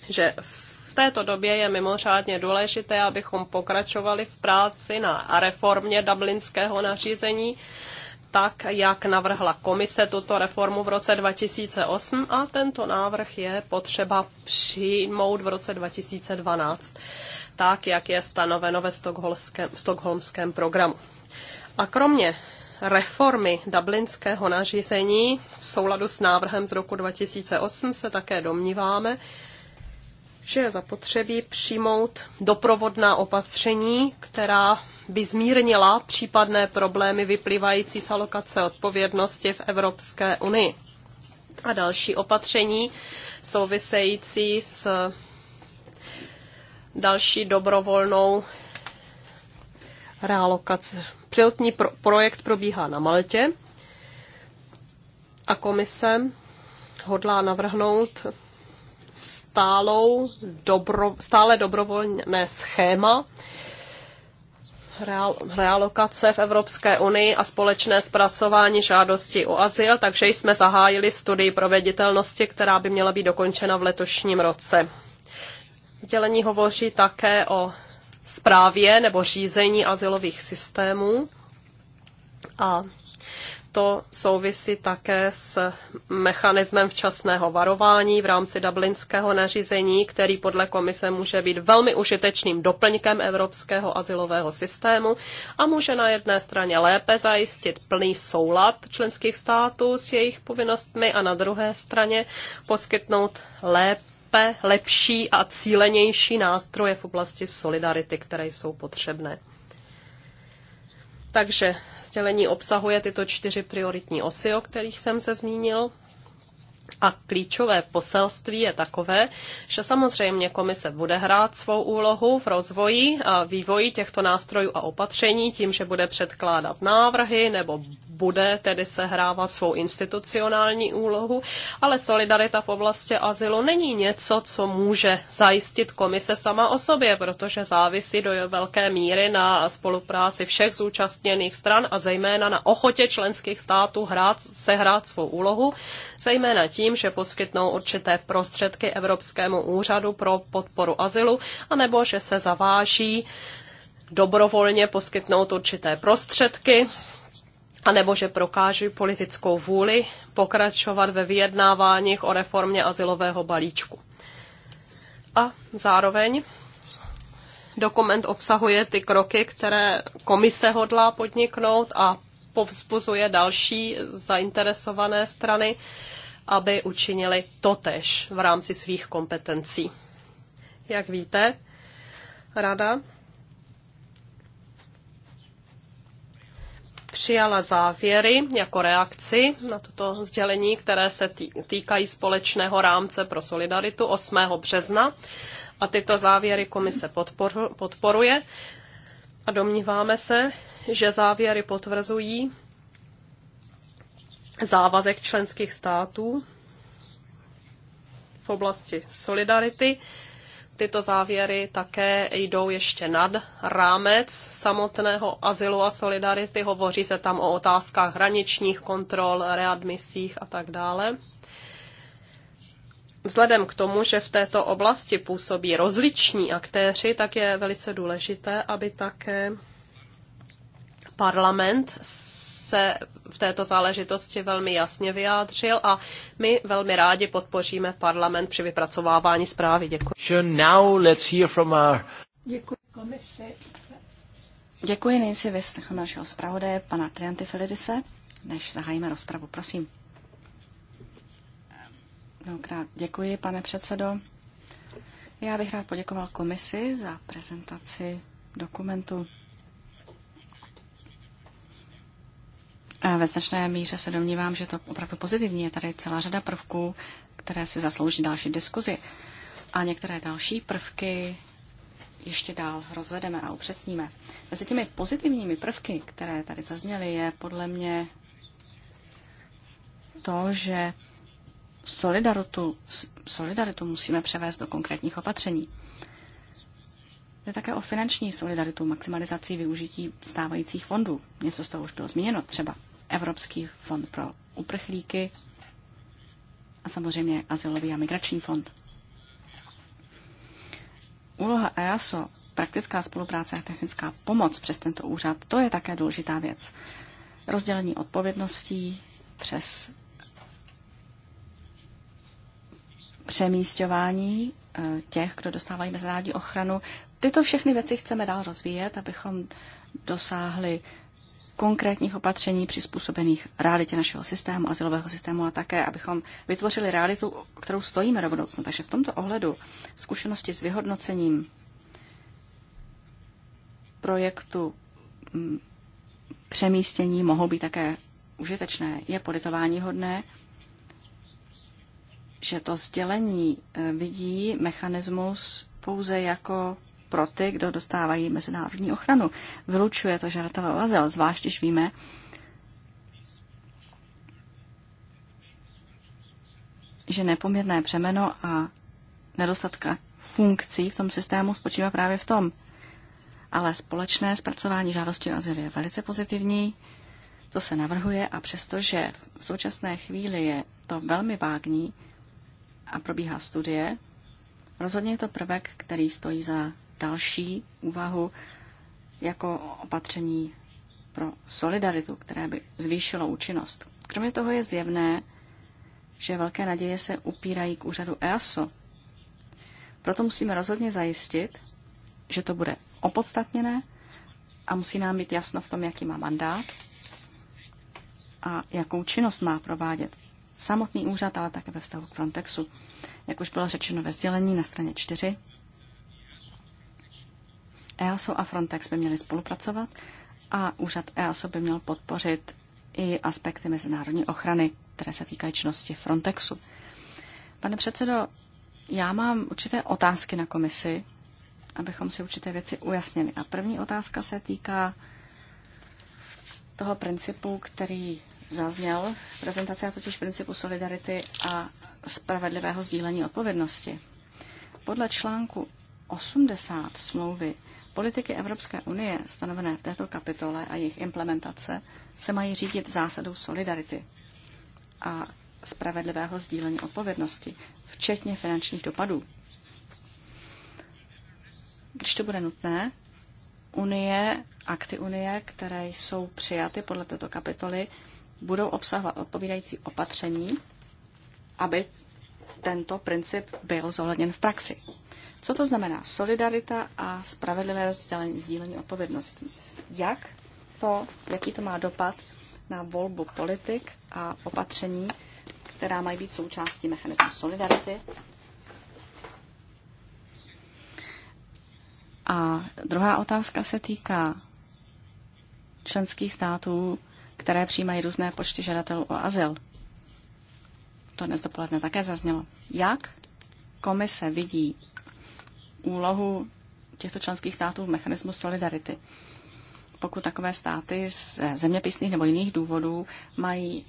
že v v této době je mimořádně důležité, abychom pokračovali v práci na reformě dublinského nařízení, tak, jak navrhla komise tuto reformu v roce 2008 a tento návrh je potřeba přijmout v roce 2012, tak, jak je stanoveno ve stokholmském programu. A kromě reformy dublinského nařízení v souladu s návrhem z roku 2008 se také domníváme, že je zapotřebí přijmout doprovodná opatření, která by zmírnila případné problémy vyplývající z alokace odpovědnosti v Evropské unii. A další opatření související s další dobrovolnou realokací. Pilotní pro- projekt probíhá na Maltě a komise hodlá navrhnout stálou dobro, stále dobrovolné schéma real, realokace v Evropské unii a společné zpracování žádosti o azyl, takže jsme zahájili studii proveditelnosti, která by měla být dokončena v letošním roce. Sdělení hovoří také o správě nebo řízení azylových systémů a to souvisí také s mechanismem včasného varování v rámci dublinského nařízení, který podle komise může být velmi užitečným doplňkem evropského asilového systému a může na jedné straně lépe zajistit plný soulad členských států s jejich povinnostmi a na druhé straně poskytnout lépe, lepší a cílenější nástroje v oblasti solidarity, které jsou potřebné. Takže vtělení obsahuje tyto čtyři prioritní osy, o kterých jsem se zmínil. A klíčové poselství je takové, že samozřejmě komise bude hrát svou úlohu v rozvoji a vývoji těchto nástrojů a opatření tím, že bude předkládat návrhy nebo bude tedy sehrávat svou institucionální úlohu, ale solidarita v oblasti azylu není něco, co může zajistit komise sama o sobě, protože závisí do velké míry na spolupráci všech zúčastněných stran a zejména na ochotě členských států hrát, sehrát svou úlohu, zejména tím, že poskytnou určité prostředky Evropskému úřadu pro podporu azylu, anebo že se zaváží dobrovolně poskytnout určité prostředky, anebo že prokáží politickou vůli pokračovat ve vyjednáváních o reformě asilového balíčku. A zároveň dokument obsahuje ty kroky, které komise hodlá podniknout a povzbuzuje další zainteresované strany aby učinili totež v rámci svých kompetencí. Jak víte, Rada přijala závěry jako reakci na toto sdělení, které se týkají společného rámce pro solidaritu 8. března. A tyto závěry komise podporuje. A domníváme se, že závěry potvrzují závazek členských států v oblasti solidarity. Tyto závěry také jdou ještě nad rámec samotného asilu a solidarity. Hovoří se tam o otázkách hraničních kontrol, readmisích a tak dále. Vzhledem k tomu, že v této oblasti působí rozliční aktéři, tak je velice důležité, aby také parlament se v této záležitosti velmi jasně vyjádřil a my velmi rádi podpoříme parlament při vypracovávání zprávy. Děkuji. Now let's hear from our... Děkuji komise. Děkuji, nyní vyslechnu našeho zpravodaje, pana Trianty Felidise, než zahájíme rozpravu. Prosím. Mnohokrát děkuji, pane předsedo. Já bych rád poděkoval komisi za prezentaci dokumentu Ve značné míře se domnívám, že to opravdu pozitivní. Je tady celá řada prvků, které si zaslouží další diskuzi. A některé další prvky ještě dál rozvedeme a upřesníme. Mezi těmi pozitivními prvky, které tady zazněly, je podle mě to, že solidaritu, solidaritu musíme převést do konkrétních opatření. Je také o finanční solidaritu, maximalizaci využití stávajících fondů. Něco z toho už bylo zmíněno třeba. Evropský fond pro uprchlíky a samozřejmě Azylový a migrační fond. Úloha EASO, praktická spolupráce a technická pomoc přes tento úřad, to je také důležitá věc. Rozdělení odpovědností přes přemístování eh, těch, kdo dostávají mezinárodní ochranu. Tyto všechny věci chceme dál rozvíjet, abychom dosáhli konkrétních opatření přizpůsobených realitě našeho systému, asilového systému a také, abychom vytvořili realitu, kterou stojíme do budoucna. Takže v tomto ohledu zkušenosti s vyhodnocením projektu mm, přemístění mohou být také užitečné. Je politování hodné, že to sdělení e, vidí mechanismus pouze jako pro ty, kdo dostávají mezinárodní ochranu. Vylučuje to žadatele o azyl, zvlášť když víme, že nepoměrné přemeno a nedostatka funkcí v tom systému spočívá právě v tom. Ale společné zpracování žádosti o azyl je velice pozitivní, to se navrhuje a přestože v současné chvíli je to velmi vágní a probíhá studie, rozhodně je to prvek, který stojí za další úvahu jako opatření pro solidaritu, které by zvýšilo účinnost. Kromě toho je zjevné, že velké naděje se upírají k úřadu EASO. Proto musíme rozhodně zajistit, že to bude opodstatněné a musí nám být jasno v tom, jaký má mandát a jakou činnost má provádět. Samotný úřad, ale také ve vztahu k Frontexu. Jak už bylo řečeno ve sdělení na straně 4, EASO a Frontex by měly spolupracovat a úřad EASO by měl podpořit i aspekty mezinárodní ochrany, které se týkají činnosti Frontexu. Pane předsedo, já mám určité otázky na komisi, abychom si určité věci ujasnili. A první otázka se týká toho principu, který zazněl v prezentaci, a totiž principu solidarity a spravedlivého sdílení odpovědnosti. Podle článku 80 smlouvy Politiky Evropské unie stanovené v této kapitole a jejich implementace se mají řídit zásadou solidarity a spravedlivého sdílení odpovědnosti, včetně finančních dopadů. Když to bude nutné, Unie, akty Unie, které jsou přijaty podle této kapitoly, budou obsahovat odpovídající opatření, aby tento princip byl zohledněn v praxi. Co to znamená solidarita a spravedlivé sdělení, sdílení odpovědností? Jak to, jaký to má dopad na volbu politik a opatření, která mají být součástí mechanismu solidarity? A druhá otázka se týká členských států, které přijímají různé počty žadatelů o azyl. To dnes dopoledne také zaznělo. Jak komise vidí úlohu těchto členských států v mechanismu solidarity. Pokud takové státy z eh, zeměpisných nebo jiných důvodů mají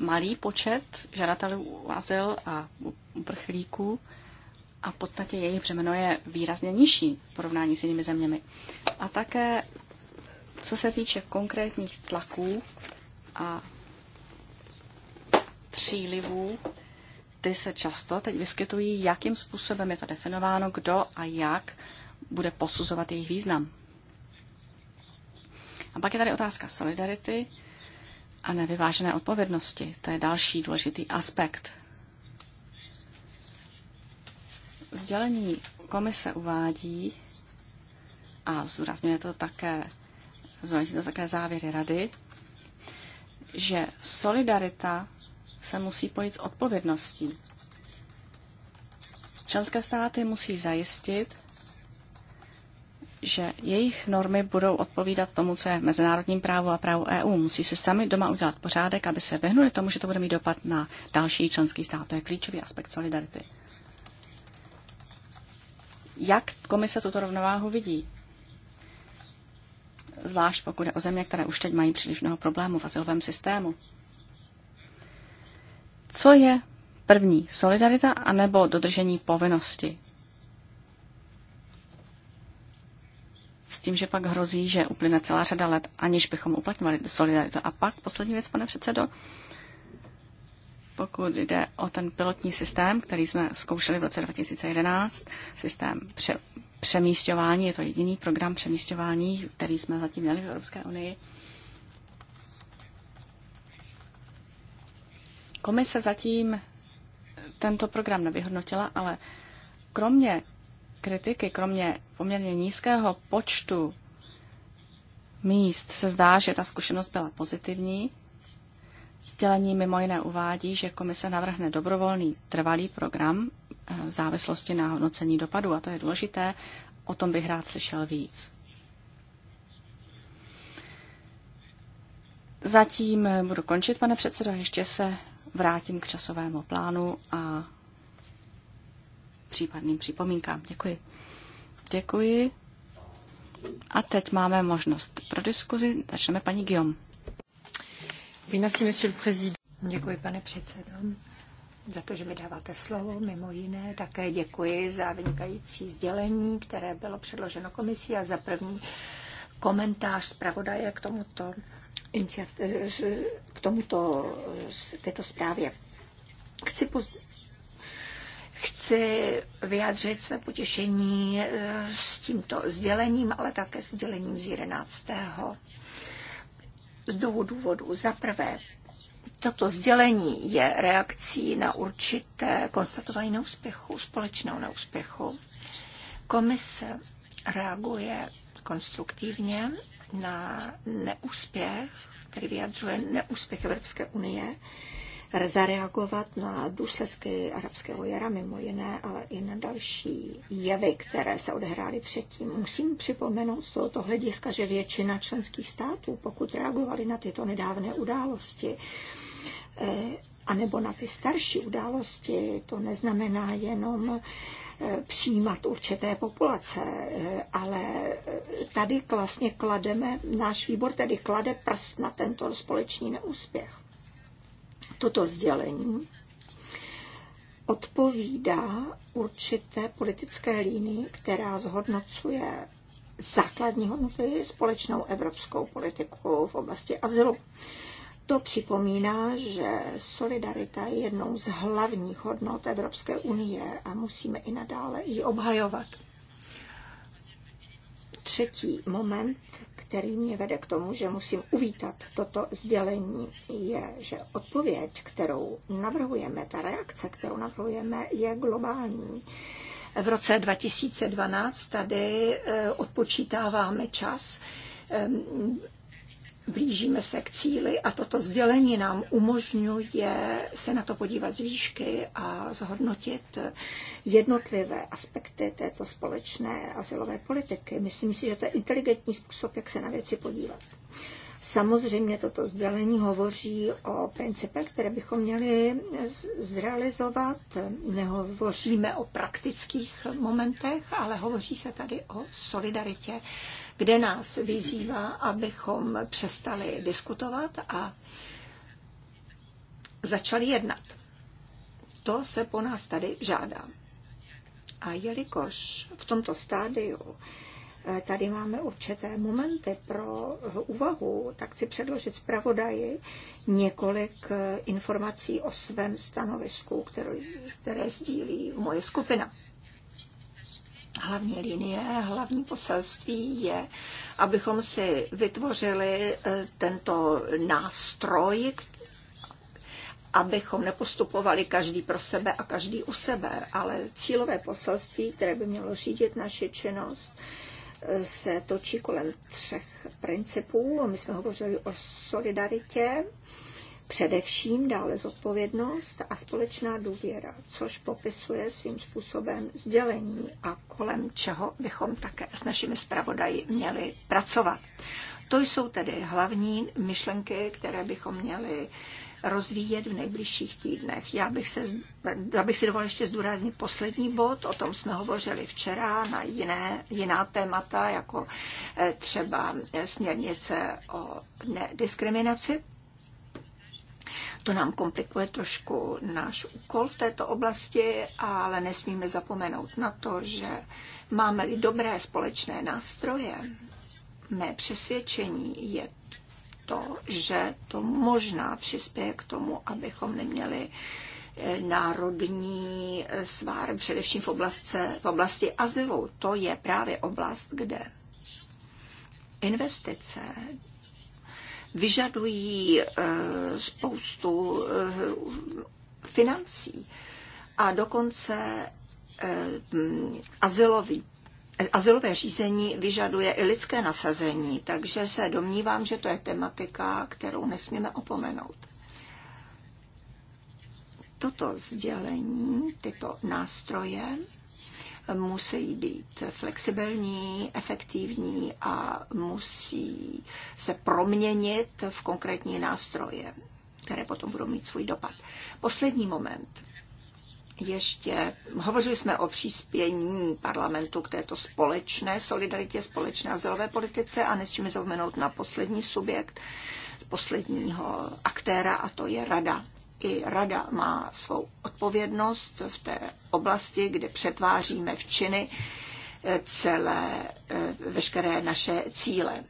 malý počet žadatelů o azyl a uprchlíků a v podstatě jejich břemeno je výrazně nižší v porovnání s jinými zeměmi. A také, co se týče konkrétních tlaků a přílivů ty se často teď vyskytují, jakým způsobem je to definováno, kdo a jak bude posuzovat jejich význam. A pak je tady otázka solidarity a nevyvážené odpovědnosti. To je další důležitý aspekt. Sdělení komise uvádí, a zúrazňuje to také, zúrazňuje to také závěry rady, že solidarita se musí pojít s odpovědností. Členské státy musí zajistit, že jejich normy budou odpovídat tomu, co je mezinárodním právu a právu EU. Musí si sami doma udělat pořádek, aby se vyhnuli tomu, že to bude mít dopad na další členský stát. To je klíčový aspekt solidarity. Jak komise tuto rovnováhu vidí? Zvlášť pokud je o země, které už teď mají příliš mnoho problémů v asilovém systému. Co je první solidarita anebo dodržení povinnosti? S tím, že pak hrozí, že uplyne celá řada let, aniž bychom uplatňovali solidaritu. A pak poslední věc, pane předsedo, pokud jde o ten pilotní systém, který jsme zkoušeli v roce 2011, systém pře- přemístování, je to jediný program přemístování, který jsme zatím měli v Evropské unii, Komise zatím tento program nevyhodnotila, ale kromě kritiky, kromě poměrně nízkého počtu míst se zdá, že ta zkušenost byla pozitivní. Sdělení mimo jiné uvádí, že komise navrhne dobrovolný trvalý program eh, v závislosti na hodnocení dopadu a to je důležité, o tom bych rád slyšel víc. Zatím eh, budu končit, pane předsedo, ještě se vrátím k časovému plánu a případným připomínkám. Děkuji. Děkuji. A teď máme možnost pro diskuzi. Začneme paní Guillaume. Oui, merci, monsieur le président. Děkuji, pane předsedo, za to, že mi dáváte slovo. Mimo jiné také děkuji za vynikající sdělení, které bylo předloženo komisí a za první komentář zpravodaje k tomuto Eh, k tomuto, eh, této zprávě. Chci, poz... Chci vyjádřit své potěšení eh, s tímto sdělením, ale také sdělením z 11. Z dvou důvodů. Za prvé, Toto sdělení je reakcí na určité konstatování neúspěchu, společnou neúspěchu. Komise reaguje konstruktivně na neúspěch, který vyjadřuje neúspěch Evropské unie, zareagovat na důsledky arabského jara, mimo jiné, ale i na další jevy, které se odehrály předtím. Musím připomenout z tohoto hlediska, že většina členských států, pokud reagovali na tyto nedávné události, eh, anebo na ty starší události, to neznamená jenom Eh, přijímat určité populace, eh, ale eh, tady vlastně klademe, náš výbor tedy klade prst na tento společný neúspěch. Toto sdělení odpovídá určité politické línii, která zhodnocuje základní hodnoty, společnou evropskou politiku v oblasti azylu. To připomíná, že solidarita je jednou z hlavních hodnot Evropské unie a musíme i nadále ji obhajovat. Třetí moment, který mě vede k tomu, že musím uvítat toto sdělení, je, že odpověď, kterou navrhujeme, ta reakce, kterou navrhujeme, je globální. V roce 2012 tady eh, odpočítáváme čas blížíme se k cíli a toto sdělení nám umožňuje se na to podívat z výšky a zhodnotit jednotlivé aspekty této společné asilové politiky. Myslím si, že to je inteligentní způsob, jak se na věci podívat. Samozřejmě toto sdělení hovoří o principech, které bychom měli zrealizovat. Nehovoříme o praktických momentech, ale hovoří se tady o solidaritě kde nás vyzývá, abychom přestali diskutovat a začali jednat. To se po nás tady žádá. A jelikož v tomto stádiu eh, tady máme určité momenty pro úvahu, tak chci předložit zpravodaji několik eh, informací o svém stanovisku, které, které sdílí moje skupina hlavní linie, hlavní poselství je, abychom si vytvořili eh, tento nástroj, abychom nepostupovali každý pro sebe a každý u sebe, ale cílové poselství, které by mělo řídit naši činnost, eh, se točí kolem třech principů. My jsme hovořili o solidaritě, Především dále zodpovědnost a společná důvěra, což popisuje svým způsobem sdělení a kolem čeho bychom také s našimi zpravodaji měli pracovat. To jsou tedy hlavní myšlenky, které bychom měli rozvíjet v nejbližších týdnech. Já bych, se, já bych si dovolil ještě zdůraznit poslední bod, o tom jsme hovořili včera na jiné, jiná témata, jako eh, třeba eh, směrnice o nediskriminaci. To nám komplikuje trošku náš úkol v této oblasti, ale nesmíme zapomenout na to, že máme-li dobré společné nástroje, mé přesvědčení je to, že to možná přispěje k tomu, abychom neměli eh, národní eh, svár, především v oblasti, v oblasti azylu. To je právě oblast, kde investice vyžadují eh, spoustu eh, financí a dokonce eh, azylový Azylové řízení vyžaduje i lidské nasazení, takže se domnívám, že to je tematika, kterou nesmíme opomenout. Toto sdělení, tyto nástroje musí být flexibilní, efektivní a musí se proměnit v konkrétní nástroje, které potom budou mít svůj dopad. Poslední moment ještě, hovořili jsme o příspění parlamentu k této společné solidaritě, společné azylové politice a nesmíme zapomenout na poslední subjekt z posledního aktéra a to je rada i rada má svou odpovědnost v té oblasti, kde přetváříme v činy eh, celé, eh, veškeré naše cíle.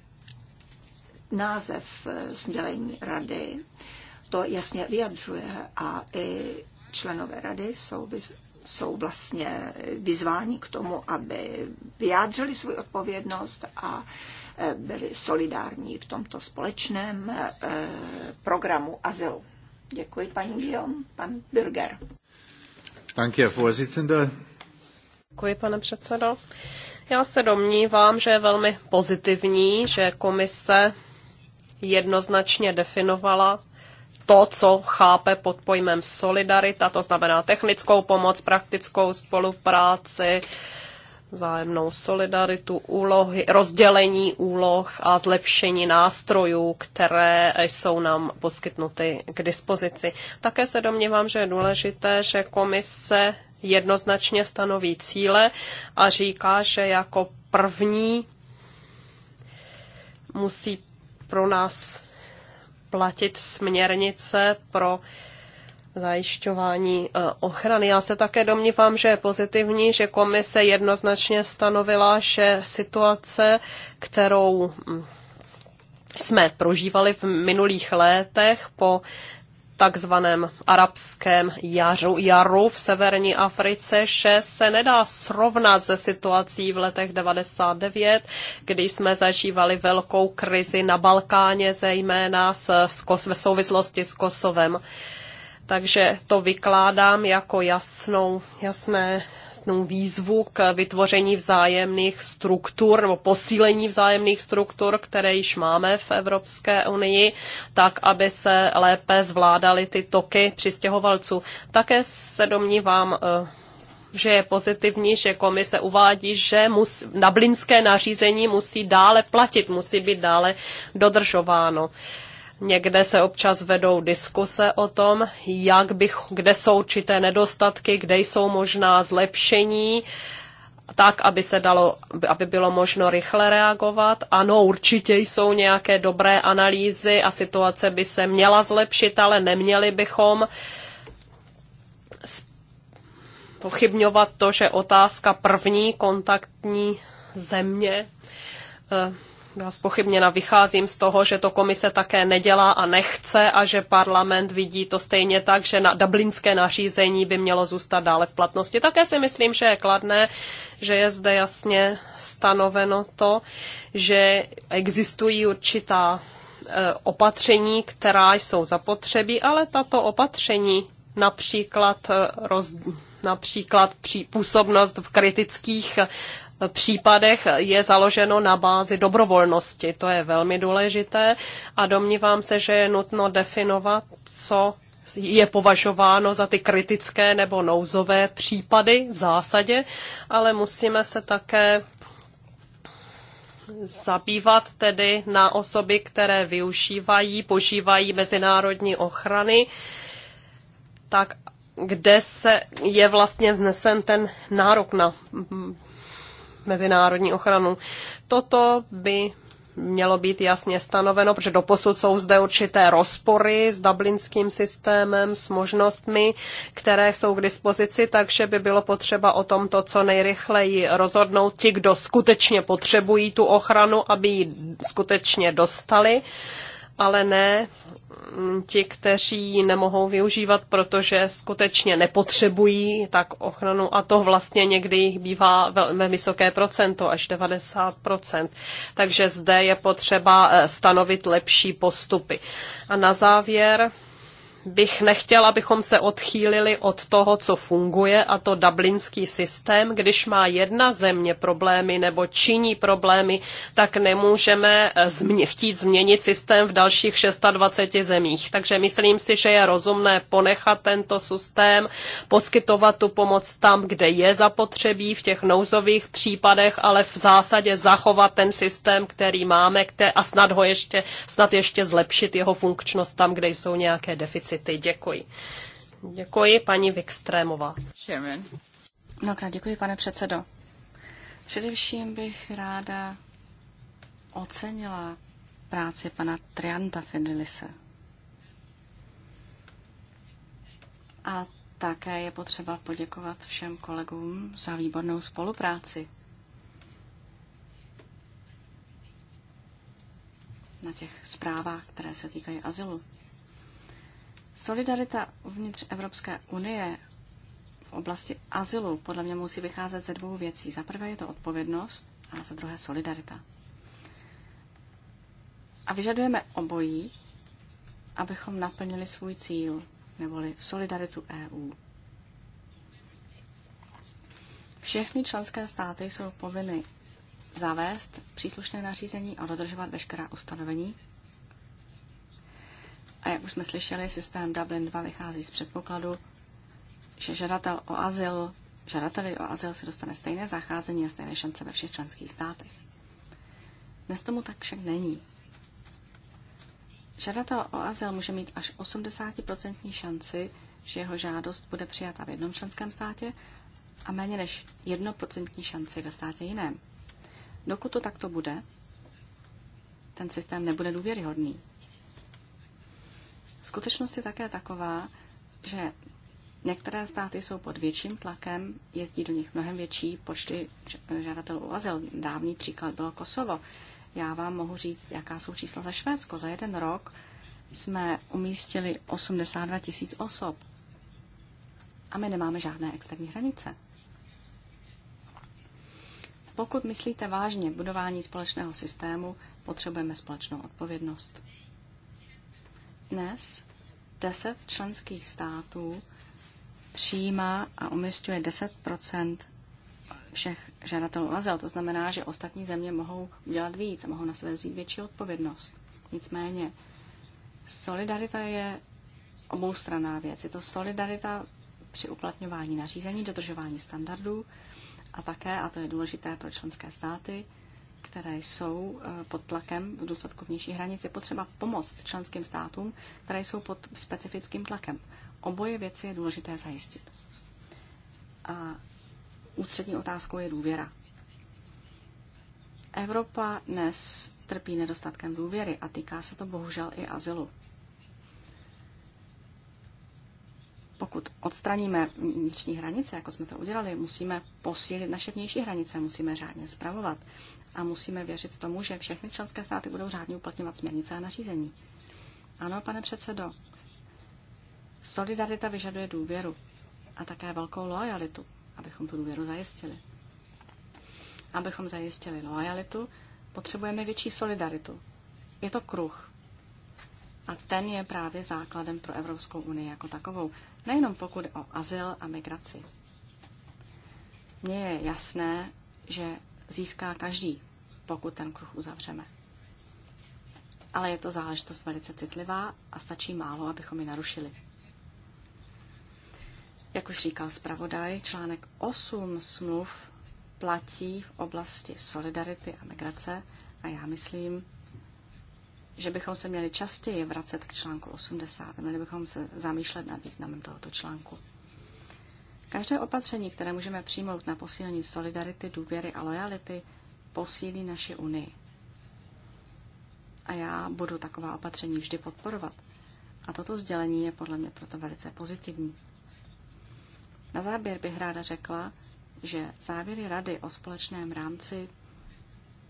Název eh, sdělení rady to jasně vyjadřuje a i členové rady jsou, jsou vlastně vyzváni k tomu, aby vyjádřili svou odpovědnost a byli solidární v tomto společném programu azylu. Děkuji, paní Guillaume. Pan Bürger. Danke, Herr Vorsitzender. Děkuji, pane předsedo. Já se domnívám, že je velmi pozitivní, že komise jednoznačně definovala to, co chápe pod pojmem solidarita, to znamená technickou pomoc, praktickou spolupráci, vzájemnou solidaritu, úlohy, rozdělení úloh a zlepšení nástrojů, které jsou nám poskytnuty k dispozici. Také se domnívám, že je důležité, že komise jednoznačně stanoví cíle a říká, že jako první musí pro nás platit směrnice pro uh, zajišťování eh, ochrany. Já se také domnívám, že je pozitivní, že komise jednoznačně stanovila, že situace, kterou hm, jsme prožívali v minulých létech po takzvaném arabském jaru, jaru v severní Africe, že se nedá srovnat se situací v letech 99, kdy jsme zažívali velkou krizi na Balkáně, zejména s, v souvislosti s Kosovem. Uh, takže to vykládám jako jasnou, jasné, jasnou výzvu k vytvoření vzájemných struktur nebo posílení vzájemných struktur, které již máme v Evropské unii, tak, aby se lépe zvládaly ty toky přistěhovalců. Také se domnívám, eh, že je pozitivní, že komise uvádí, že mus, dublinské nařízení musí dále platit, musí být dále dodržováno. Uh, Někde se občas vedou diskuse o tom, jak bych, kde jsou určité nedostatky, kde jsou možná zlepšení, tak, aby, se dalo, aby bylo možno rychle reagovat. Ano, určitě jsou nějaké dobré analýzy a situace by se měla zlepšit, ale neměli bychom pochybňovat to, že otázka první kontaktní země eh, byla spochybněna. Vycházím z toho, že to komise také nedělá a nechce a že parlament vidí to stejně tak, že na dublinské nařízení by mělo zůstat dále v platnosti. Také si myslím, že je kladné, že je zde jasně stanoveno to, že existují určitá e, opatření, která jsou zapotřebí, ale tato opatření například e, roz, například působnost v kritických případech je založeno na bázi dobrovolnosti. To je velmi důležité a domnívám se, že je nutno definovat, co je považováno za ty kritické nebo nouzové případy v zásadě, ale musíme se také zabývat tedy na osoby, které využívají, požívají mezinárodní ochrany, tak kde se je vlastně vznesen ten nárok na mezinárodní ochranu. Toto by mělo být jasně stanoveno, protože doposud jsou zde určité rozpory s dublinským systémem, s možnostmi, které jsou k dispozici, takže by bylo potřeba o tomto co nejrychleji rozhodnout ti, kdo skutečně potřebují tu ochranu, aby ji skutečně dostali ale ne mm, ti, kteří ji nemohou využívat, protože skutečně nepotřebují tak ochranu a to vlastně někdy jich bývá velmi vysoké procento, až 90%. Takže zde je potřeba eh, stanovit lepší postupy. A na závěr bych nechtěl, abychom se odchýlili od toho, co funguje, a to dublinský systém. Když má jedna země problémy nebo činí problémy, tak nemůžeme eh, změ- chtít změnit systém v dalších 26 zemích. Takže myslím si, že je rozumné ponechat tento systém, poskytovat tu pomoc tam, kde je zapotřebí, v těch nouzových případech, ale v zásadě zachovat ten systém, který máme a snad ho ještě, snad ještě zlepšit jeho funkčnost tam, kde jsou nějaké deficity kapacity. Děkuji. Děkuji paní Vikstrémová. Sharon. Mnohokrát děkuji, pane předsedo. Především bych ráda ocenila práci pana Trianta Fidelise. A také je potřeba poděkovat všem kolegům za výbornou spolupráci. Na těch zprávách, které se týkají azylu. Solidarita uvnitř Evropské unie v oblasti azylu podle mě musí vycházet ze dvou věcí. Za prvé je to odpovědnost a za druhé solidarita. A vyžadujeme obojí, abychom naplnili svůj cíl, neboli solidaritu EU. Všechny členské státy jsou povinny zavést příslušné nařízení a dodržovat veškerá ustanovení, a jak už jsme slyšeli, systém Dublin 2 vychází z předpokladu, že žadatel o azyl, žadateli o azyl se dostane stejné zacházení a stejné šance ve všech členských státech. Dnes tomu tak však není. Žadatel o azyl může mít až 80% šanci, že jeho žádost bude přijata v jednom členském státě a méně než 1% šanci ve státě jiném. Dokud to takto bude, ten systém nebude důvěryhodný Skutečnost je také taková, že některé státy jsou pod větším tlakem, jezdí do nich mnohem větší počty žadatelů o azyl. Dávný příklad bylo Kosovo. Já vám mohu říct, jaká jsou čísla za Švédsko. Za jeden rok jsme umístili 82 tisíc osob. A my nemáme žádné externí hranice. Pokud myslíte vážně budování společného systému, potřebujeme společnou odpovědnost. Dnes deset členských států přijímá a umistuje 10 všech žadatelů azyl. To znamená, že ostatní země mohou udělat víc a mohou na sebe vzít větší odpovědnost. Nicméně solidarita je oboustraná věc. Je to solidarita při uplatňování nařízení, dodržování standardů a také, a to je důležité pro členské státy, které jsou eh, pod tlakem v důsledku vnější hranice, potřeba pomoct členským státům, které jsou pod specifickým tlakem. Oboje věci je důležité zajistit. A ústřední otázkou je důvěra. Evropa dnes trpí nedostatkem důvěry a týká se to bohužel i azylu. Pokud odstraníme vnitřní hranice, jako jsme to udělali, musíme posílit naše vnější hranice, musíme řádně zpravovat a musíme věřit tomu, že všechny členské státy budou řádně uplatňovat směrnice a nařízení. Ano, pane předsedo, solidarita vyžaduje důvěru a také velkou lojalitu, abychom tu důvěru zajistili. Abychom zajistili lojalitu, potřebujeme větší solidaritu. Je to kruh. A ten je právě základem pro Evropskou unii jako takovou, nejenom pokud o azyl a migraci. Mně je jasné, že získá každý, pokud ten kruh uzavřeme. Ale je to záležitost velice citlivá a stačí málo, abychom ji narušili. Jak už říkal zpravodaj, článek 8 smluv platí v oblasti solidarity a migrace a já myslím, že bychom se měli častěji vracet k článku 80. Měli bychom se zamýšlet nad významem tohoto článku. Každé opatření, které můžeme přijmout na posílení solidarity, důvěry a lojality, posílí naši unii. A já budu taková opatření vždy podporovat. A toto sdělení je podle mě proto velice pozitivní. Na závěr bych ráda řekla, že závěry Rady o společném rámci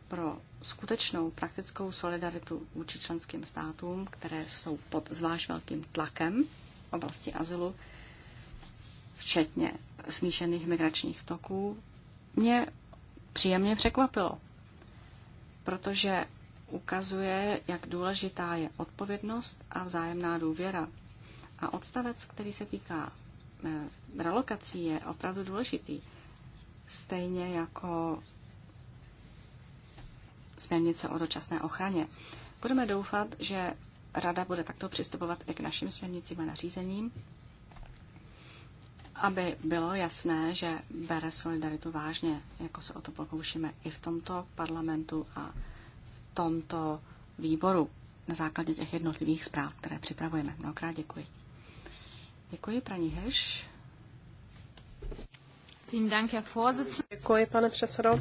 pro skutečnou praktickou solidaritu vůči členským státům, které jsou pod zvlášť velkým tlakem v oblasti azylu, včetně smíšených migračních toků, mě příjemně překvapilo, protože ukazuje, jak důležitá je odpovědnost a vzájemná důvěra. A odstavec, který se týká eh, relokací, je opravdu důležitý. Stejně jako směrnice o dočasné ochraně. Budeme doufat, že Rada bude takto přistupovat i k našim směrnicím a nařízením aby bylo jasné, že bere solidaritu vážně, jako se o to pokoušíme i v tomto parlamentu a v tomto výboru na základě těch jednotlivých zpráv, které připravujeme. Mnohokrát děkuji. Děkuji, paní Heš. Děkuji, pane předsedo.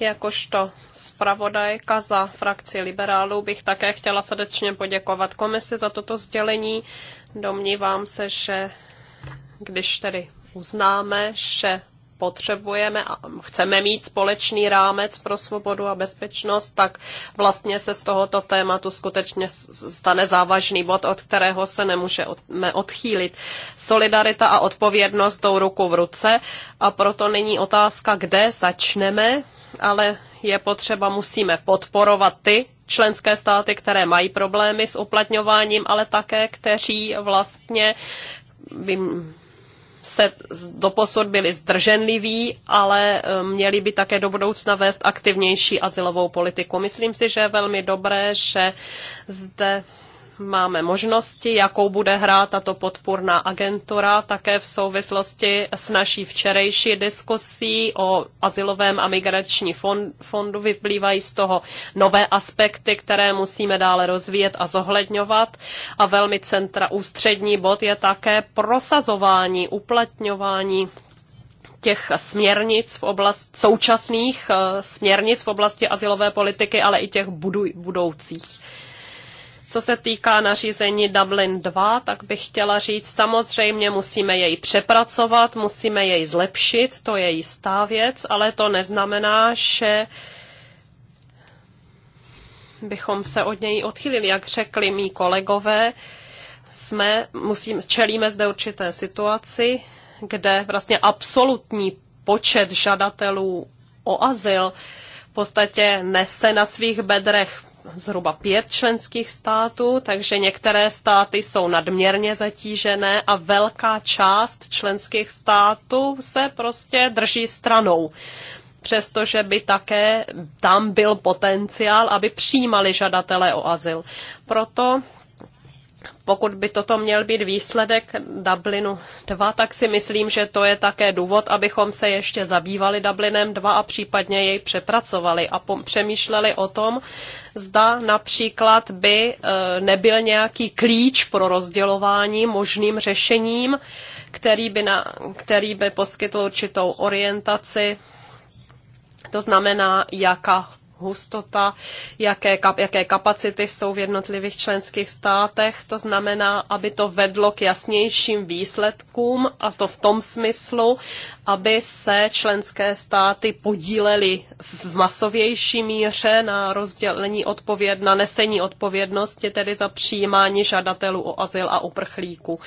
Jakožto zpravodajka za frakci liberálů bych také chtěla srdečně poděkovat komisi za toto sdělení. Domnívám se, že když tedy uznáme, že potřebujeme a chceme mít společný rámec pro svobodu a bezpečnost, tak vlastně se z tohoto tématu skutečně stane závažný bod, od kterého se nemůžeme odchýlit. Solidarita a odpovědnost jdou ruku v ruce a proto není otázka, kde začneme, ale je potřeba, musíme podporovat ty, členské státy, které mají problémy s uplatňováním, ale také, kteří vlastně se doposud byli zdrženliví, ale eh, měli by také do budoucna vést aktivnější asilovou politiku. Myslím si, že je velmi dobré, že zde máme možnosti, jakou bude hrát tato podpůrná agentura, také v souvislosti s naší včerejší diskusí o asilovém a migrační fondu vyplývají z toho nové aspekty, které musíme dále rozvíjet a zohledňovat. A velmi centra ústřední bod je také prosazování, uplatňování těch směrnic v oblasti současných eh, směrnic v oblasti asilové politiky, ale i těch budu, budoucích. Co se týká nařízení Dublin 2, tak bych chtěla říct, samozřejmě musíme jej přepracovat, musíme jej zlepšit, to je jistá věc, ale to neznamená, že bychom se od něj odchylili. Jak řekli mý kolegové, jsme, musím, čelíme zde určité situaci, kde vlastně absolutní počet žadatelů o azyl v podstatě nese na svých bedrech zhruba pět členských států, takže některé státy jsou nadměrně zatížené a velká část členských států se prostě drží stranou. Přestože by také tam byl potenciál, aby přijímali žadatele o azyl. Proto pokud by toto měl být výsledek Dublinu 2, tak si myslím, že to je také důvod, abychom se ještě zabývali Dublinem 2 a případně jej přepracovali a přemýšleli o tom, zda například by e, nebyl nějaký klíč pro rozdělování možným řešením, který by, na, který by poskytl určitou orientaci to znamená, jaká hustota, jaké, kap, jaké kapacity jsou v jednotlivých členských státech. To znamená, aby to vedlo k jasnějším výsledkům a to v tom smyslu, aby se členské státy podílely v masovější míře na rozdělení odpověd, na nesení odpovědnosti, tedy za přijímání žadatelů o azyl a uprchlíků.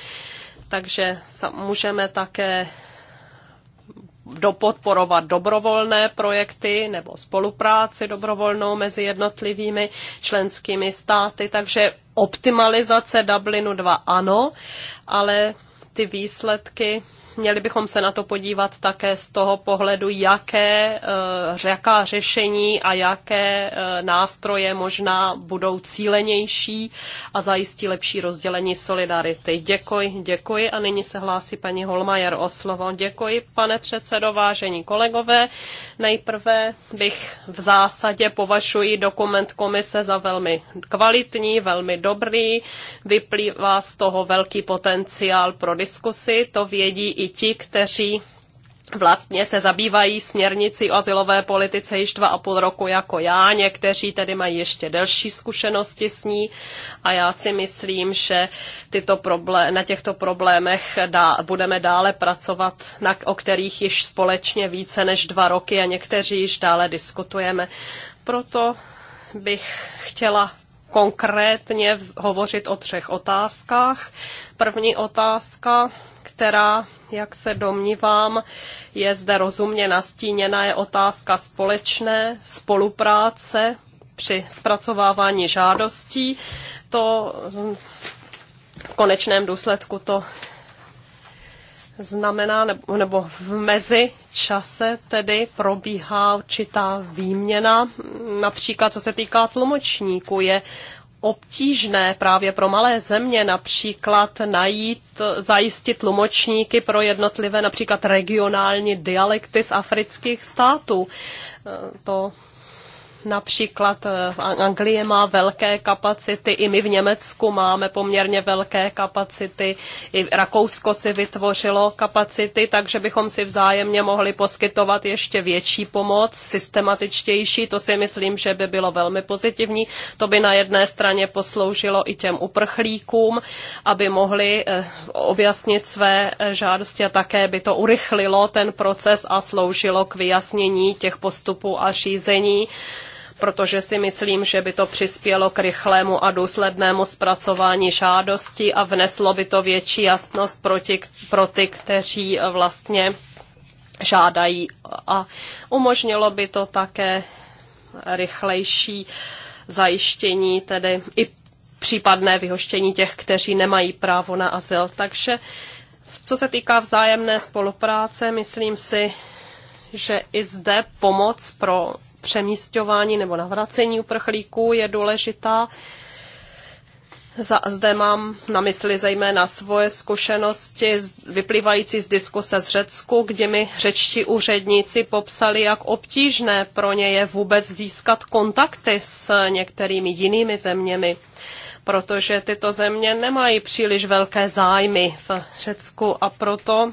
Takže můžeme také dopodporovat dobrovolné projekty nebo spolupráci dobrovolnou mezi jednotlivými členskými státy. Takže optimalizace Dublinu 2 ano, ale ty výsledky měli bychom se na to podívat také z toho pohledu, jaké, eh, jaká řešení a jaké eh, nástroje možná budou cílenější a zajistí lepší rozdělení solidarity. Děkuji, děkuji a nyní se hlásí paní Holmajer o slovo. Děkuji, pane předsedo, vážení kolegové. Nejprve bych v zásadě považuji dokument komise za velmi kvalitní, velmi dobrý. Vyplývá z toho velký potenciál pro diskusy, to vědí i i ti, kteří vlastně se zabývají směrnici o asilové politice již dva a půl roku jako já, někteří tedy mají ještě delší zkušenosti s ní a já si myslím, že tyto problé- na těchto problémech dá- budeme dále pracovat, na- o kterých již společně více než dva roky a někteří již dále diskutujeme. Proto bych chtěla konkrétně hovořit o třech otázkách. První otázka která, jak se domnívám, je zde rozumně nastíněna, je otázka společné spolupráce při zpracovávání žádostí. To v konečném důsledku to znamená, nebo, v mezi čase tedy probíhá určitá výměna, například co se týká tlumočníků, je obtížné právě pro malé země například najít, zajistit tlumočníky pro jednotlivé například regionální dialekty z afrických států. E, to Například eh, Anglie má velké kapacity, i my v Německu máme poměrně velké kapacity, i Rakousko si vytvořilo kapacity, takže bychom si vzájemně mohli poskytovat ještě větší pomoc, systematičtější, to si myslím, že by bylo velmi pozitivní. To by na jedné straně posloužilo i těm uprchlíkům, aby mohli eh, objasnit své eh, žádosti a také by to urychlilo ten proces a sloužilo k vyjasnění těch postupů a řízení protože si myslím, že by to přispělo k rychlému a důslednému zpracování žádosti a vneslo by to větší jasnost proti, pro ty, kteří vlastně žádají a umožnilo by to také rychlejší zajištění, tedy i případné vyhoštění těch, kteří nemají právo na azyl. Takže co se týká vzájemné spolupráce, myslím si, že i zde pomoc pro přemístování nebo navracení uprchlíků je důležitá. Za, zde mám na mysli zejména svoje zkušenosti vyplývající z diskuse z Řecku, kdy mi řečtí úředníci popsali, jak obtížné pro ně je vůbec získat kontakty s některými jinými zeměmi, protože tyto země nemají příliš velké zájmy v Řecku a proto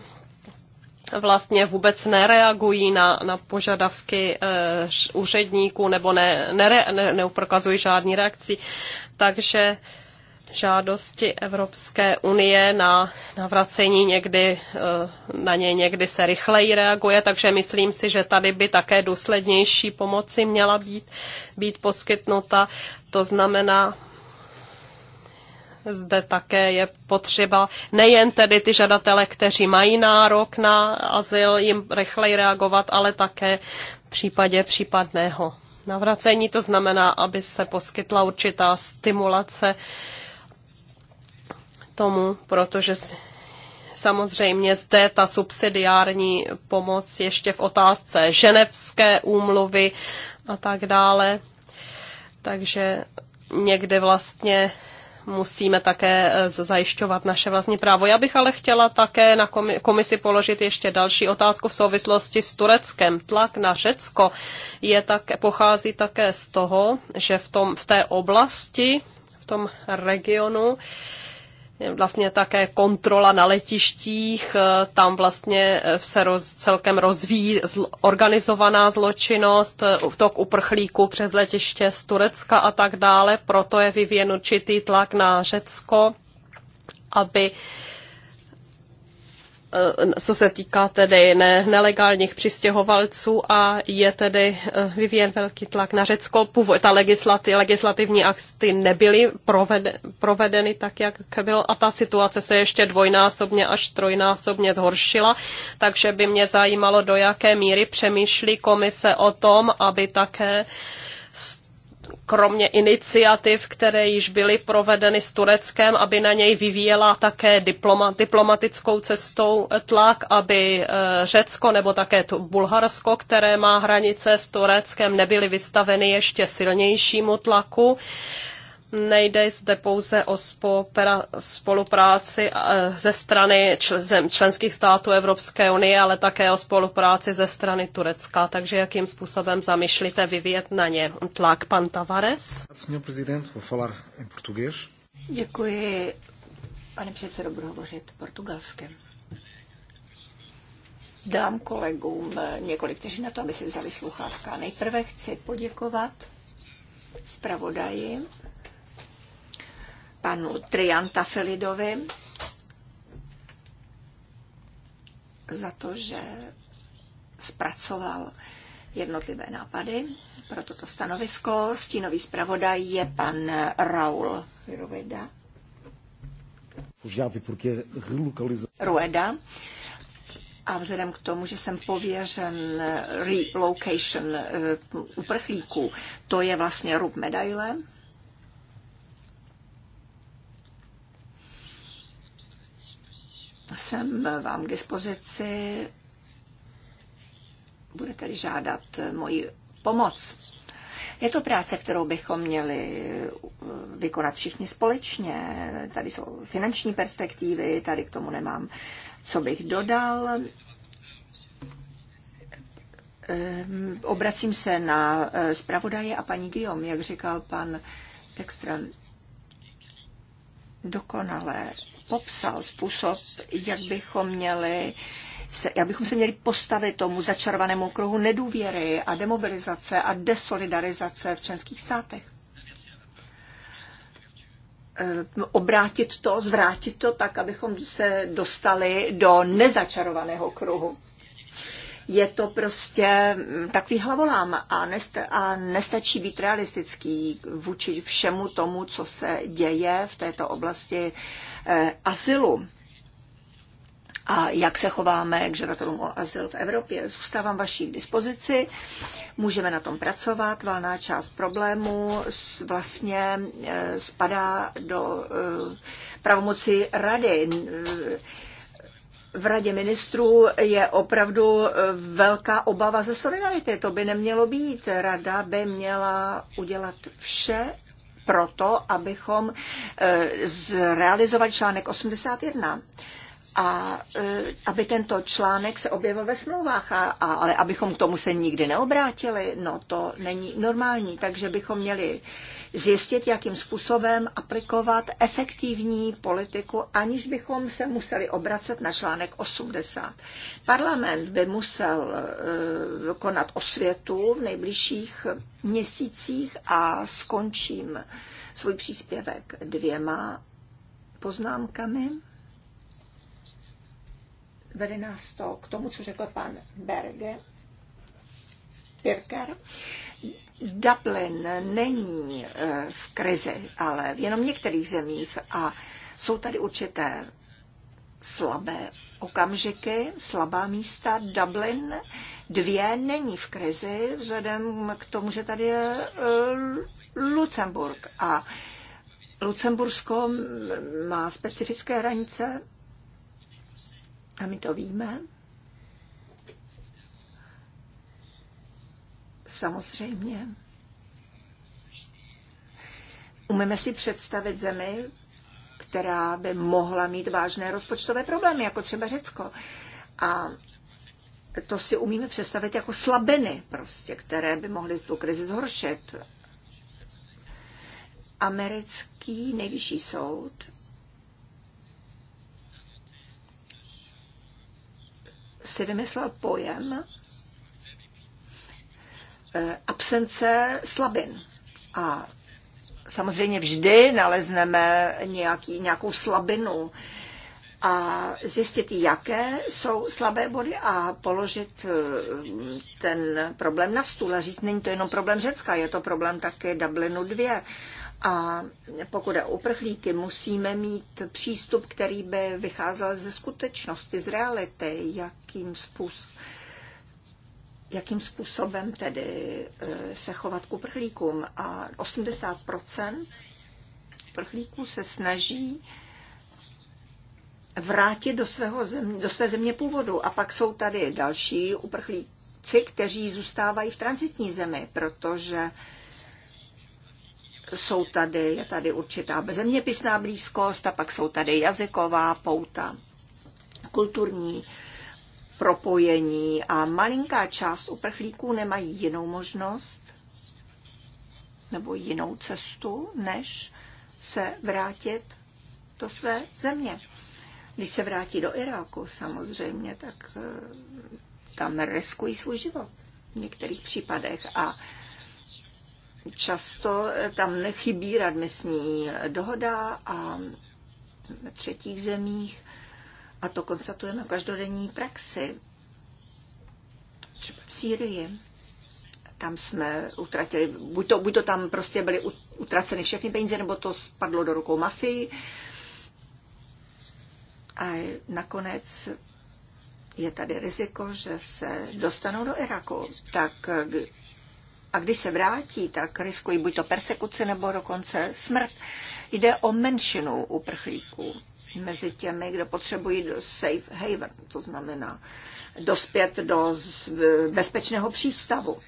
vlastně vůbec nereagují na, na požadavky uh, úředníků nebo ne, nere, ne, neuprokazují žádný reakci. Takže žádosti Evropské unie na navracení někdy, eh, na ně někdy se rychleji reaguje, takže myslím si, že tady by také důslednější pomoci měla být, být poskytnuta. To znamená, zde také je potřeba nejen tedy ty žadatele, kteří mají nárok na azyl, jim rychleji reagovat, ale také v případě případného navracení. To znamená, aby se poskytla určitá stimulace tomu, protože samozřejmě zde ta subsidiární pomoc ještě v otázce ženevské úmluvy a tak dále. Takže někde vlastně musíme také eh, zajišťovat naše vlastní právo. Já bych ale chtěla také na komisi položit ještě další otázku v souvislosti s Tureckem. Tlak na Řecko je také, pochází také z toho, že v, tom, v té oblasti, v tom regionu, vlastně také kontrola na letištích, e, tam vlastně e, se roz, celkem rozvíjí zl, organizovaná zločinnost, e, tok uprchlíků přes letiště z Turecka a tak dále, proto je vyvíjen určitý tlak na Řecko, aby Eh, co se týká tedy ne, nelegálních přistěhovalců a je tedy eh, vyvíjen velký tlak na Řecko. Původ, ta legislativ, legislativní akty nebyly provede, provedeny tak, jak bylo a ta situace se ještě dvojnásobně až trojnásobně zhoršila, takže by mě zajímalo, do jaké míry přemýšlí komise o tom, aby také uh, kromě iniciativ, které již byly provedeny s Tureckem, aby na něj vyvíjela také diploma, diplomatickou cestou tlak, aby eh, Řecko nebo také to Bulharsko, které má hranice s Tureckem, nebyly vystaveny ještě silnějšímu tlaku Nejde zde pouze o spolupráci eh, ze strany členských států Evropské unie, ale také o spolupráci ze strany Turecka. Takže jakým způsobem zamišlíte vyvíjet na ně tlak, pan Tavares? Děkuji. Pane předsedo, budu hovořit portugalsky. Dám kolegům několik vteřin na to, aby si vzali sluchátka. Nejprve chci poděkovat zpravodaji panu Trianta za to, že zpracoval jednotlivé nápady pro toto stanovisko. Stínový zpravodaj je pan Raul Rueda. Rueda. A vzhledem k tomu, že jsem pověřen relocation eh, uprchlíků, to je vlastně rub medaile, jsem vám k dispozici. Budete-li žádat moji pomoc. Je to práce, kterou bychom měli eh, vykonat všichni společně. Tady jsou finanční perspektivy, tady k tomu nemám, co bych dodal. Ehm, obracím se na eh, zpravodaje a paní Guillaume, jak říkal pan Ekström. Dokonale popsal způsob, jak bychom měli se, jak bychom se měli postavit tomu začarovanému kruhu nedůvěry a demobilizace a desolidarizace v členských státech. Ehm, obrátit to, zvrátit to tak, abychom se dostali do nezačarovaného kruhu je to prostě mm, takový hlavolám a, nest, a nestačí být realistický vůči všemu tomu, co se děje v této oblasti Eh, azylu a jak se chováme k žadatelům o azyl v Evropě. Zůstávám vaší k dispozici, můžeme na tom pracovat. Valná část problému vlastně eh, spadá do eh, pravomoci rady. V radě ministrů je opravdu velká obava ze solidarity. To by nemělo být. Rada by měla udělat vše, proto, abychom e, zrealizovali článek 81 a e, aby tento článek se objevil ve smlouvách, a, a, ale abychom k tomu se nikdy neobrátili, no to není normální, takže bychom měli zjistit, jakým způsobem aplikovat efektivní politiku, aniž bychom se museli obracet na článek 80. Parlament by musel e, konat osvětu v nejbližších měsících a skončím svůj příspěvek dvěma poznámkami vede nás to k tomu, co řekl pan Berge, Pirker. Dublin není eh, v krizi, ale v jenom některých zemích a jsou tady určité slabé okamžiky, slabá místa. Dublin dvě není v krizi vzhledem k tomu, že tady je eh, Lucemburg a Lucembursko má specifické hranice a my to víme. samozřejmě. Umíme si představit zemi, která by mohla mít vážné rozpočtové problémy, jako třeba Řecko. A to si umíme představit jako slabiny, prostě, které by mohly tu krizi zhoršit. Americký nejvyšší soud si vymyslel pojem Eh, absence slabin. A samozřejmě vždy nalezneme nějaký, nějakou slabinu a zjistit, jaké jsou slabé body a položit eh, ten problém na stůl a říct, není to jenom problém Řecka, je to problém také Dublinu 2. A pokud je uprchlíky, musíme mít přístup, který by vycházel ze skutečnosti, z reality, jakým způsobem jakým způsobem tedy e, se chovat k uprchlíkům. A 80 uprchlíků se snaží vrátit do, svého země, do své země původu. A pak jsou tady další uprchlíci, kteří zůstávají v transitní zemi, protože jsou tady, je tady určitá zeměpisná blízkost a pak jsou tady jazyková pouta, kulturní propojení a malinká část uprchlíků nemají jinou možnost nebo jinou cestu, než se vrátit do své země. Když se vrátí do Iráku samozřejmě, tak eh, tam riskují svůj život v některých případech a často eh, tam nechybí radmisní dohoda a ve třetích zemích a to konstatujeme každodenní praxi. Třeba v Sýrii. Tam jsme utratili, buď to, buď to tam prostě byly utraceny všechny peníze, nebo to spadlo do rukou mafii. A nakonec je tady riziko, že se dostanou do Iraku. Tak a když se vrátí, tak riskují buď to persekuci nebo dokonce smrt. Jde o menšinu uprchlíků mezi těmi, kdo potřebují safe haven, to znamená dospět do bezpečného přístavu.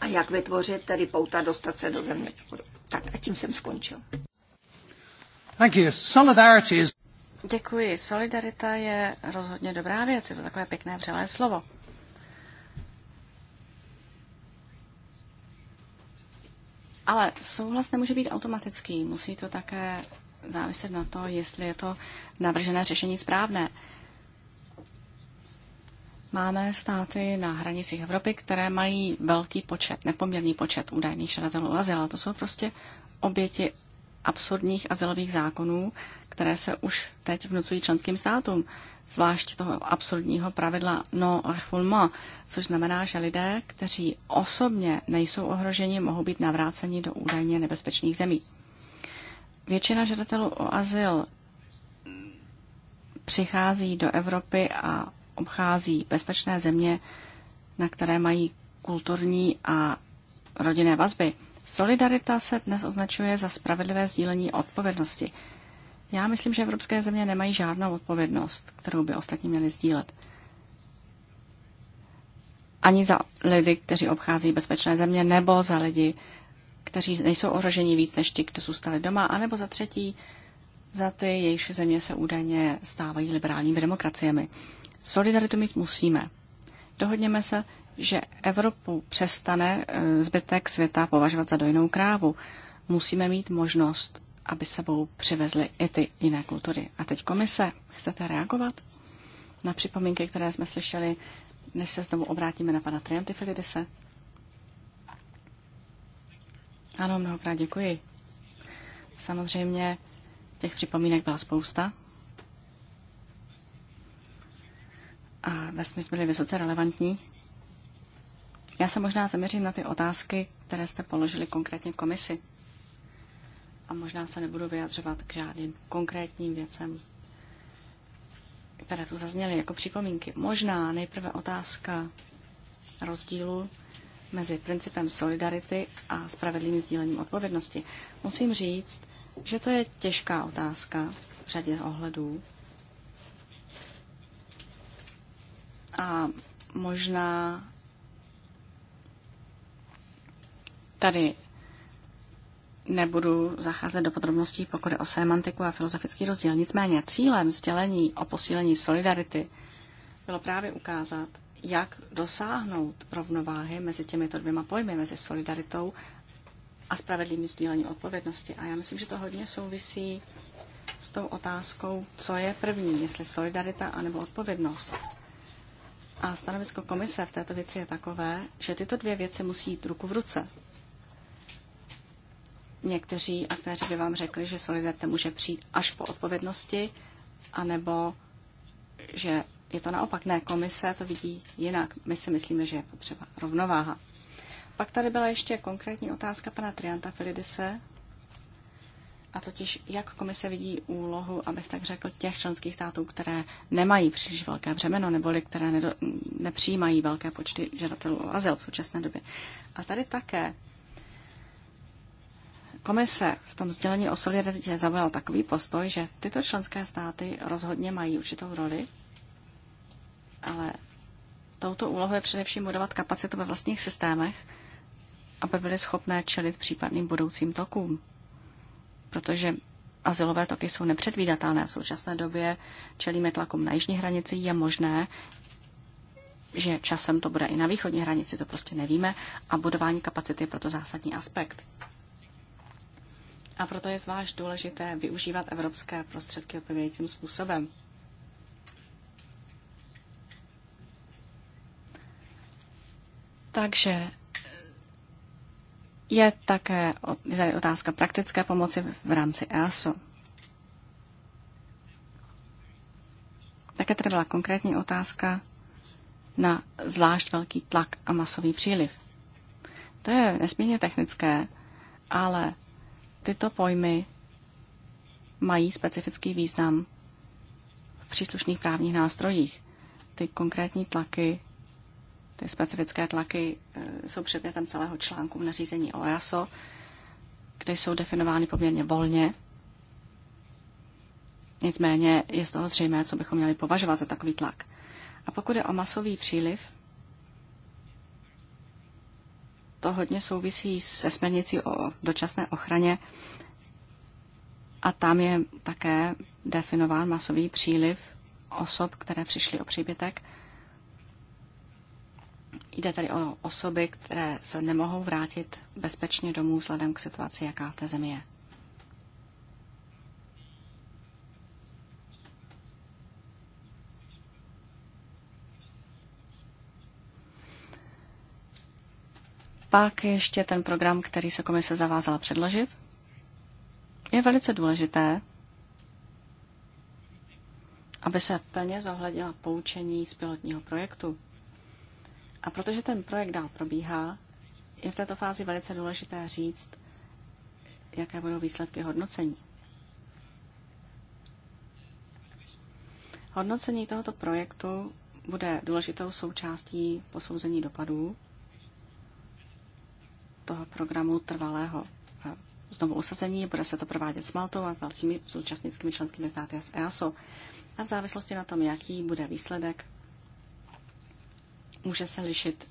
A jak vytvořit tedy pouta dostat se do země Tak a tím jsem skončil. Thank you. Solidarity is... Děkuji. Solidarita je rozhodně dobrá věc. Je to takové pěkné vřelé slovo. Ale souhlas nemůže být automatický. Musí to také záviset na to, jestli je to navržené řešení správné. Máme státy na hranicích Evropy, které mají velký počet, nepoměrný počet údajných žadatelů azyl, ale to jsou prostě oběti absurdních azylových zákonů, které se už teď vnucují členským státům zvlášť toho absolutního pravidla no refoulement, což znamená, že lidé, kteří osobně nejsou ohroženi, mohou být navráceni do údajně nebezpečných zemí. Většina žadatelů o azyl přichází do Evropy a obchází bezpečné země, na které mají kulturní a rodinné vazby. Solidarita se dnes označuje za spravedlivé sdílení odpovědnosti. Já myslím, že evropské země nemají žádnou odpovědnost, kterou by ostatní měli sdílet. Ani za lidi, kteří obchází bezpečné země, nebo za lidi, kteří nejsou ohroženi víc než ti, kdo zůstali doma, anebo za třetí, za ty, jejichž země se údajně stávají liberálními demokraciemi. Solidaritu mít musíme. Dohodněme se, že Evropu přestane e, zbytek světa považovat za dojnou krávu. Musíme mít možnost aby sebou přivezli i ty jiné kultury. A teď komise, chcete reagovat na připomínky, které jsme slyšeli, než se znovu obrátíme na pana Filidise? Ano, mnohokrát děkuji. Samozřejmě těch připomínek byla spousta. A smyslu byly vysoce relevantní. Já se možná zaměřím na ty otázky, které jste položili konkrétně komisi a možná se nebudu vyjadřovat k žádným konkrétním věcem, které tu zazněly jako připomínky. Možná nejprve otázka rozdílu mezi principem solidarity a spravedlivým sdílením odpovědnosti. Musím říct, že to je těžká otázka v řadě ohledů. A možná tady Nebudu zacházet do podrobností, pokud je o semantiku a filozofický rozdíl. Nicméně cílem sdělení o posílení solidarity bylo právě ukázat, jak dosáhnout rovnováhy mezi těmito dvěma pojmy, mezi solidaritou a spravedlivým sdílením odpovědnosti. A já myslím, že to hodně souvisí s tou otázkou, co je první, jestli solidarita anebo odpovědnost. A stanovisko komise v této věci je takové, že tyto dvě věci musí jít ruku v ruce. Někteří aktéři by vám řekli, že solidarita může přijít až po odpovědnosti, anebo že je to naopak. Ne, komise to vidí jinak. My si myslíme, že je potřeba rovnováha. Pak tady byla ještě konkrétní otázka pana Trianta Filidise, a totiž jak komise vidí úlohu, abych tak řekl, těch členských států, které nemají příliš velké břemeno, neboli které nedo, nepřijímají velké počty žadatelů o azyl v současné době. A tady také Komise v tom sdělení o solidaritě zaujala takový postoj, že tyto členské státy rozhodně mají určitou roli, ale touto úlohou je především budovat kapacitu ve vlastních systémech, aby byly schopné čelit případným budoucím tokům. Protože azylové toky jsou nepředvídatelné. V současné době čelíme tlakům na jižní hranici. Je možné, že časem to bude i na východní hranici, to prostě nevíme. A budování kapacity je proto zásadní aspekt. A proto je zvlášť důležité využívat evropské prostředky odpovědějícím způsobem. Takže je také je otázka praktické pomoci v rámci EASO. Také tady byla konkrétní otázka na zvlášť velký tlak a masový příliv. To je nesmírně technické, ale Tyto pojmy mají specifický význam v příslušných právních nástrojích. Ty konkrétní tlaky, ty specifické tlaky eh, jsou předmětem celého článku v nařízení OASO, e kde jsou definovány poměrně volně. Nicméně je z toho zřejmé, co bychom měli považovat za takový tlak. A pokud je o masový příliv, to hodně souvisí se směrnicí o dočasné ochraně a tam je také definován masový příliv osob, které přišly o příbytek. Jde tady o osoby, které se nemohou vrátit bezpečně domů vzhledem k situaci, jaká v té zemi je. pak ještě ten program, který se komise zavázala předložit. Je velice důležité, aby se plně zohlednila poučení z pilotního projektu. A protože ten projekt dál probíhá, je v této fázi velice důležité říct, jaké budou výsledky hodnocení. Hodnocení tohoto projektu bude důležitou součástí posouzení dopadů toho programu trvalého eh, znovu usazení. Bude se to provádět s Maltou a s dalšími současnickými členskými státy a s EASO. A v závislosti na tom, jaký bude výsledek, může se lišit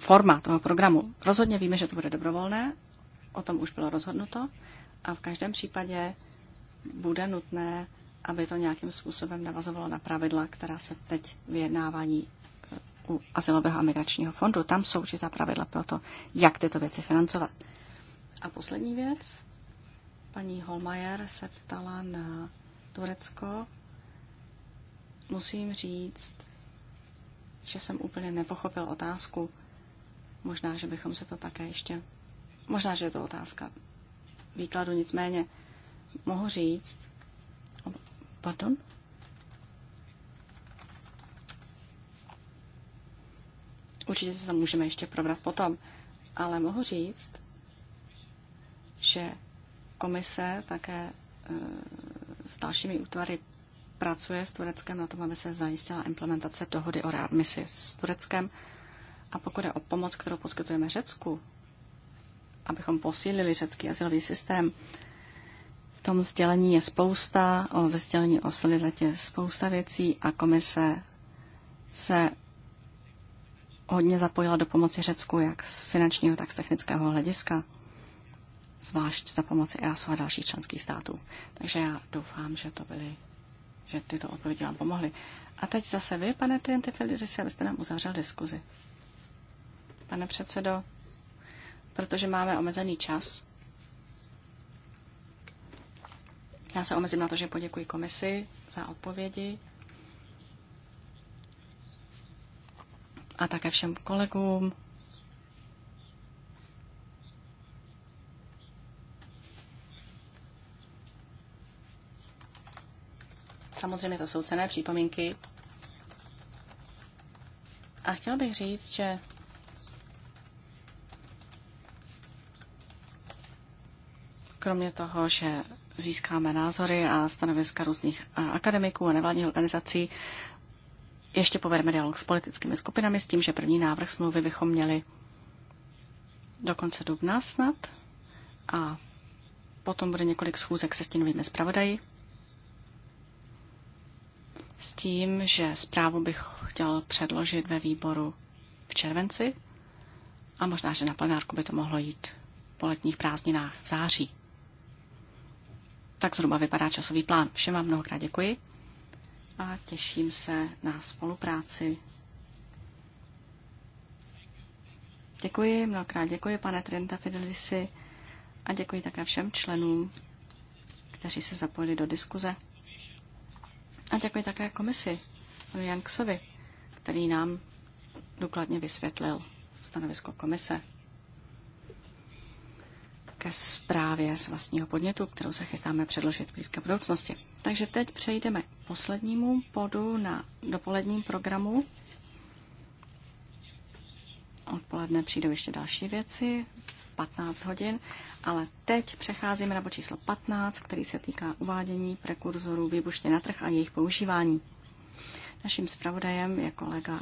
forma toho programu. Rozhodně víme, že to bude dobrovolné, o tom už bylo rozhodnuto a v každém případě bude nutné, aby to nějakým způsobem navazovalo na pravidla, která se teď vyjednávání u Azylového a migračního fondu. Tam jsou určitá pravidla pro to, jak tyto věci financovat. A poslední věc. Paní Holmajer se ptala na Turecko. Musím říct, že jsem úplně nepochopil otázku. Možná, že bychom se to také ještě... Možná, že je to otázka výkladu, nicméně mohu říct... Pardon? Určitě se tam můžeme ještě probrat potom. Ale mohu říct, že komise také e, s dalšími útvary pracuje s Tureckem na tom, aby se zajistila implementace dohody o readmisi s Tureckem. A pokud je o pomoc, kterou poskytujeme Řecku, abychom posílili řecký asilový systém, v tom sdělení je spousta, o, ve sdělení o solidaritě spousta věcí a komise se hodně zapojila do pomoci Řecku, jak z finančního, tak z technického hlediska, zvlášť za pomoci EASO a dalších členských států. Takže já doufám, že to byly, že tyto odpovědi vám pomohly. A teď zase vy, pane Trientifilidis, abyste nám uzavřel diskuzi. Pane předsedo, protože máme omezený čas, já se omezím na to, že poděkuji komisi za odpovědi a také všem kolegům. Samozřejmě to jsou cené připomínky. A chtěl bych říct, že kromě toho, že získáme názory a stanoviska různých akademiků a nevládních organizací, ještě povedeme dialog s politickými skupinami s tím, že první návrh smlouvy bychom měli do konce dubna snad a potom bude několik schůzek se stínovými zpravodaji s tím, že zprávu bych chtěl předložit ve výboru v červenci a možná, že na plenárku by to mohlo jít po letních prázdninách v září. Tak zhruba vypadá časový plán. Všem vám mnohokrát děkuji a těším se na spolupráci. Děkuji, mnohokrát děkuji, pane Trenta Fidelisi, a děkuji také všem členům, kteří se zapojili do diskuze. A děkuji také komisi, panu Janksovi, který nám důkladně vysvětlil stanovisko komise ke zprávě z vlastního podnětu, kterou se chystáme předložit v blízké budoucnosti. Takže teď přejdeme poslednímu bodu na dopoledním programu. Odpoledne přijdou ještě další věci, 15 hodin, ale teď přecházíme na bod číslo 15, který se týká uvádění prekurzorů výbušně na trh a jejich používání. Naším zpravodajem je kolega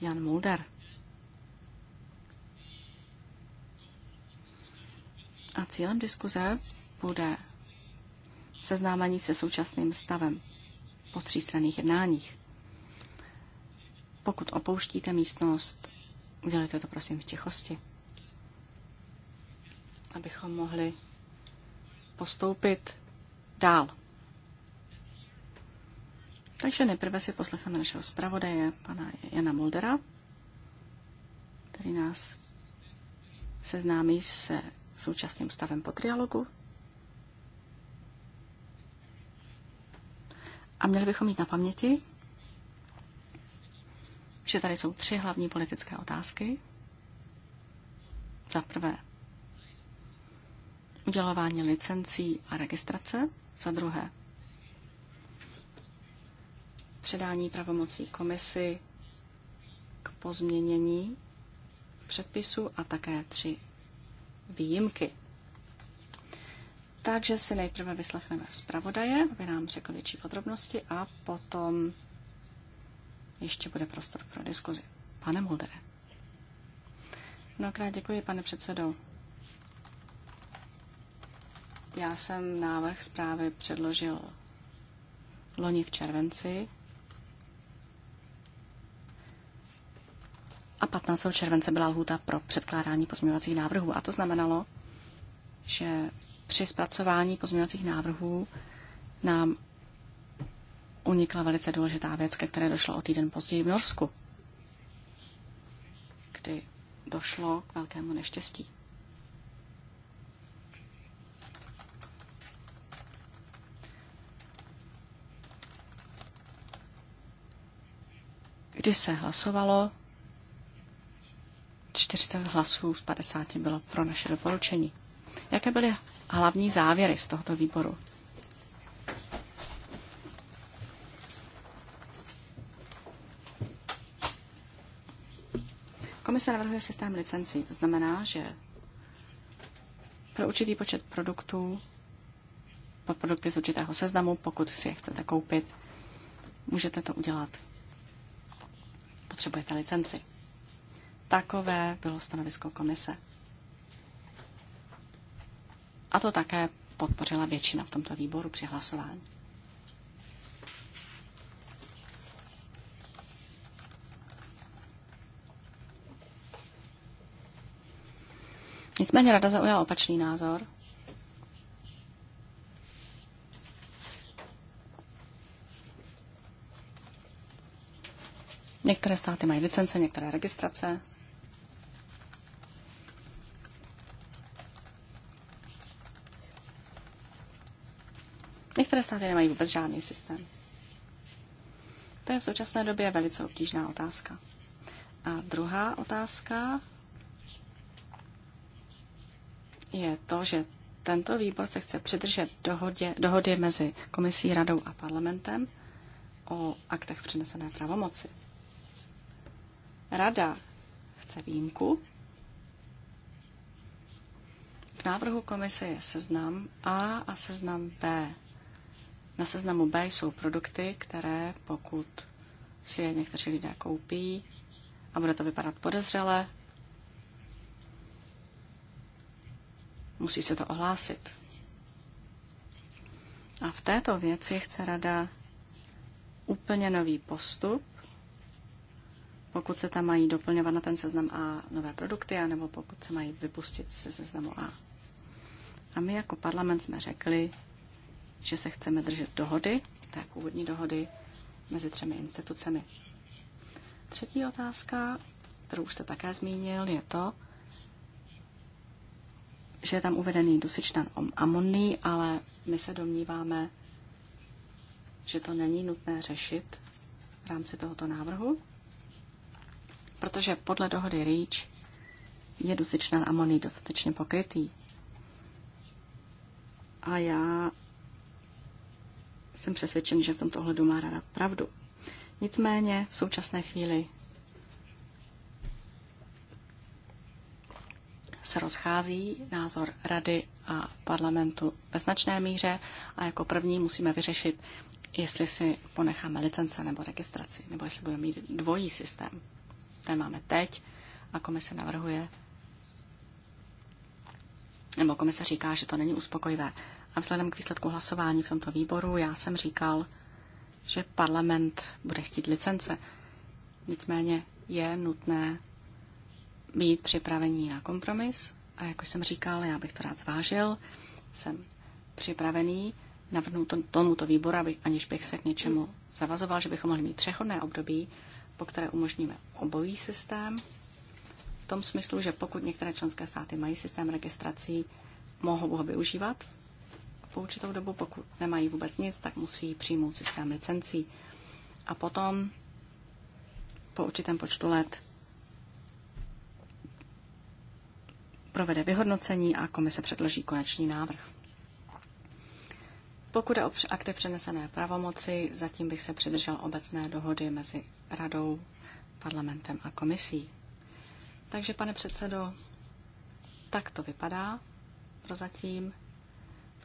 Jan Mulder. A cílem diskuze bude seznámení se současným stavem o třístranných jednáních. Pokud opouštíte místnost, udělejte to prosím v tichosti, abychom mohli postoupit dál. Takže nejprve si poslechneme našeho zpravodaje, pana Jana Muldera, který nás seznámí se současným stavem po trialogu A měli bychom mít na paměti, že tady jsou tři hlavní politické otázky. Za prvé udělování licencí a registrace. Za druhé předání pravomocí komisi k pozměnění předpisu a také tři výjimky. Takže si nejprve vyslechneme zpravodaje, aby nám řekl větší podrobnosti a potom ještě bude prostor pro diskuzi. Pane Muldere. Mnohokrát děkuji, pane předsedo. Já jsem návrh zprávy předložil loni v červenci a 15. července byla lhůta pro předkládání pozměňovacích návrhů a to znamenalo, že při zpracování pozměňovacích návrhů nám unikla velice důležitá věc, ke které došlo o týden později v Norsku, kdy došlo k velkému neštěstí. Když se hlasovalo, 40 hlasů z 50 bylo pro naše doporučení. Jaké byly hlavní závěry z tohoto výboru? Komise navrhuje systém licencí, to znamená, že pro určitý počet produktů, pro produkty z určitého seznamu, pokud si je chcete koupit, můžete to udělat. Potřebujete licenci. Takové bylo stanovisko komise. A to také podpořila většina v tomto výboru při hlasování. Nicméně rada zaujala opačný názor. Některé státy mají licence, některé registrace. Některé státy nemají vůbec žádný systém. To je v současné době velice obtížná otázka. A druhá otázka je to, že tento výbor se chce přidržet dohodě, dohody mezi komisí, radou a parlamentem o aktech přenesené pravomoci. Rada chce výjimku. K návrhu komise je seznam A a seznam B. Na seznamu B jsou produkty, které pokud si je někteří lidé koupí a bude to vypadat podezřele, musí se to ohlásit. A v této věci chce rada úplně nový postup, pokud se tam mají doplňovat na ten seznam A nové produkty, anebo pokud se mají vypustit ze seznamu A. A my jako parlament jsme řekli, že se chceme držet dohody, té původní dohody mezi třemi institucemi. Třetí otázka, kterou jste také zmínil, je to, že je tam uvedený dusičnan amonný, ale my se domníváme, že to není nutné řešit v rámci tohoto návrhu, protože podle dohody REACH je dusičnan amonný dostatečně pokrytý. A já jsem přesvědčen, že v tomto ohledu má rada pravdu. Nicméně v současné chvíli se rozchází názor rady a parlamentu ve značné míře a jako první musíme vyřešit, jestli si ponecháme licence nebo registraci, nebo jestli budeme mít dvojí systém. Ten máme teď a komise navrhuje, nebo komise říká, že to není uspokojivé. A vzhledem k výsledku hlasování v tomto výboru já jsem říkal, že parlament bude chtít licence. Nicméně je nutné být připravení na kompromis a jak už jsem říkal, já bych to rád zvážil. Jsem připravený navrhnout tomuto výboru, aby, aniž bych se k něčemu zavazoval, že bychom mohli mít přechodné období, po které umožníme obojí systém, v tom smyslu, že pokud některé členské státy mají systém registrací, mohou ho využívat po určitou dobu, pokud nemají vůbec nic, tak musí přijmout systém licencí. A potom po určitém počtu let provede vyhodnocení a komise předloží konečný návrh. Pokud je o akty přenesené pravomoci, zatím bych se přidržel obecné dohody mezi radou, parlamentem a komisí. Takže, pane předsedo, tak to vypadá prozatím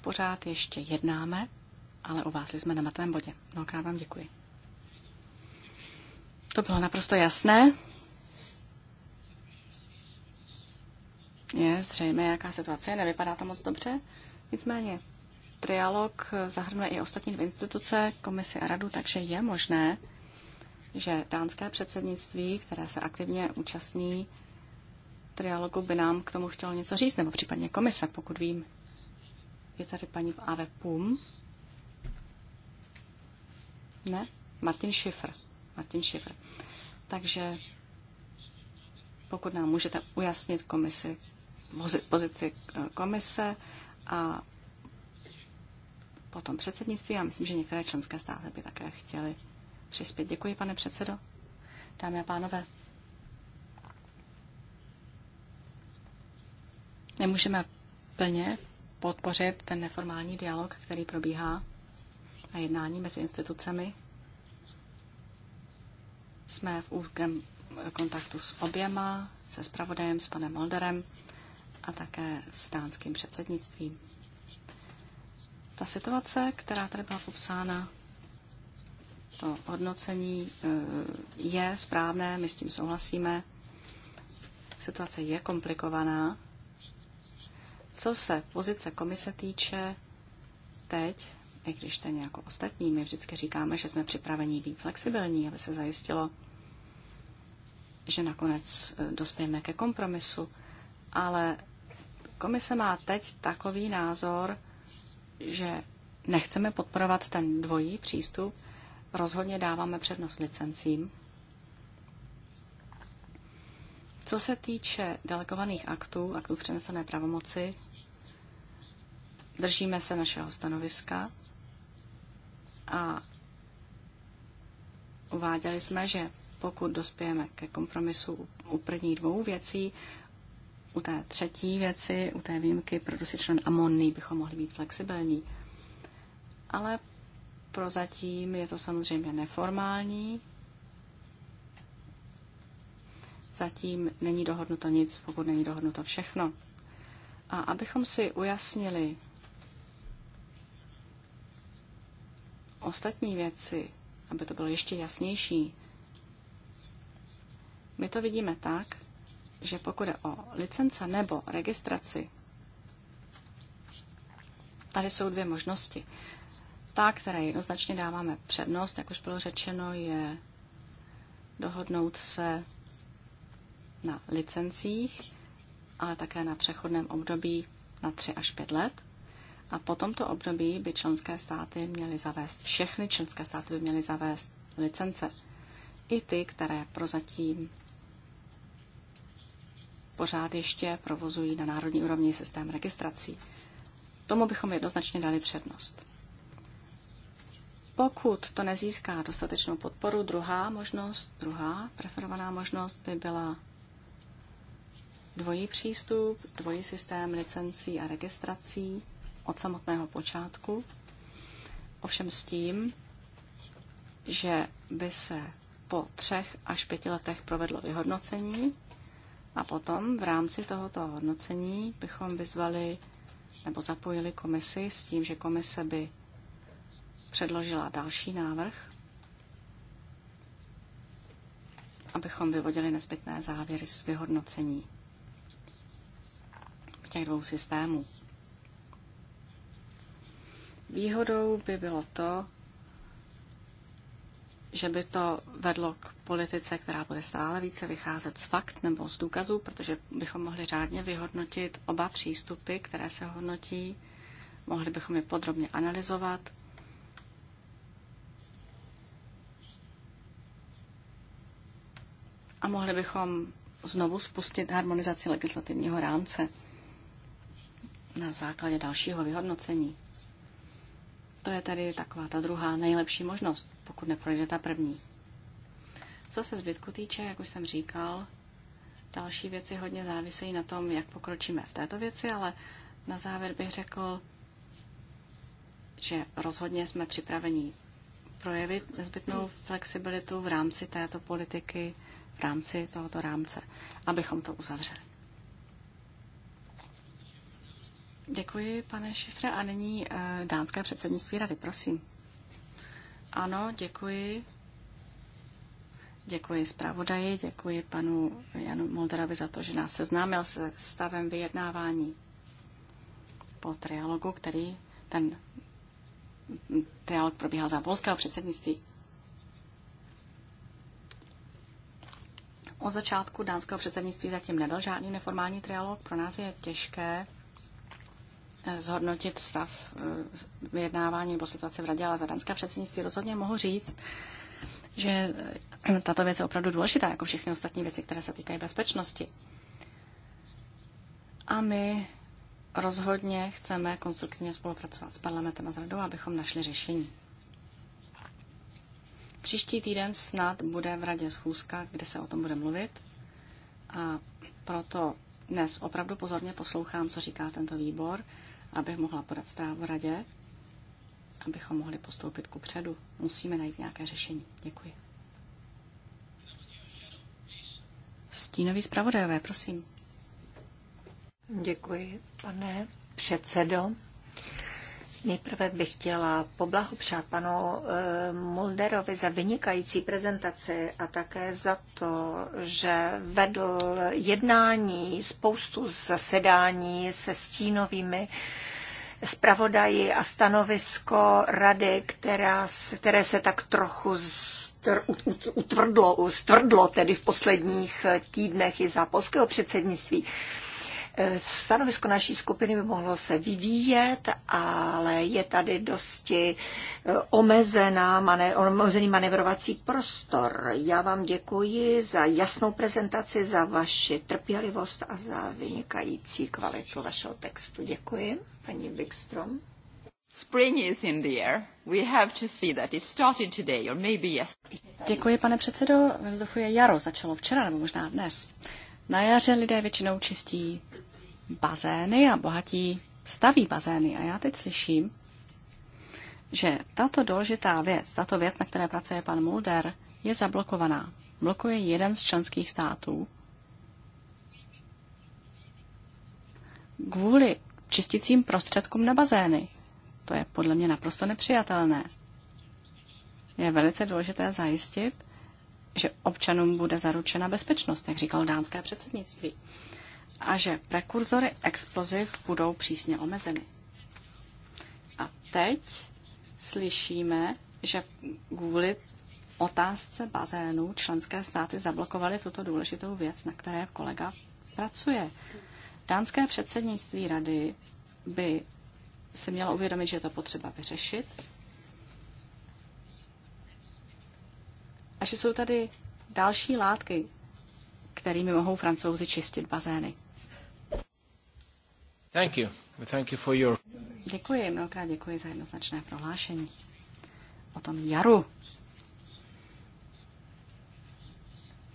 pořád ještě jednáme, ale u vás jsme na matém bodě. Mnohokrát vám děkuji. To bylo naprosto jasné. Je zřejmé, jaká situace je, nevypadá to moc dobře. Nicméně, trialog zahrnuje i ostatní dvě instituce, komisi a radu, takže je možné, že dánské předsednictví, které se aktivně účastní trialogu, by nám k tomu chtělo něco říct, nebo případně komise, pokud vím. Je tady paní AV Pum? Ne? Martin Schiffer. Martin Schiffer. Takže pokud nám můžete ujasnit komisi, pozici eh, komise a potom předsednictví. Já myslím, že některé členské státy by také chtěly přispět. Děkuji, pane předsedo. Dámy a pánové, nemůžeme plně podpořit ten neformální dialog, který probíhá a jednání mezi institucemi. Jsme v úzkém kontaktu s oběma, se spravodajem, s panem Molderem a také s dánským předsednictvím. Ta situace, která tady byla popsána, to hodnocení eh, je správné, my s tím souhlasíme. Situace je komplikovaná, co se pozice komise týče teď, i když ten jako ostatní, my vždycky říkáme, že jsme připraveni být flexibilní, aby se zajistilo, že nakonec eh, dospějeme ke kompromisu, ale komise má teď takový názor, že nechceme podporovat ten dvojí přístup, rozhodně dáváme přednost licencím, co se týče delegovaných aktů, aktů přenesené pravomoci, držíme se našeho stanoviska a uváděli jsme, že pokud dospějeme ke kompromisu u prvních dvou věcí, u té třetí věci, u té výjimky pro člen amonný bychom mohli být flexibilní. Ale prozatím je to samozřejmě neformální Zatím není dohodnuto nic, pokud není dohodnuto všechno. A abychom si ujasnili ostatní věci, aby to bylo ještě jasnější, my to vidíme tak, že pokud je o licence nebo registraci, tady jsou dvě možnosti. Ta, které jednoznačně dáváme přednost, jak už bylo řečeno, je dohodnout se na licencích, ale také na přechodném období na 3 až 5 let. A po tomto období by členské státy měly zavést, všechny členské státy by měly zavést licence. I ty, které prozatím pořád ještě provozují na národní úrovni systém registrací. Tomu bychom jednoznačně dali přednost. Pokud to nezíská dostatečnou podporu, druhá možnost, druhá preferovaná možnost by byla dvojí přístup, dvojí systém licencí a registrací od samotného počátku, ovšem s tím, že by se po třech až pěti letech provedlo vyhodnocení a potom v rámci tohoto hodnocení bychom vyzvali nebo zapojili komisi s tím, že komise by předložila další návrh, abychom vyvodili nezbytné závěry z vyhodnocení těch dvou systémů. Výhodou by bylo to, že by to vedlo k politice, která bude stále více vycházet z fakt nebo z důkazů, protože bychom mohli řádně vyhodnotit oba přístupy, které se hodnotí, mohli bychom je podrobně analyzovat. A mohli bychom znovu spustit harmonizaci legislativního rámce na základě dalšího vyhodnocení. To je tedy taková ta druhá nejlepší možnost, pokud neprojde ta první. Co se zbytku týče, jak už jsem říkal, další věci hodně závisejí na tom, jak pokročíme v této věci, ale na závěr bych řekl, že rozhodně jsme připraveni projevit nezbytnou flexibilitu v rámci této politiky, v rámci tohoto rámce, abychom to uzavřeli. Děkuji, pane Šifre. A nyní eh, dánské předsednictví rady, prosím. Ano, děkuji. Děkuji zpravodaji, děkuji panu Janu Molderovi za to, že nás seznámil se stavem vyjednávání po trialogu, který ten trialog probíhal za polského předsednictví. Od začátku dánského předsednictví zatím nebyl žádný neformální trialog. Pro nás je těžké zhodnotit stav eh, vyjednávání nebo situace v radě, ale za danské předsednictví rozhodně mohu říct, že tato věc je opravdu důležitá, jako všechny ostatní věci, které se týkají bezpečnosti. A my rozhodně chceme konstruktivně spolupracovat s parlamentem a s radou, abychom našli řešení. Příští týden snad bude v radě schůzka, kde se o tom bude mluvit a proto dnes opravdu pozorně poslouchám, co říká tento výbor abych mohla podat zprávu radě, abychom mohli postoupit ku předu. Musíme najít nějaké řešení. Děkuji. Stínový zpravodajové, prosím. Děkuji, pane předsedo. Nejprve bych chtěla poblahopřát panu eh, Mulderovi za vynikající prezentaci a také za to, že vedl jednání, spoustu zasedání se stínovými zpravodaji a stanovisko rady, která, které se tak trochu utvrdlo, stvrdlo tedy v posledních eh, týdnech i za polského předsednictví. Stanovisko naší skupiny by mohlo se vyvíjet, ale je tady dosti eh, omezená, omezený manevrovací prostor. Já vám děkuji za jasnou prezentaci, za vaši trpělivost a za vynikající kvalitu vašeho textu. Děkuji, paní Wikstrom. Spring is in the air. We have to see that it started today or maybe yesterday. Děkuji, pane předsedo. Ve vzduchu je jaro. Začalo včera nebo možná dnes. Na jaře lidé většinou čistí bazény a bohatí staví bazény. A já teď slyším, že tato důležitá věc, tato věc, na které pracuje pan Mulder, je zablokovaná. Blokuje jeden z členských států kvůli čisticím prostředkům na bazény. To je podle mě naprosto nepřijatelné. Je velice důležité zajistit, že občanům bude zaručena bezpečnost, jak říkal dánské předsednictví a že prekurzory exploziv budou přísně omezeny. A teď slyšíme, že kvůli otázce bazénu členské státy zablokovaly tuto důležitou věc, na které kolega pracuje. Dánské předsednictví rady by se mělo uvědomit, že je to potřeba vyřešit a že jsou tady další látky, kterými mohou francouzi čistit bazény. Thank you. Thank you for your... Děkuji, mnohokrát děkuji za jednoznačné prohlášení o tom jaru.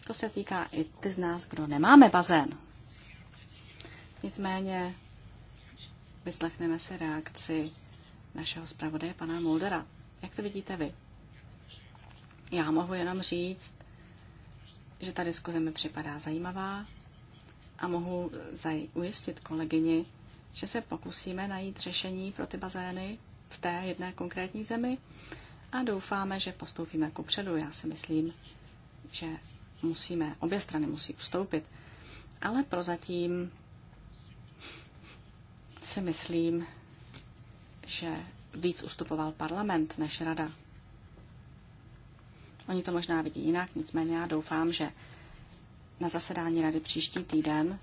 To se týká i ty z nás, kdo nemáme bazén. Nicméně vyslechneme si reakci našeho zpravodaje, pana Muldera. Jak to vidíte vy? Já mohu jenom říct, že ta diskuze mi připadá zajímavá a mohu zaj- ujistit kolegyni, že se pokusíme najít řešení pro ty bazény v té jedné konkrétní zemi a doufáme, že postoupíme ku předu. Já si myslím, že musíme, obě strany musí ustoupit. Ale prozatím si myslím, že víc ustupoval parlament než rada. Oni to možná vidí jinak, nicméně já doufám, že na zasedání rady příští týden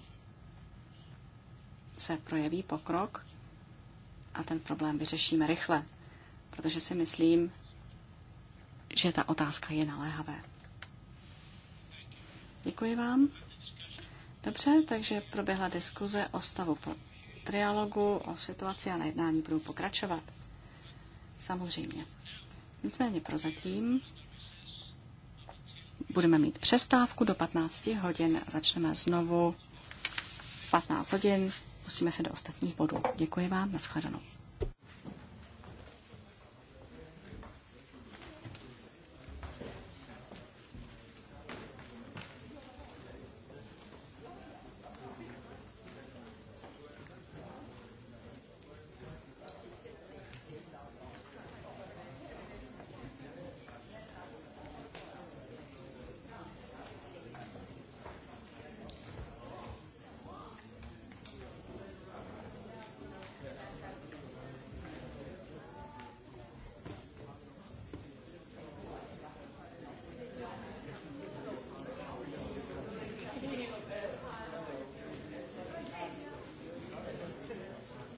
se projeví pokrok a ten problém vyřešíme rychle, protože si myslím, že ta otázka je naléhavé. Děkuji vám. Dobře, takže proběhla diskuze o stavu po trialogu, o situaci a na jednání budou pokračovat. Samozřejmě. Nicméně prozatím budeme mít přestávku do 15 hodin a začneme znovu 15 hodin Pustíme se do ostatních bodů. Děkuji vám, nashledanou.